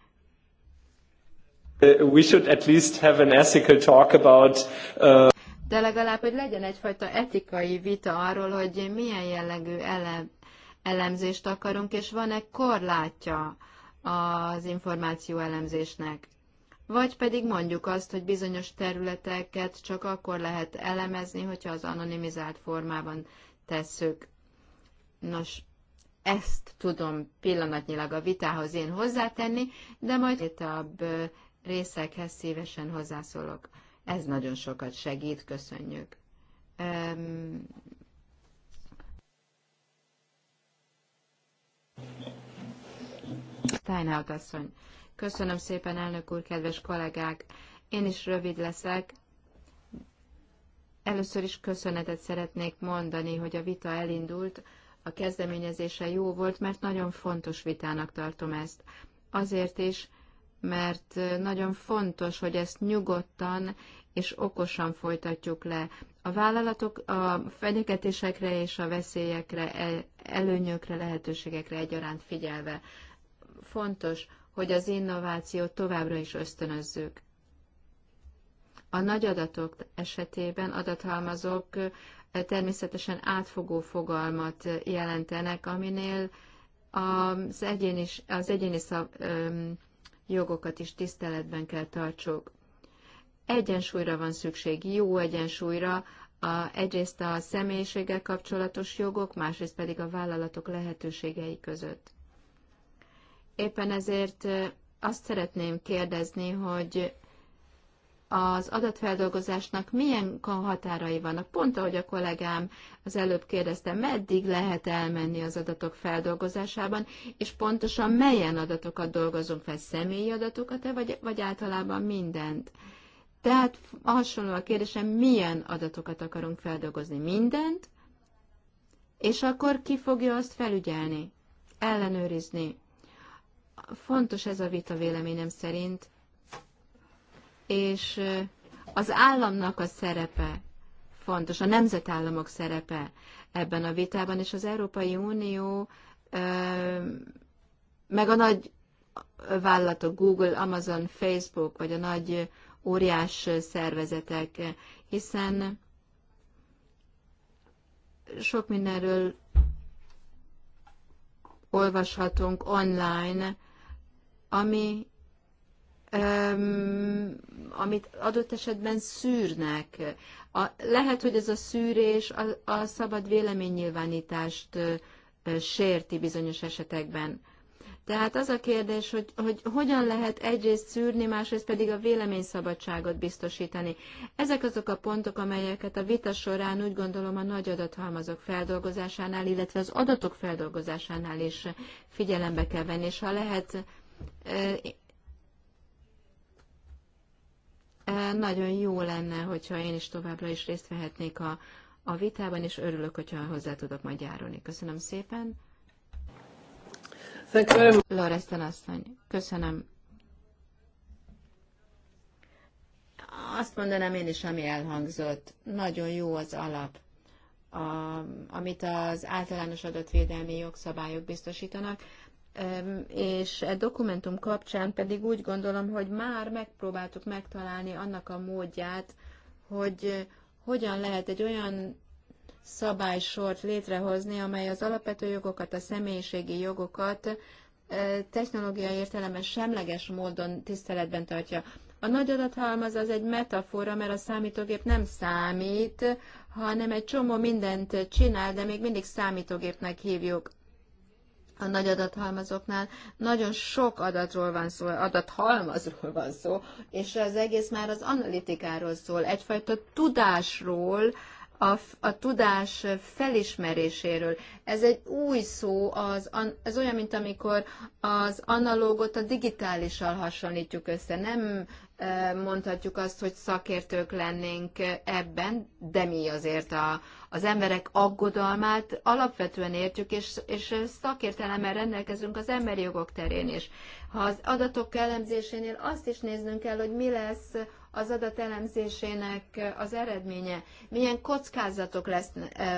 Speaker 2: uh, We should at least have an ethical talk about
Speaker 5: uh...
Speaker 4: de legalább, hogy legyen egyfajta etikai vita arról, hogy milyen jellegű ele- elemzést akarunk, és van-e korlátja az információ elemzésnek vagy pedig mondjuk azt, hogy bizonyos területeket csak akkor lehet elemezni, hogyha az anonimizált formában tesszük. Nos, ezt tudom pillanatnyilag a vitához én hozzátenni, de majd a részekhez szívesen hozzászólok. Ez nagyon sokat segít, köszönjük. Um, Steinhaut asszony. Köszönöm szépen, elnök úr, kedves kollégák! Én is rövid leszek. Először is köszönetet szeretnék mondani, hogy a vita elindult. A kezdeményezése jó volt, mert nagyon fontos vitának tartom ezt. Azért is, mert nagyon fontos, hogy ezt nyugodtan és okosan folytatjuk le. A vállalatok a fenyegetésekre és a veszélyekre, előnyökre, lehetőségekre egyaránt figyelve. Fontos, hogy az innovációt továbbra is ösztönözzük. A nagy adatok esetében adathalmazok eh, természetesen átfogó fogalmat eh, jelentenek, aminél az egyéni, az egyéni szab, öm, jogokat is tiszteletben kell tartsuk. Egyensúlyra van szükség, jó egyensúlyra, a, egyrészt a személyiséggel kapcsolatos jogok, másrészt pedig a vállalatok lehetőségei között. Éppen ezért azt szeretném kérdezni, hogy az adatfeldolgozásnak milyen határai vannak. Pont ahogy a kollégám az előbb kérdezte, meddig lehet elmenni az adatok feldolgozásában, és pontosan melyen adatokat dolgozunk fel, személyi adatokat-e, vagy, vagy általában mindent. Tehát hasonló a kérdésem, milyen adatokat akarunk feldolgozni, mindent, és akkor ki fogja azt felügyelni, ellenőrizni, Fontos ez a vita véleményem szerint, és az államnak a szerepe fontos, a nemzetállamok szerepe ebben a vitában, és az Európai Unió meg a nagy vállalatok, Google, Amazon, Facebook, vagy a nagy óriás szervezetek, hiszen sok mindenről olvashatunk online, ami, um, amit adott esetben szűrnek. A, lehet, hogy ez a szűrés a, a szabad véleménynyilvánítást uh, sérti bizonyos esetekben. Tehát az a kérdés, hogy, hogy hogyan lehet egyrészt szűrni, másrészt pedig a véleményszabadságot biztosítani. Ezek azok a pontok, amelyeket a vita során úgy gondolom a nagy adathalmazok feldolgozásánál, illetve az adatok feldolgozásánál is figyelembe kell venni, és ha lehet nagyon jó lenne, hogyha én is továbbra is részt vehetnék a, a vitában, és örülök, hogyha hozzá tudok majd járulni. Köszönöm szépen. Loresten asszony, köszönöm. Azt mondanám én is, ami elhangzott. Nagyon jó az alap, a, amit az általános adatvédelmi jogszabályok biztosítanak és e dokumentum kapcsán pedig úgy gondolom, hogy már megpróbáltuk megtalálni annak a módját, hogy hogyan lehet egy olyan szabálysort létrehozni, amely az alapvető jogokat, a személyiségi jogokat technológiai értelemben semleges módon tiszteletben tartja. A nagy adathalmaz az egy metafora, mert a számítógép nem számít, hanem egy csomó mindent csinál, de még mindig számítógépnek hívjuk a nagy adathalmazoknál nagyon sok adatról van szó, adathalmazról van szó, és az egész már az analitikáról szól, egyfajta tudásról, a, a tudás felismeréséről. Ez egy új szó, az, ez olyan, mint amikor az analógot a digitálissal hasonlítjuk össze. Nem mondhatjuk azt, hogy szakértők lennénk ebben, de mi azért a, az emberek aggodalmát alapvetően értjük, és, és szakértelemmel rendelkezünk az emberi jogok terén is. Ha az adatok elemzésénél azt is néznünk kell, hogy mi lesz az adat elemzésének az eredménye, milyen kockázatok lesz,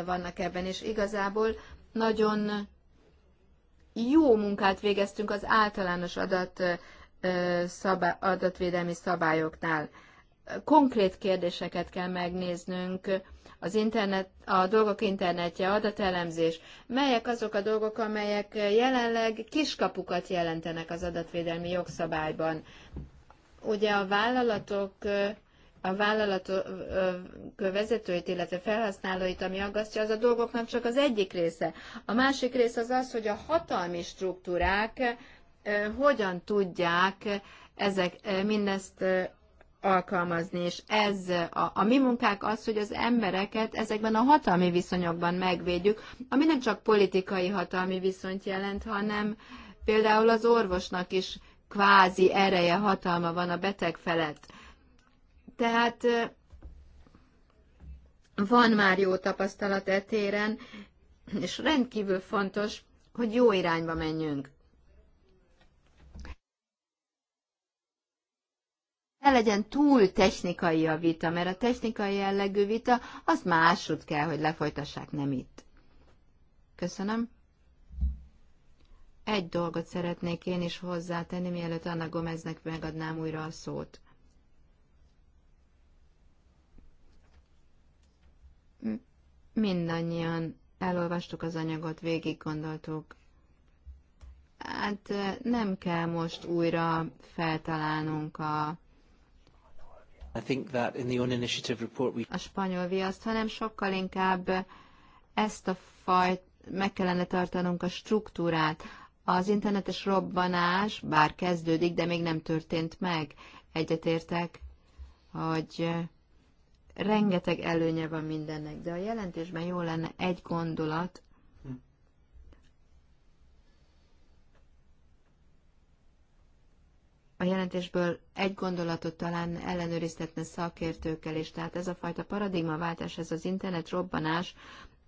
Speaker 4: vannak ebben, és igazából nagyon jó munkát végeztünk az általános adat szabály, adatvédelmi szabályoknál. Konkrét kérdéseket kell megnéznünk, az internet, a dolgok internetje, adatelemzés, melyek azok a dolgok, amelyek jelenleg kiskapukat jelentenek az adatvédelmi jogszabályban. Ugye a vállalatok a vállalatok vezetőit, illetve felhasználóit, ami aggasztja, az a dolgoknak csak az egyik része. A másik rész az az, hogy a hatalmi struktúrák hogyan tudják ezek mindezt alkalmazni, és ez a, a mi munkák az, hogy az embereket ezekben a hatalmi viszonyokban megvédjük, ami nem csak politikai hatalmi viszonyt jelent, hanem például az orvosnak is kvázi ereje, hatalma van a beteg felett. Tehát van már jó tapasztalat etéren, és rendkívül fontos, hogy jó irányba menjünk. ne legyen túl technikai a vita, mert a technikai jellegű vita az másod kell, hogy lefolytassák, nem itt. Köszönöm. Egy dolgot szeretnék én is hozzátenni, mielőtt Anna Gomeznek megadnám újra a szót. Mindannyian elolvastuk az anyagot, végig gondoltuk. Hát nem kell most újra feltalálnunk a, a spanyol viaszt, hanem sokkal inkább ezt a fajt meg kellene tartanunk a struktúrát. Az internetes robbanás bár kezdődik, de még nem történt meg. Egyetértek, hogy rengeteg előnye van mindennek, de a jelentésben jó lenne egy gondolat, a jelentésből egy gondolatot talán ellenőriztetne szakértőkkel is. Tehát ez a fajta paradigmaváltás, ez az internet robbanás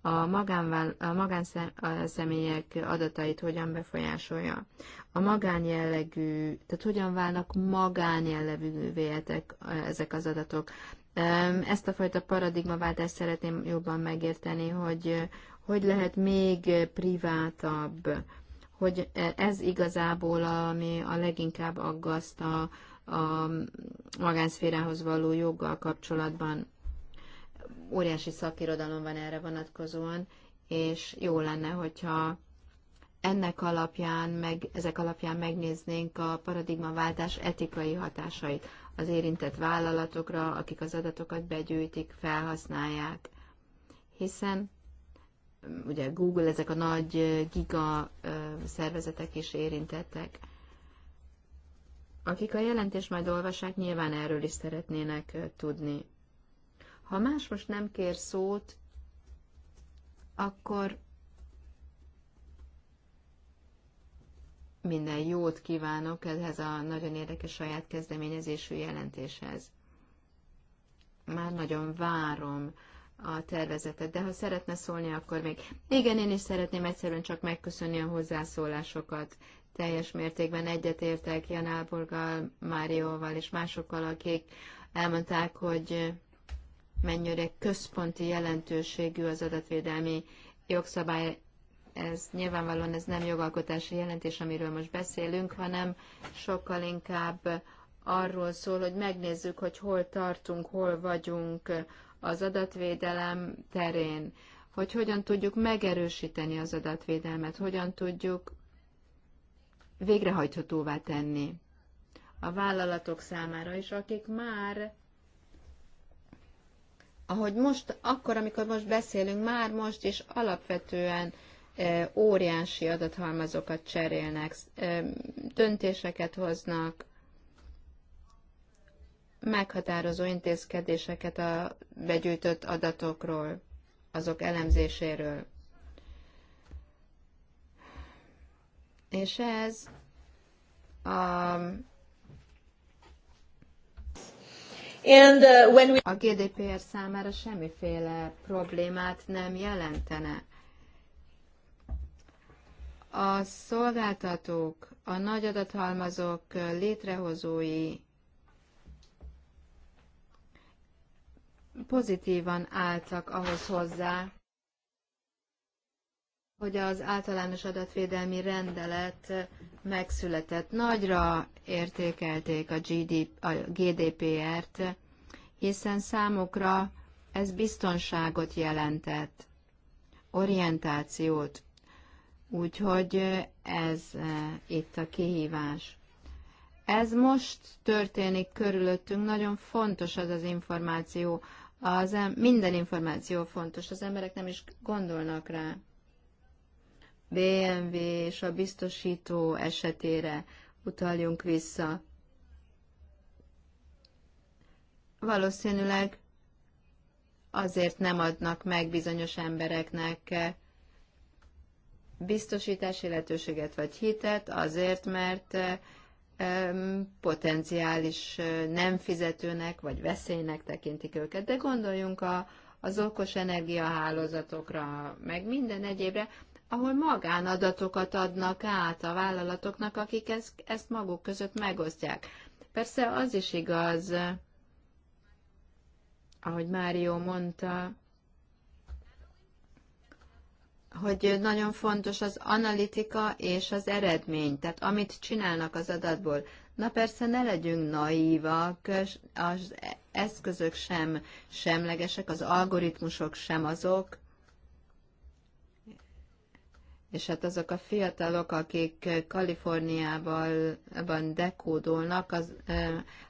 Speaker 4: a, magánvál, a magánszemélyek adatait hogyan befolyásolja. A magánjellegű, tehát hogyan válnak magánjellegűvé ezek az adatok. Ezt a fajta paradigmaváltást szeretném jobban megérteni, hogy hogy lehet még privátabb hogy ez igazából, ami a leginkább aggaszt a, a magánszférához való joggal kapcsolatban. Óriási szakirodalom van erre vonatkozóan, és jó lenne, hogyha ennek alapján, meg ezek alapján megnéznénk a paradigmaváltás etikai hatásait az érintett vállalatokra, akik az adatokat begyűjtik, felhasználják. Hiszen ugye Google, ezek a nagy giga szervezetek is érintettek. Akik a jelentést majd olvasák nyilván erről is szeretnének tudni. Ha más most nem kér szót, akkor minden jót kívánok ehhez a nagyon érdekes saját kezdeményezésű jelentéshez. Már nagyon várom a tervezetet, de ha szeretne szólni, akkor még. Igen, én is szeretném egyszerűen csak megköszönni a hozzászólásokat. Teljes mértékben egyetértek Jan Álborgal, Márióval és másokkal, akik elmondták, hogy mennyire központi jelentőségű az adatvédelmi jogszabály. Ez nyilvánvalóan ez nem jogalkotási jelentés, amiről most beszélünk, hanem sokkal inkább arról szól, hogy megnézzük, hogy hol tartunk, hol vagyunk, az adatvédelem terén, hogy hogyan tudjuk megerősíteni az adatvédelmet, hogyan tudjuk végrehajthatóvá tenni a vállalatok számára is, akik már, ahogy most, akkor, amikor most beszélünk, már most is alapvetően e, óriási adathalmazokat cserélnek, e, döntéseket hoznak, meghatározó intézkedéseket a begyűjtött adatokról, azok elemzéséről. És ez a, And, uh, when we... a GDPR számára semmiféle problémát nem jelentene. A szolgáltatók, a nagy adathalmazok létrehozói pozitívan álltak ahhoz hozzá, hogy az általános adatvédelmi rendelet megszületett. Nagyra értékelték a, GDP, a GDPR-t, hiszen számukra ez biztonságot jelentett, orientációt. Úgyhogy ez eh, itt a kihívás. Ez most történik körülöttünk, nagyon fontos az az információ, az minden információ fontos, az emberek nem is gondolnak rá. BMW és a biztosító esetére utaljunk vissza. Valószínűleg azért nem adnak meg bizonyos embereknek biztosítási lehetőséget vagy hitet, azért, mert potenciális nem fizetőnek vagy veszélynek tekintik őket. De gondoljunk a, az okos energiahálózatokra, meg minden egyébre, ahol magánadatokat adnak át a vállalatoknak, akik ezt, ezt maguk között megosztják. Persze az is igaz, ahogy Mário mondta, hogy nagyon fontos az analitika és az eredmény, tehát amit csinálnak az adatból. Na persze ne legyünk naívak, az eszközök sem semlegesek, az algoritmusok sem azok, és hát azok a fiatalok, akik Kaliforniában dekódolnak, az,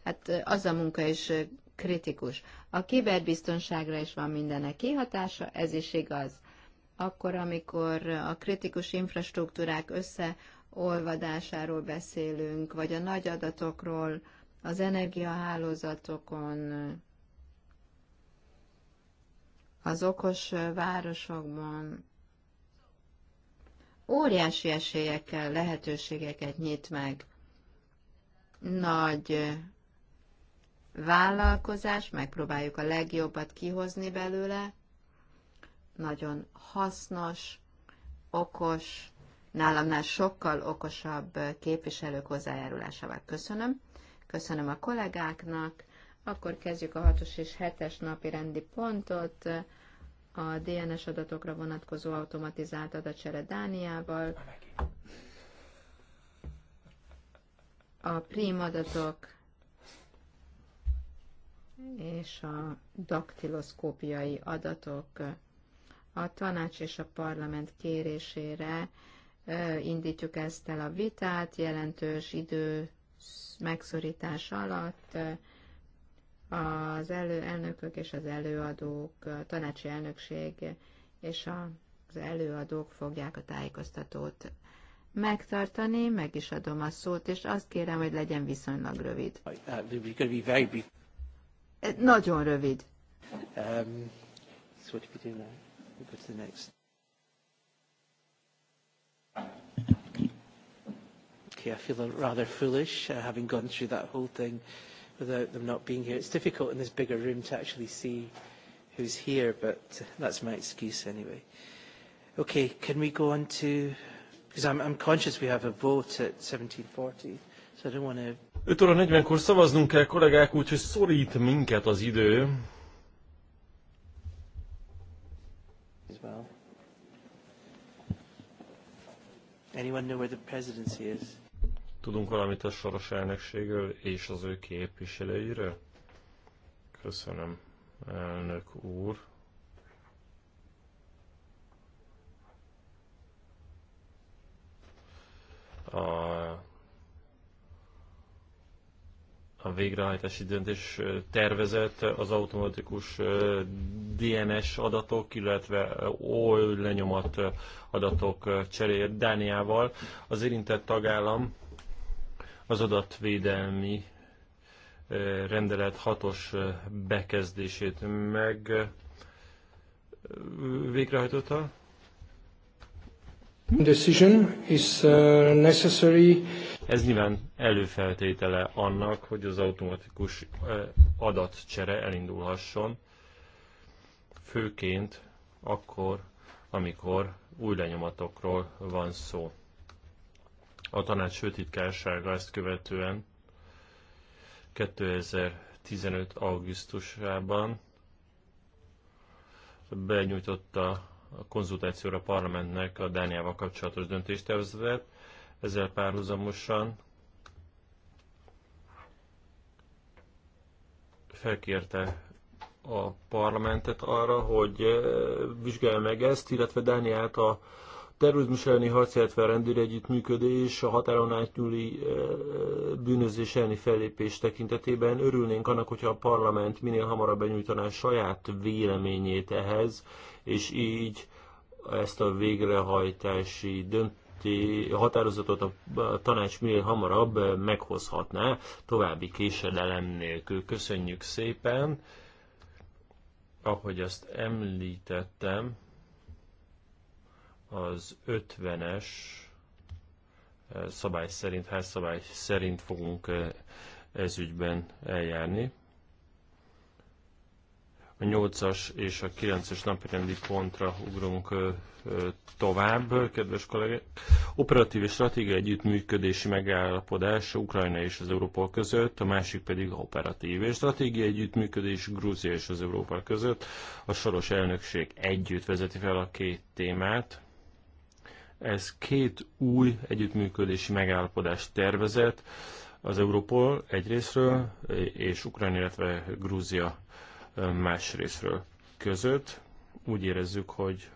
Speaker 4: hát az a munka is kritikus. A kiberbiztonságra is van mindenek kihatása, ez is igaz akkor, amikor a kritikus infrastruktúrák összeolvadásáról beszélünk, vagy a nagy adatokról, az energiahálózatokon, az okos városokban, óriási esélyekkel, lehetőségeket nyit meg. Nagy vállalkozás, megpróbáljuk a legjobbat kihozni belőle, nagyon hasznos, okos, nálamnál sokkal okosabb képviselők hozzájárulásával köszönöm. Köszönöm a kollégáknak. Akkor kezdjük a 6-os és 7-es napi rendi pontot. A DNS adatokra vonatkozó automatizált adatcsere Dániával. A prim adatok és a daktiloszkópiai adatok a tanács és a parlament kérésére indítjuk ezt el a vitát, jelentős idő megszorítás alatt az elő, elnökök és az előadók, a tanácsi elnökség és a, az előadók fogják a tájékoztatót megtartani, meg is adom a szót, és azt kérem, hogy legyen viszonylag rövid.
Speaker 5: Uh,
Speaker 4: Nagyon rövid.
Speaker 5: Um, We go to the next. Okay, I feel rather foolish uh, having gone through that whole thing without them not being here. It's difficult in this bigger room to actually see who's here, but that's my excuse anyway. Okay, can we go on to... Because I'm, I'm conscious we have a vote at 17.40, so I don't want to...
Speaker 2: 5 óra 40-kor szavaznunk kell, kollégák, úgyhogy szorít minket az idő.
Speaker 5: Anyone know where the presidency is?
Speaker 2: Tudunk valamit a soros elnökségről és az ő képviselőiről? Köszönöm, elnök úr. A a végrehajtási döntés tervezett az automatikus DNS adatok, illetve oly lenyomat adatok cseréjét Dániával. Az érintett tagállam az adatvédelmi rendelet hatos bekezdését meg
Speaker 1: végrehajtotta.
Speaker 2: Decision is uh, necessary ez nyilván előfeltétele annak, hogy az automatikus adatcsere elindulhasson, főként akkor, amikor új lenyomatokról van szó. A tanács főtitkársága ezt követően 2015. augusztusában benyújtotta a konzultációra a parlamentnek a Dániával kapcsolatos döntéstervezetet, ezzel párhuzamosan felkérte a parlamentet arra, hogy eh, vizsgálja meg ezt, illetve Dániát a terrorizmus elleni harc, illetve a rendőri együttműködés, a határon átnyúli eh, bűnözés elleni fellépés tekintetében. Örülnénk annak, hogyha a parlament minél hamarabb benyújtaná saját véleményét ehhez, és így ezt a végrehajtási döntést határozati, határozatot a tanács minél hamarabb meghozhatná, további késedelem nélkül. Köszönjük szépen! Ahogy azt említettem, az 50-es szabály szerint, házszabály szerint fogunk ezügyben eljárni. A 8-as és a 9-es napirendi pontra ugrunk tovább, kedves kollégák. Operatív és stratégiai együttműködési megállapodás Ukrajna és az Európa között, a másik pedig operatív és stratégiai együttműködés Grúzia és az Európa között. A soros elnökség együtt vezeti fel a két témát. Ez két új együttműködési megállapodás tervezet, az Európol egyrésztről, és Ukrajna, illetve Grúzia más részről között. Úgy érezzük, hogy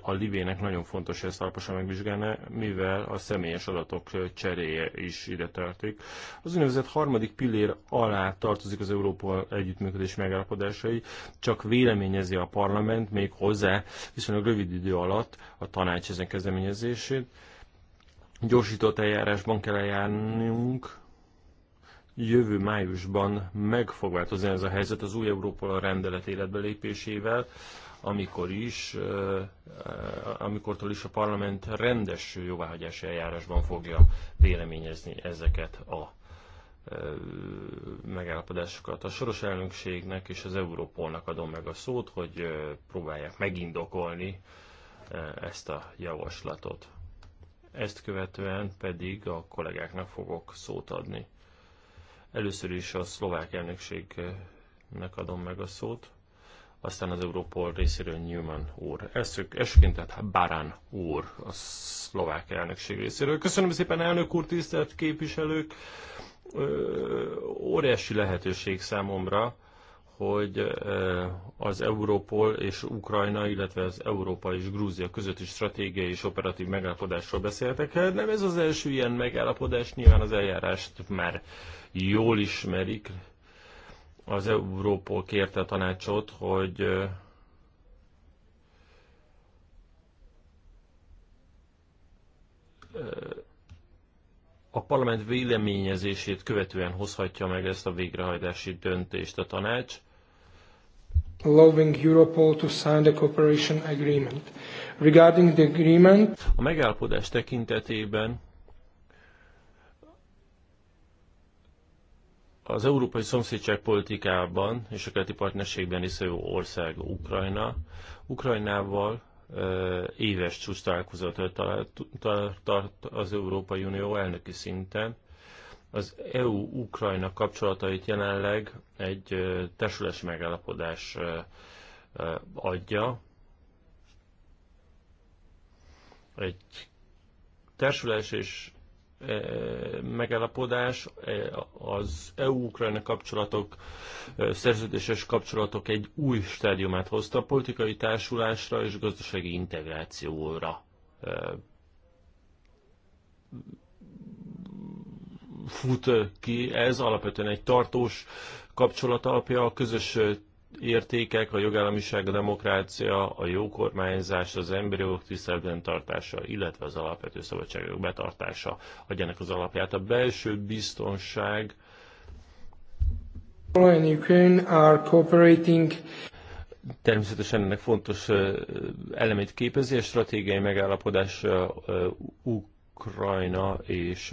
Speaker 2: a Libének nagyon fontos ezt alaposan megvizsgálni, mivel a személyes adatok cseréje is ide tartik. Az úgynevezett harmadik pillér alá tartozik az Európa együttműködés megállapodásai, csak véleményezi a parlament még hozzá viszonylag rövid idő alatt a tanács ezen kezdeményezését. Gyorsított eljárásban kell eljárnunk, jövő májusban meg fog változni ez a helyzet az új Európa rendelet életbelépésével, amikor is, amikortól is a parlament rendes jóváhagyási eljárásban fogja véleményezni ezeket a megállapodásokat. A soros elnökségnek és az Európolnak adom meg a szót, hogy próbálják megindokolni ezt a javaslatot. Ezt követően pedig a kollégáknak fogok szót adni. Először is a szlovák elnökségnek adom meg a szót, aztán az Európol részéről Newman úr. Elszök, elsőként tehát Barán úr a szlovák elnökség részéről. Köszönöm szépen elnök úr, tisztelt képviselők! Ö, óriási lehetőség számomra, hogy az Európol és Ukrajna, illetve az Európa és Grúzia közötti stratégiai és operatív megállapodásról beszéltek. Nem ez az első ilyen megállapodás, nyilván az eljárást már jól ismerik. Az Európol kérte a tanácsot, hogy a parlament véleményezését követően hozhatja meg ezt a végrehajtási döntést a tanács
Speaker 5: allowing
Speaker 3: Europol to sign the cooperation agreement. Regarding the agreement,
Speaker 2: a megállapodás tekintetében az európai szomszédság politikában és a keleti partnerségben részvevő ország Ukrajna, Ukrajnával éves csúcs találkozót tart az Európai Unió elnöki szinten. Az EU-Ukrajna kapcsolatait jelenleg egy tesüles megállapodás adja. Egy tesüles és megállapodás az EU-Ukrajna kapcsolatok, szerződéses kapcsolatok egy új stádiumát hozta a politikai társulásra és gazdasági integrációra fut ki ez, alapvetően egy tartós kapcsolat alapja, a közös értékek, a jogállamiság, a demokrácia, a jó kormányzás, az emberi jogok tiszteletben tartása, illetve az alapvető szabadságok betartása adjanak az alapját. A belső biztonság Természetesen ennek fontos elemét képezi a stratégiai megállapodás Ukrajna és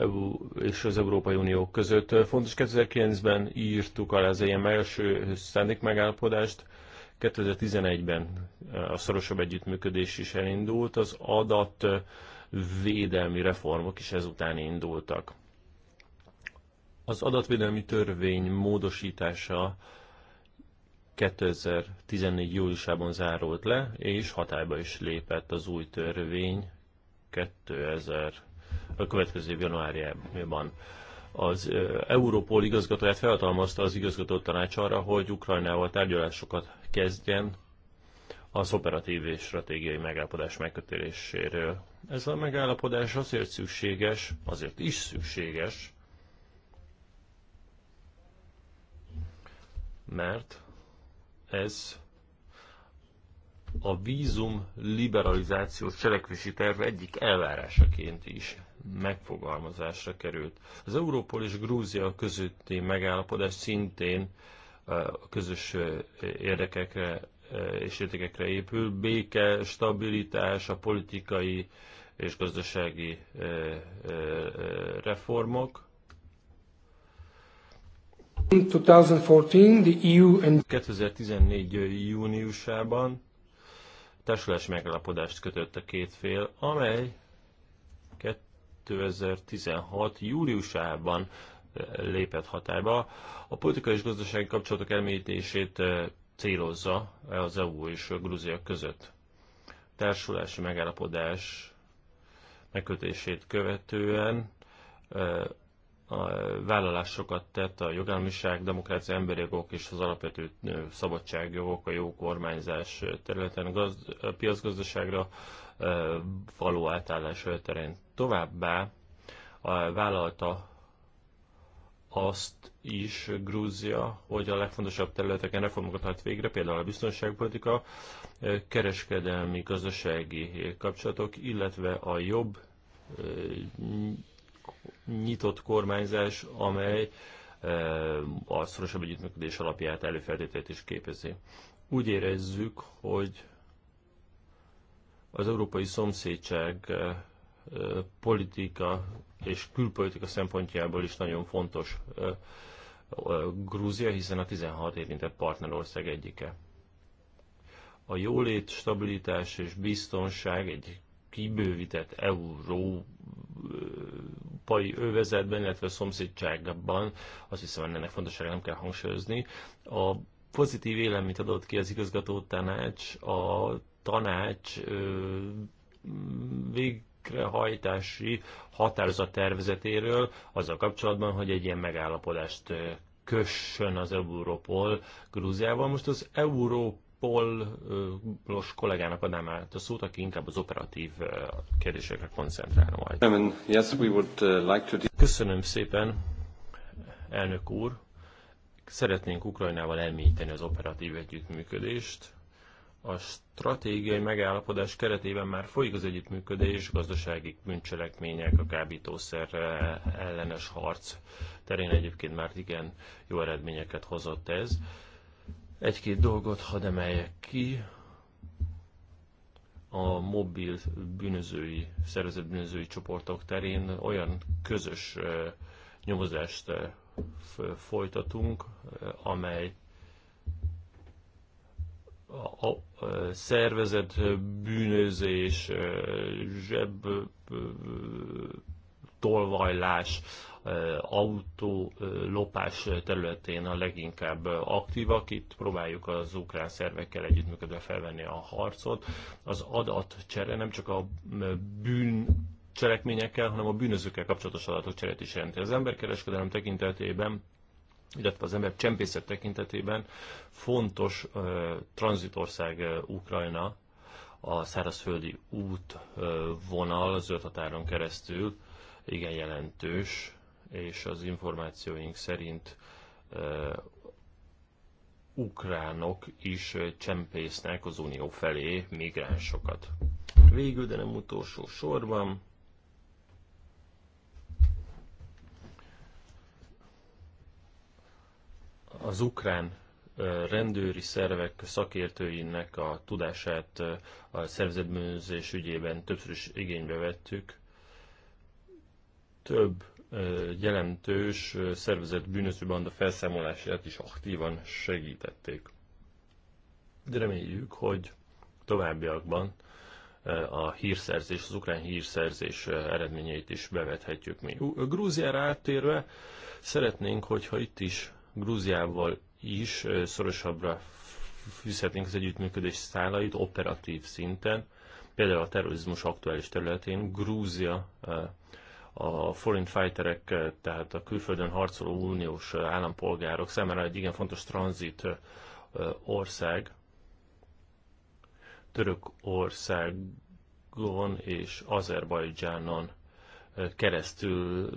Speaker 2: EU és az Európai Unió között. Fontos 2009-ben írtuk alá az ilyen e első szándék megállapodást, 2011-ben a szorosabb együttműködés is elindult, az adat védelmi reformok is ezután indultak. Az adatvédelmi törvény módosítása 2014. júliusában zárult le, és hatályba is lépett az új törvény 2000 a következő év januárjában. Az Európol igazgatóját felhatalmazta az igazgató tanács arra, hogy Ukrajnával tárgyalásokat kezdjen az operatív és stratégiai megállapodás megkötéléséről. Ez a megállapodás azért szükséges, azért is szükséges, mert ez a vízum liberalizációs cselekvési terv egyik elvárásaként is megfogalmazásra került. Az Európol és Grúzia közötti megállapodás szintén a közös érdekekre és értékekre épül, béke, stabilitás, a politikai és gazdasági reformok.
Speaker 5: 2014
Speaker 2: e júniusában társulási megállapodást kötött a két fél, amely 2016. júliusában eh, lépett hatályba. A politikai és gazdasági kapcsolatok elmélyítését eh, célozza e az EU és Grúzia között. Társulási megállapodás megkötését követően eh, a vállalásokat tett a jogállamiság, demokrácia, emberi jogok és az alapvető szabadságjogok, a jó kormányzás területen, gaz, piacgazdaságra való átállás terén Továbbá vállalta azt is Grúzia, hogy a legfontosabb területeken reformokat hajt végre, például a biztonságpolitika, e, kereskedelmi, gazdasági kapcsolatok, illetve a jobb e, nyitott kormányzás, amely e, a szorosabb együttműködés alapját előfeltételét is képezi. Úgy érezzük, hogy az európai szomszédság politika és külpolitika szempontjából is nagyon fontos Grúzia, hiszen a 16 érintett partnerország egyike. A jólét, stabilitás és biztonság egy kibővített európai övezetben, illetve szomszédságban, azt hiszem ennek fontossága nem kell hangsúlyozni. A pozitív véleményt adott ki az igazgató tanács, a tanács vég végrehajtási határozat tervezetéről azzal kapcsolatban, hogy egy ilyen megállapodást kössön az Europol Grúziával. Most az europol kollégának adnám át a szót, aki inkább az operatív kérdésekre koncentrál majd. Uh, Köszönöm szépen, elnök úr. Szeretnénk Ukrajnával elmélyíteni az operatív együttműködést a stratégiai megállapodás keretében már folyik az együttműködés, gazdasági bűncselekmények, a kábítószer eh, ellenes harc terén egyébként már igen jó eredményeket hozott ez. Egy-két dolgot hadd emeljek ki. A mobil bűnözői, szervezett bűnözői csoportok terén olyan közös eh, nyomozást eh, folytatunk, amely a, szervezet bűnözés, zseb tolvajlás, lopás területén a leginkább aktívak. Itt próbáljuk az ukrán szervekkel együttműködve felvenni a harcot. Az adatcsere nem csak a bűn cselekményekkel, hanem a bűnözőkkel kapcsolatos adatok cserét is jelenti. Az emberkereskedelem tekintetében illetve az ember csempészet tekintetében fontos uh, tranzitország uh, Ukrajna, a szárazföldi útvonal uh, zöld határon keresztül igen jelentős, és az információink szerint uh, ukránok is csempésznek az unió felé migránsokat. Végül, de nem utolsó sorban, az ukrán rendőri szervek szakértőinek a tudását a szervezetbűnözés ügyében többször is igénybe vettük. Több jelentős szervezett bűnöző banda felszámolását is aktívan segítették. De reméljük, hogy továbbiakban a hírszerzés, az ukrán hírszerzés eredményeit is bevethetjük mi. Grúziára áttérve szeretnénk, hogyha itt is Grúziával is szorosabbra fűzhetnénk az együttműködés szálait operatív szinten, például a terrorizmus aktuális területén Grúzia a foreign fighterek, tehát a külföldön harcoló uniós állampolgárok számára egy igen fontos tranzit ország, Törökországon és Azerbajdzsánon keresztül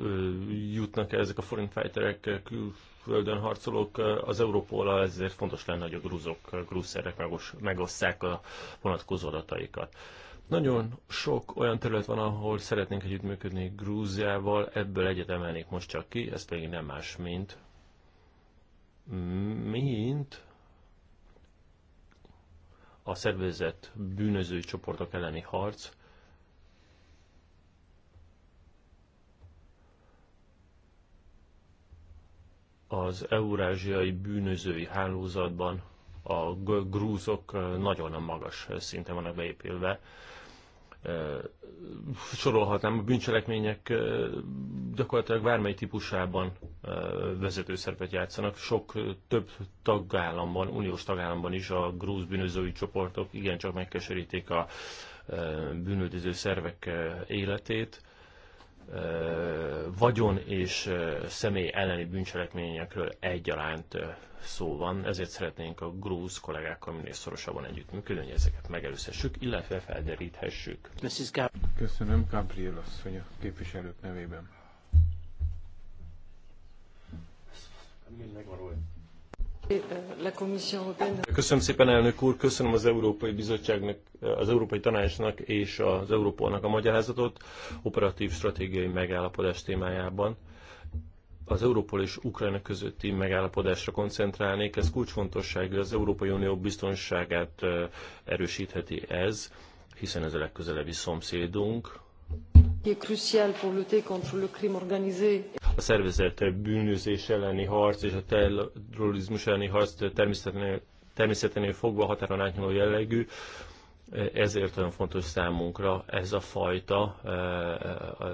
Speaker 2: jutnak -e ezek a foreign fighterek, külföldön harcolók az Európóla, ezért fontos lenne, hogy a grúzok, grúzszerek megosszák a vonatkozó adataikat. Nagyon sok olyan terület van, ahol szeretnénk együttműködni Grúziával, ebből egyet emelnék most csak ki, ez pedig nem más, mint mint a szervezett bűnöző csoportok elleni harc, az eurázsiai bűnözői hálózatban a grúzok nagyon a magas szinten vannak beépülve. Sorolhatnám, a bűncselekmények gyakorlatilag bármely típusában vezető szerepet játszanak. Sok több tagállamban, uniós tagállamban is a grúz bűnözői csoportok igencsak megkeserítik a bűnöldöző szervek életét vagyon és személy elleni bűncselekményekről egyaránt szó van, ezért szeretnénk a grúz kollégákkal minél szorosabban együttműködni, hogy ezeket megelőzhessük, illetve felderíthessük.
Speaker 3: Köszönöm, Gabriel asszony a képviselők nevében.
Speaker 1: Mind megvan
Speaker 2: Köszönöm szépen, elnök úr, köszönöm az Európai Bizottságnak, az Európai Tanácsnak és az Európolnak a magyarázatot operatív stratégiai megállapodás témájában. Az Európol és Ukrajna közötti megállapodásra koncentrálnék, ez kulcsfontosságú, az Európai Unió biztonságát erősítheti ez, hiszen ez a legközelebbi szomszédunk,
Speaker 3: qui est crucial pour lutter contre le crime organisé.
Speaker 2: A szervezet bűnözés elleni harc és a terrorizmus elleni harc természetesen fogva határon átnyúló jellegű, ezért olyan fontos számunkra ez a fajta e, e,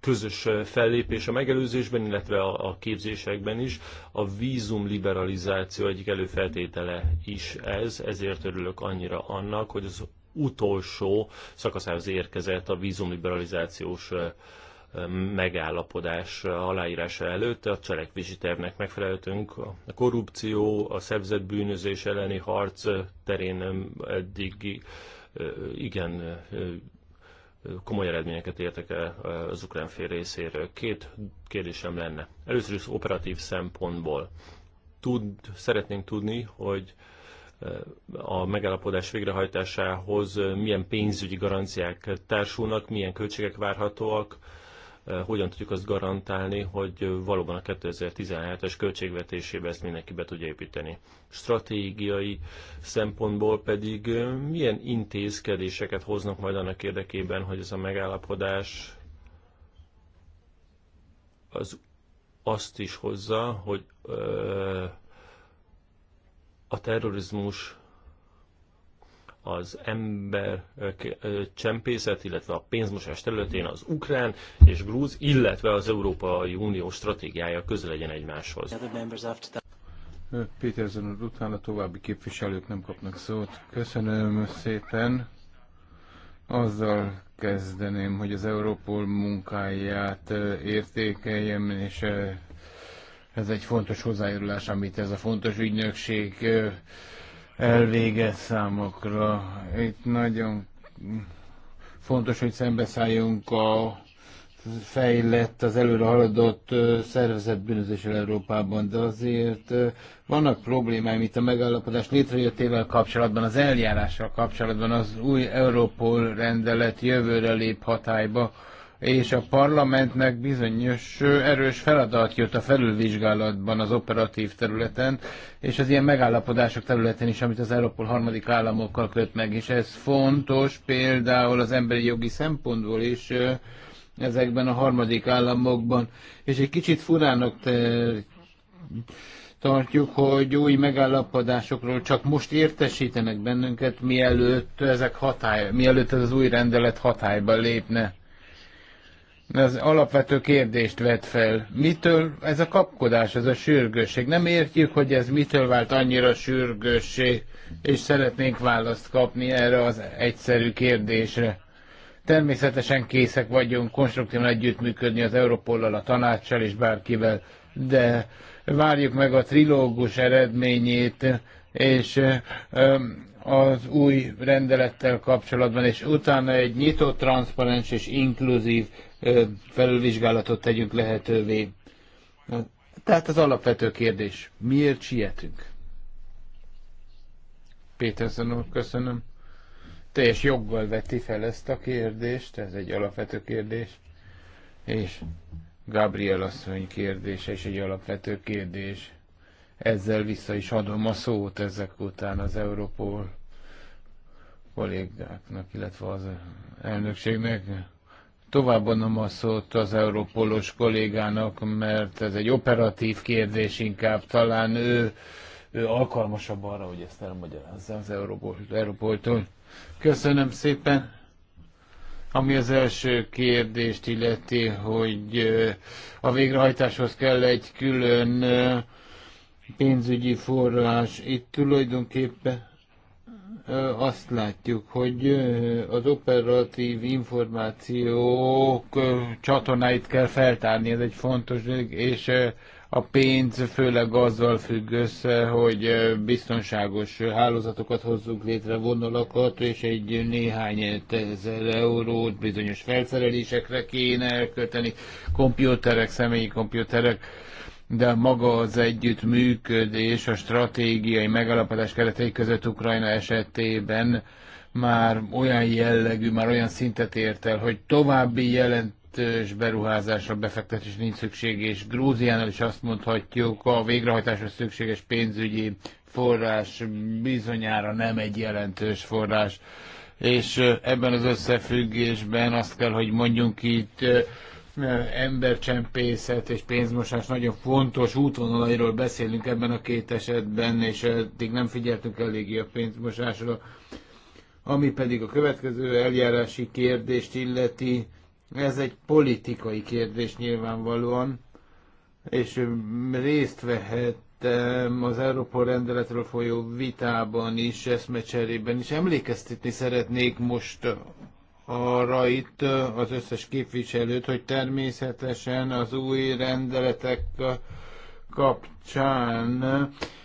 Speaker 2: közös fellépés a megelőzésben, illetve a képzésekben is. A vízum liberalizáció egyik előfeltétele is ez, ezért örülök annyira annak, hogy az utolsó szakaszához érkezett a vízum liberalizációs e, megállapodás aláírása előtt a cselekvési tervnek megfeleltünk. A korrupció, a szervezetbűnözés elleni harc terén eddig igen komoly eredményeket értek el az ukrán fél részéről. Két kérdésem lenne. Először is operatív szempontból. Tud, szeretnénk tudni, hogy a megállapodás végrehajtásához milyen pénzügyi garanciák társulnak, milyen költségek várhatóak, Eh, hogyan tudjuk azt garantálni, hogy valóban a 2017-es költségvetésébe ezt mindenki be tudja építeni. Stratégiai szempontból pedig eh, milyen intézkedéseket hoznak majd annak érdekében, hogy ez a megállapodás az azt is hozza, hogy eh, a terrorizmus az ember csempészet, illetve a pénzmosás területén az ukrán és grúz, illetve az Európai Unió stratégiája közel legyen egymáshoz.
Speaker 3: Péterzen úr utána további képviselők nem kapnak szót. Köszönöm szépen. Azzal kezdeném, hogy az Európol munkáját értékeljem, és ez egy fontos hozzájárulás, amit ez a fontos ügynökség elvégez számokra. Itt nagyon fontos, hogy szembeszálljunk a fejlett, az előre haladott szervezett bűnözéssel Európában, de azért vannak problémáim itt a megállapodás létrejöttével kapcsolatban, az eljárással kapcsolatban az új Európol rendelet jövőre lép hatályba, és a parlamentnek bizonyos erős feladat jött a felülvizsgálatban az operatív területen, és az ilyen megállapodások területén is, amit az Európol harmadik államokkal köt meg, és ez fontos például az emberi jogi szempontból is ezekben a harmadik államokban, és egy kicsit furának te, tartjuk, hogy új megállapodásokról csak most értesítenek bennünket, mielőtt, ezek hatály, mielőtt ez az új rendelet hatályba lépne az alapvető kérdést vet fel. Mitől ez a kapkodás, ez a sürgősség? Nem értjük, hogy ez mitől vált annyira sürgőssé, és szeretnénk választ kapni erre az egyszerű kérdésre. Természetesen készek vagyunk konstruktívan együttműködni az Európollal, a tanácssal és bárkivel, de várjuk meg a trilógus eredményét, és az új rendelettel kapcsolatban, és utána egy nyitott, transzparens és inkluzív felülvizsgálatot tegyünk lehetővé. Tehát az alapvető kérdés, miért sietünk? Péter úr, köszönöm. Teljes joggal veti fel ezt a kérdést, ez egy alapvető kérdés. És Gabriel asszony kérdése is egy alapvető kérdés. Ezzel vissza is adom a szót ezek után az Európol kollégáknak, illetve az elnökségnek. Továbbadom a szót az európolos kollégának, mert ez egy operatív kérdés inkább, talán ő, ő alkalmasabb arra, hogy ezt elmagyarázza az Európoltól. Köszönöm szépen! Ami az első kérdést illeti, hogy a végrehajtáshoz kell egy külön pénzügyi forrás. Itt tulajdonképpen azt látjuk, hogy az operatív információk csatornáit kell feltárni, ez egy fontos, és a pénz főleg azzal függ össze, hogy biztonságos hálózatokat hozzunk létre, vonalakat, és egy néhány ezer eurót bizonyos felszerelésekre kéne elkölteni, komputerek, személyi komputerek, de maga az együttműködés a stratégiai megalapodás keretei között Ukrajna esetében már olyan jellegű, már olyan szintet ért el, hogy további jelentős beruházásra, befektetés nincs szükség, és Grúziánál is azt mondhatjuk, a végrehajtásra szükséges pénzügyi forrás bizonyára nem egy jelentős forrás. És ebben az összefüggésben azt kell, hogy mondjunk itt, embercsempészet és pénzmosás nagyon fontos útvonalairól beszélünk ebben a két esetben, és eddig nem figyeltünk eléggé a pénzmosásra. Ami pedig a következő eljárási kérdést illeti, ez egy politikai kérdés nyilvánvalóan, és részt vehettem az Európa rendeletről folyó vitában is, eszmecserében is. Emlékeztetni szeretnék most arra itt az összes képviselőt, hogy természetesen az új rendeletek kapcsán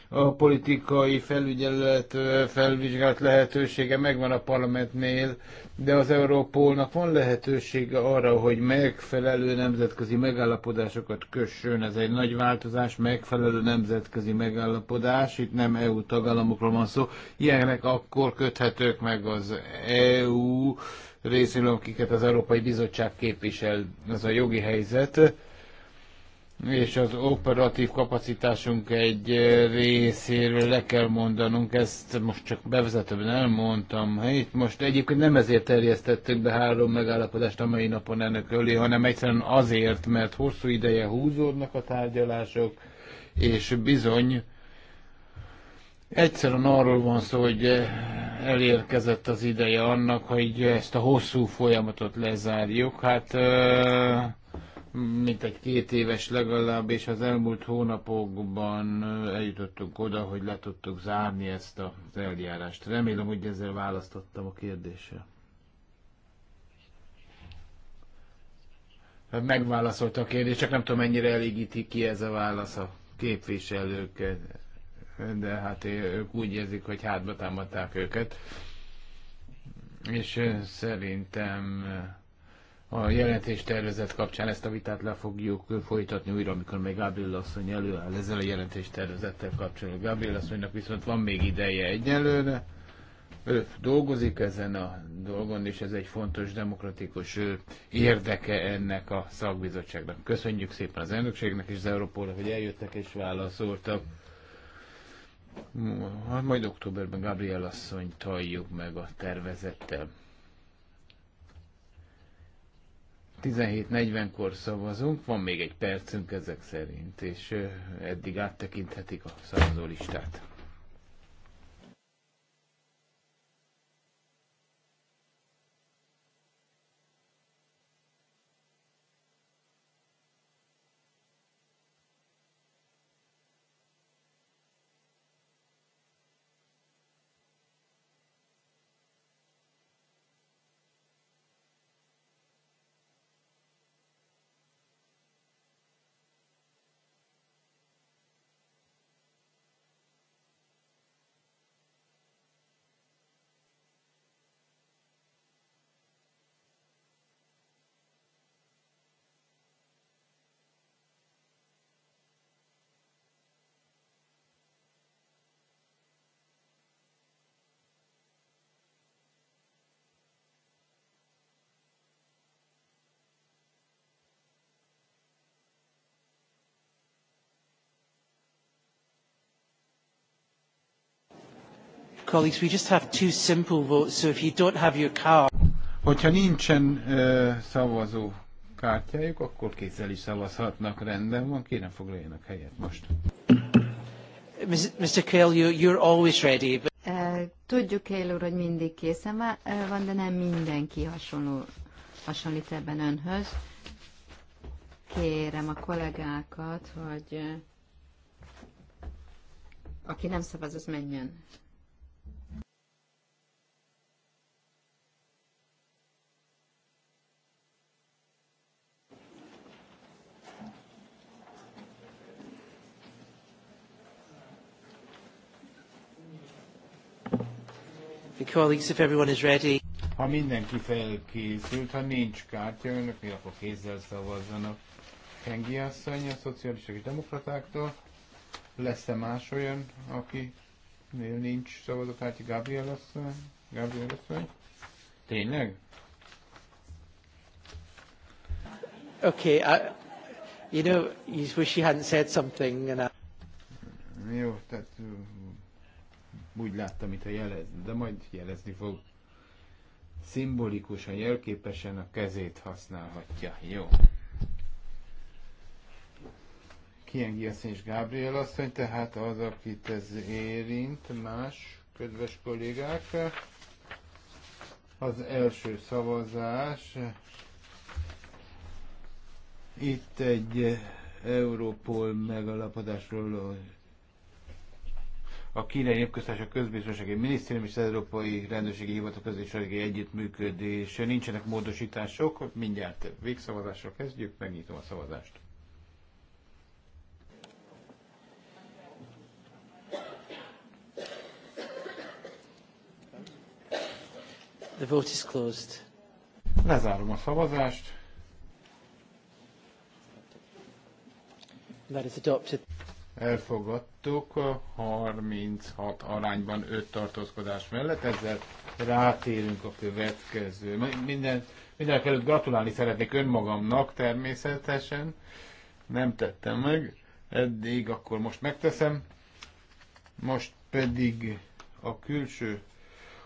Speaker 3: a politikai felügyelet, felvizsgált lehetősége megvan a parlamentnél, de az Európolnak van lehetősége arra, hogy megfelelő nemzetközi megállapodásokat kössön. Ez egy nagy változás, megfelelő nemzetközi megállapodás, itt nem EU tagállamokról van szó. Ilyenek akkor köthetők meg az EU részéről, akiket az Európai Bizottság képvisel, ez a jogi helyzet és az operatív kapacitásunk egy részéről le kell mondanunk, ezt most csak bevezetőben elmondtam. Itt most egyébként nem ezért terjesztettünk be három megállapodást a mai napon ennek ölé, hanem egyszerűen azért, mert hosszú ideje húzódnak a tárgyalások, és bizony egyszerűen arról van szó, hogy elérkezett az ideje annak, hogy ezt a hosszú folyamatot lezárjuk. Hát mint egy két éves legalább, és az elmúlt hónapokban eljutottunk oda, hogy le tudtuk zárni ezt az eljárást. Remélem, hogy ezzel választottam a kérdésre. Megválaszolta a kérdést, csak nem tudom, mennyire elégíti ki ez a válasz a képviselőket, de hát ők úgy érzik, hogy hátba támadták őket. És szerintem a jelentés tervezet kapcsán ezt a vitát le fogjuk folytatni újra, amikor meg Gabriel asszony előáll ezzel a jelentés tervezettel kapcsolatban. Gabriel asszonynak viszont van még ideje egyelőre. Ő dolgozik ezen a dolgon, és ez egy fontos demokratikus érdeke ennek a szakbizottságnak. Köszönjük szépen az elnökségnek és az Európóra, hogy eljöttek és válaszoltak. Majd októberben Gabriel asszony meg a tervezettel. 17.40-kor szavazunk, van még egy percünk ezek szerint, és eddig áttekinthetik a szavazólistát.
Speaker 5: colleagues, we just have two simple votes, so if you don't have your card... Hogyha
Speaker 3: nincsen uh, szavazó kártyájuk, akkor kézzel is szavazhatnak, rendben
Speaker 5: van, kérem foglaljanak helyet most. Mr. Coelho, you're always ready. But...
Speaker 4: Uh, Tudjuk, Kale úr, hogy mindig készen van, de nem mindenki hasonló, hasonlít ebben önhöz. Kérem a kollégákat, hogy aki nem szavaz, az menjen.
Speaker 5: colleagues, if everyone is ready. Ha mindenki felkészült,
Speaker 3: ha nincs kártya önöknél, akkor kézzel szavazzanak. Hengi asszony a szocialisták és demokratáktól. Lesz-e más olyan, aki nincs szavazatártya? Gabriel asszony? Gabriel asszony? Tényleg?
Speaker 5: Okay, I, you know, you wish you hadn't said something and I... Jó, tehát
Speaker 3: úgy láttam, mintha jelez, de majd jelezni fog. Szimbolikusan, jelképesen a kezét használhatja. Jó. Kiengi a és Gábriel asszony, tehát az, akit ez érint, más kedves kollégák. Az első szavazás. Itt egy Európol megalapodásról a kínai a közbiztonsági minisztérium és az Európai Rendőrségi Hivatal közbiztonsági együttműködés. Nincsenek módosítások, mindjárt végszavazásra kezdjük, megnyitom a szavazást.
Speaker 5: The vote is closed. Lezárom a szavazást.
Speaker 3: That is adopted elfogadtuk 36 arányban 5 tartózkodás mellett, ezzel rátérünk a következő. Minden, mindenek előtt gratulálni szeretnék önmagamnak természetesen, nem tettem meg eddig, akkor most megteszem. Most pedig a külső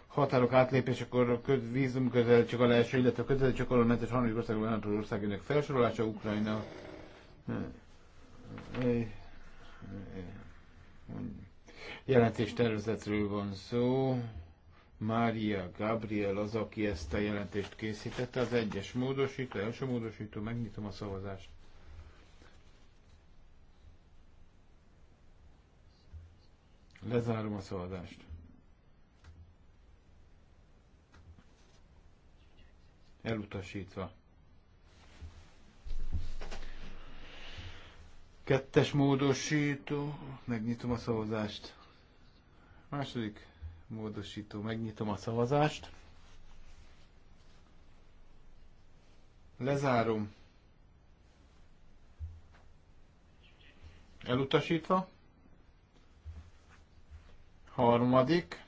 Speaker 3: határok átlépésekor a köz, vízum közel csak a leeső, illetve a közel csak a mentes harmadik országok, országének felsorolása, Ukrajna, jelentés tervezetről van szó. Mária Gabriel az, aki ezt a jelentést készítette, az egyes módosító, első módosító, megnyitom a szavazást. Lezárom a szavazást. Elutasítva. Kettes módosító, megnyitom a szavazást. Második módosító, megnyitom a szavazást. Lezárom. Elutasítva. Harmadik.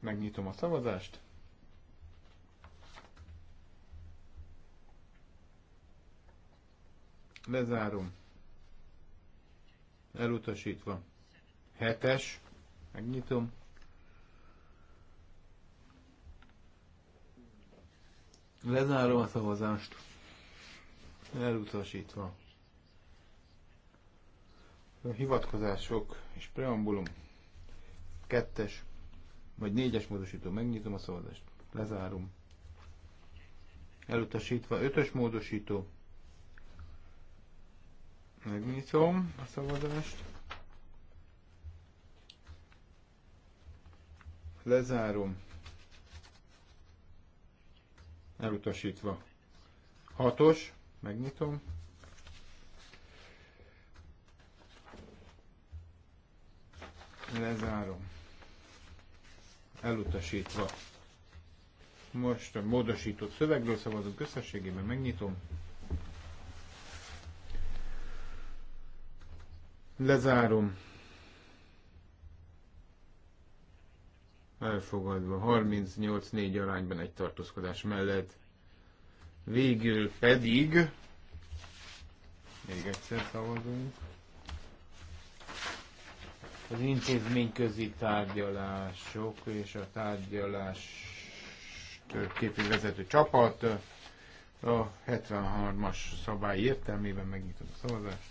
Speaker 3: Megnyitom a szavazást. Lezárom elutasítva. Hetes, megnyitom. Lezárom a szavazást. Elutasítva. Hivatkozások és preambulum. Kettes, vagy négyes módosító. Megnyitom a szavazást. Lezárom. Elutasítva. Ötös módosító. Megnyitom a szavazást. Lezárom. Elutasítva. Hatos. Megnyitom. Lezárom. Elutasítva. Most a módosított szövegről szavazunk összességében, megnyitom. Lezárom. Elfogadva. 38-4 arányban egy tartózkodás mellett. Végül pedig még egyszer szavazunk. Az intézményközi tárgyalások és a tárgyalás képviselő csapat a 73-as szabály értelmében megnyitom a szavazást.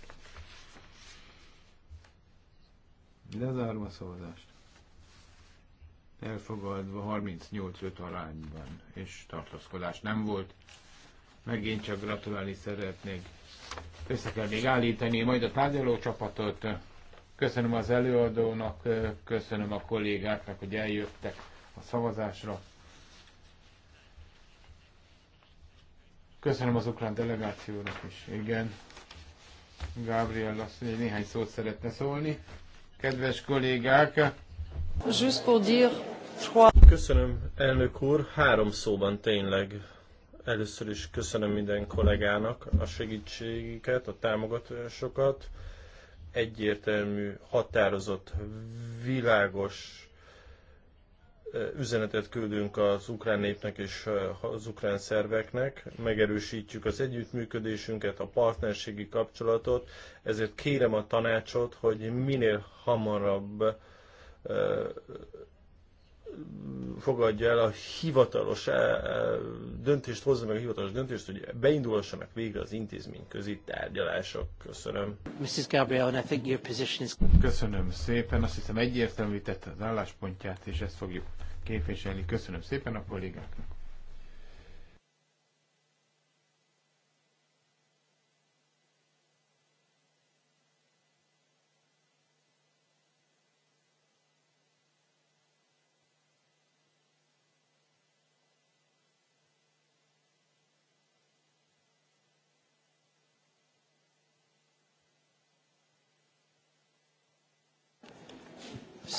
Speaker 3: Lezárom a szavazást. Elfogadva 38-5 arányban, és tartózkodás nem volt. Megint csak gratulálni szeretnék. Össze kell még állítani majd a tárgyaló csapatot. Köszönöm az előadónak, köszönöm a kollégáknak, hogy eljöttek a szavazásra. Köszönöm az ukrán delegációnak is. Igen.
Speaker 1: Gabriel azt mondja, hogy néhány szót szeretne szólni kedves kollégák! Just Köszönöm, elnök úr, három szóban tényleg. Először is köszönöm minden kollégának a segítségüket, a támogatásokat. Egyértelmű, határozott, világos üzenetet küldünk az ukrán népnek és az ukrán szerveknek, megerősítjük az együttműködésünket, a partnerségi kapcsolatot, ezért kérem a tanácsot, hogy minél hamarabb fogadja el a hivatalos e, e, döntést, hozza meg a hivatalos döntést, hogy beindulhassanak végre az intézmény közi tárgyalások. Köszönöm. Mrs. Gabriel, I think your position is... Köszönöm
Speaker 3: szépen, azt hiszem egyértelmű tette az álláspontját, és ezt fogjuk képviselni. Köszönöm szépen a kollégáknak.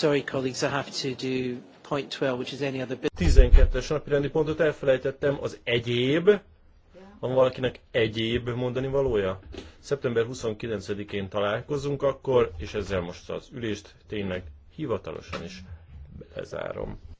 Speaker 5: Sorry, colleagues, I have to do point 12, which is any other 12-es pontot elfelejtettem, az egyéb.
Speaker 2: Van valakinek egyéb mondani valója? Szeptember 29-én találkozunk akkor, és ezzel most az ülést tényleg hivatalosan is
Speaker 5: lezárom.